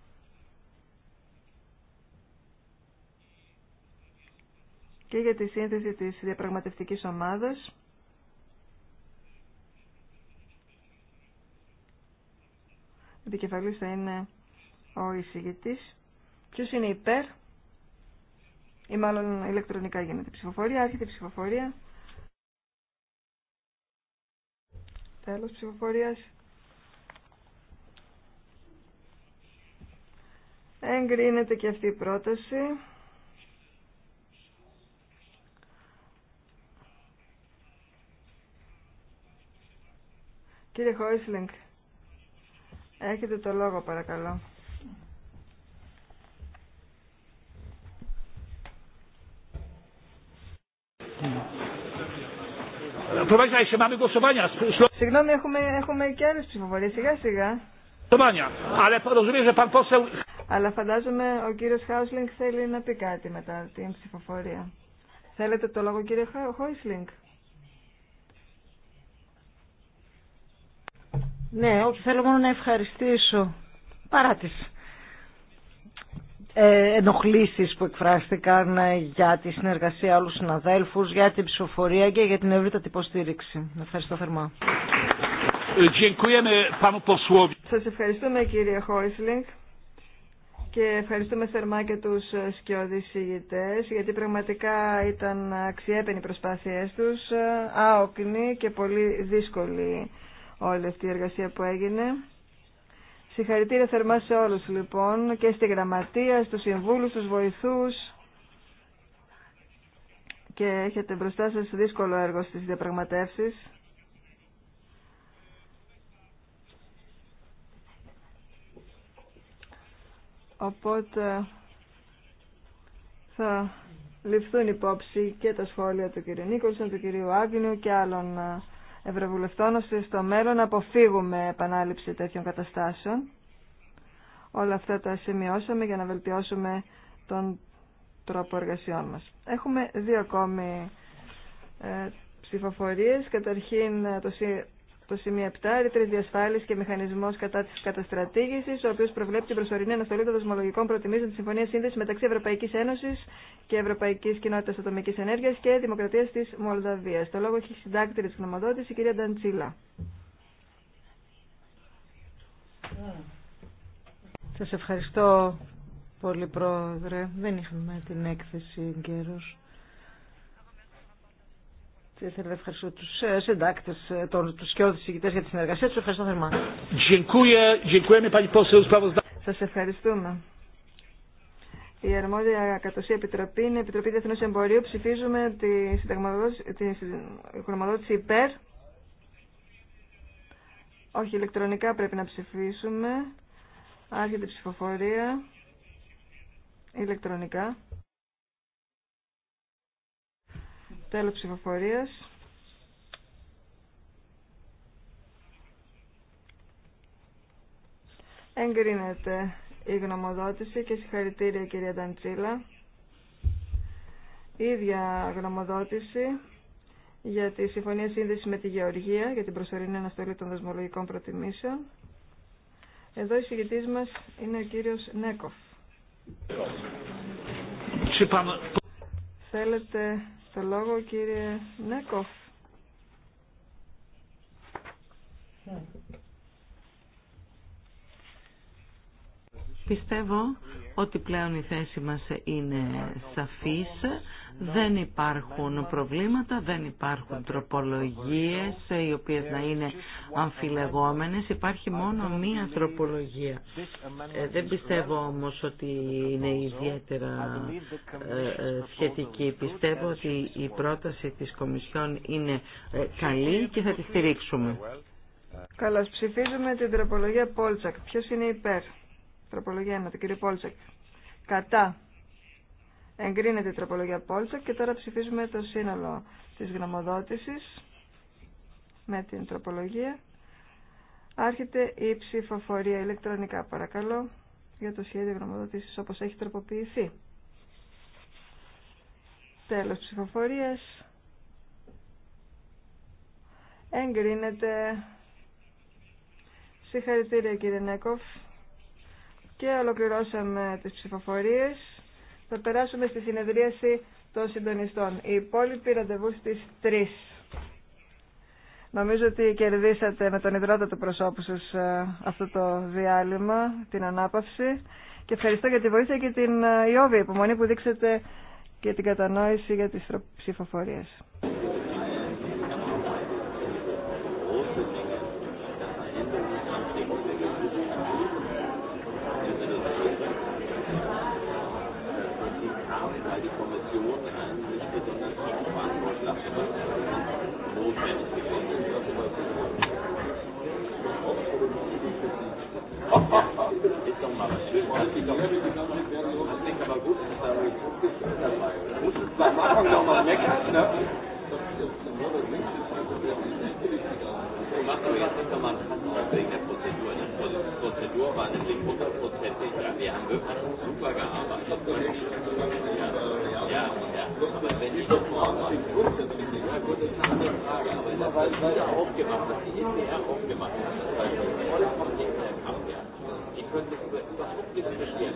Speaker 1: Και για τη σύνθεση της διαπραγματευτικής ομάδας επικεφαλής θα είναι ο εισηγητής. Ποιος είναι υπέρ ή μάλλον ηλεκτρονικά γίνεται η ψηφοφορία, άρχεται η ψηφοφορία. Τέλος ψηφοφορίας. Εγκρίνεται και αυτή η πρόταση. Κύριε Χόισλινγκ, Έχετε το λόγο παρακαλώ. Συγγνώμη, έχουμε, έχουμε και αλλε ψηφοφορίε. Σιγά σιγά. Αλλά φαντάζομαι ο κύριο Χάουσλινγκ θέλει να πει κάτι μετά την ψηφοφορία. Θέλετε το λόγο κύριε Χάουσλινγκ.
Speaker 4: Ναι, όχι, θέλω μόνο να ευχαριστήσω παρά τις ε, ενοχλήσεις που εκφράστηκαν ε, για τη συνεργασία όλου του συναδέλφους, για την ψηφοφορία και για την ευρύτατη υποστήριξη. Ευχαριστώ θερμά.
Speaker 2: Ε,
Speaker 1: Σας ευχαριστούμε κύριε Χόισλινγκ και ευχαριστούμε θερμά και τους σκιώδεις ηγητές γιατί πραγματικά ήταν αξιέπαινοι οι προσπάθειές τους, ε, άοκνοι και πολύ δύσκολοι όλη αυτή η εργασία που έγινε. Συγχαρητήρια θερμά σε όλους λοιπόν και στη γραμματεία, στους συμβούλους, στους βοηθούς και έχετε μπροστά σας δύσκολο έργο στις διαπραγματεύσεις. Οπότε θα ληφθούν υπόψη και τα σχόλια του κ. Νίκολσον, του κ. Άγγινου και άλλων Ευρωβουλευτών ώστε στο μέλλον να αποφύγουμε επανάληψη τέτοιων καταστάσεων. Όλα αυτά τα σημειώσαμε για να βελτιώσουμε τον τρόπο εργασιών μας. Έχουμε δύο ακόμη ε, ψηφοφορίες. Καταρχήν ε, το, το σημείο 7, ρήτρε διασφάλιση και μηχανισμό κατά τη καταστρατήγηση, ο οποίο προβλέπει την προσωρινή αναστολή των δοσμολογικών προτιμήσεων τη Συμφωνία Σύνδεση μεταξύ Ευρωπαϊκή Ένωση και Ευρωπαϊκή Κοινότητα Ατομική Ενέργεια και Δημοκρατία τη Μολδαβία. Το λόγο έχει συντάκτηρη τη γνωμοδότηση, η κυρία Νταντσίλα.
Speaker 4: Σα ευχαριστώ πολύ πρόεδρε. Δεν είχαμε την έκθεση καιρό. Θα να ευχαριστώ του ε, συντάκτε, ε, του σκιώδη ηγητέ για τη συνεργασία του. Ευχαριστώ θερμά. Σα ευχαριστούμε.
Speaker 1: Η αρμόδια κατοσία επιτροπή είναι η Επιτροπή Διεθνού Εμπορίου. Ψηφίζουμε τη συνταγματοδότηση υπέρ. Όχι, ηλεκτρονικά πρέπει να ψηφίσουμε. Άρχεται η ψηφοφορία. Ηλεκτρονικά. Τέλος ψηφοφορίας. Εγκρίνεται η γνωμοδότηση και συγχαρητήρια κυρία Νταντσίλα. ίδια γνωμοδότηση για τη Συμφωνία Σύνδεση με τη Γεωργία για την προσωρινή αναστολή των δεσμολογικών προτιμήσεων. Εδώ η συγκεκριτής μας είναι ο κύριος Νέκοφ. Θέλετε το λόγο, κύριε Νέκοφ.
Speaker 4: Πιστεύω ότι πλέον η θέση μας είναι σαφής δεν υπάρχουν προβλήματα, δεν υπάρχουν τροπολογίες οι οποίες να είναι αμφιλεγόμενες. Υπάρχει μόνο μία τροπολογία.
Speaker 3: Ε, δεν πιστεύω
Speaker 4: όμως ότι είναι ιδιαίτερα ε, ε, σχετική. Πιστεύω ότι η πρόταση της Κομισιόν είναι καλή και θα τη στηρίξουμε.
Speaker 1: Καλώ ψηφίζουμε την τροπολογία Πόλτσακ. Ποιο είναι υπέρ. Τροπολογία 1, τον κύριο Πόλτσακ. Κατά. Εγκρίνεται η τροπολογία απόλυτα και τώρα ψηφίζουμε το σύνολο της γνωμοδότησης με την τροπολογία. Άρχεται η ψηφοφορία ηλεκτρονικά παρακαλώ για το σχέδιο γνωμοδότησης όπως έχει τροποποιηθεί. Τέλος ψηφοφορίας. Εγκρίνεται. Συγχαρητήρια κύριε Νέκοφ. Και ολοκληρώσαμε τις ψηφοφορίες θα περάσουμε στη συνεδρίαση των συντονιστών. Οι υπόλοιποι ραντεβού στις 3. Νομίζω ότι κερδίσατε με τον ιδρώτα του προσώπου σας ε, αυτό το διάλειμμα, την ανάπαυση. Και ευχαριστώ για τη βοήθεια και την ε, ιόβη υπομονή που δείξατε και την κατανόηση για τις ψηφοφορίες.
Speaker 3: Prozedur war nämlich hundertprozentig. Ja, wir haben wirklich super gearbeitet. Ja, ja. Aber wenn ich noch morgen auf den Grund ja gut, das ist eine andere Frage. Aber das war wieder aufgemacht, das ICR aufgemacht hat. Das war das ist voll vom Ding der Kampf, ja. Die können das überhaupt nicht verstehen.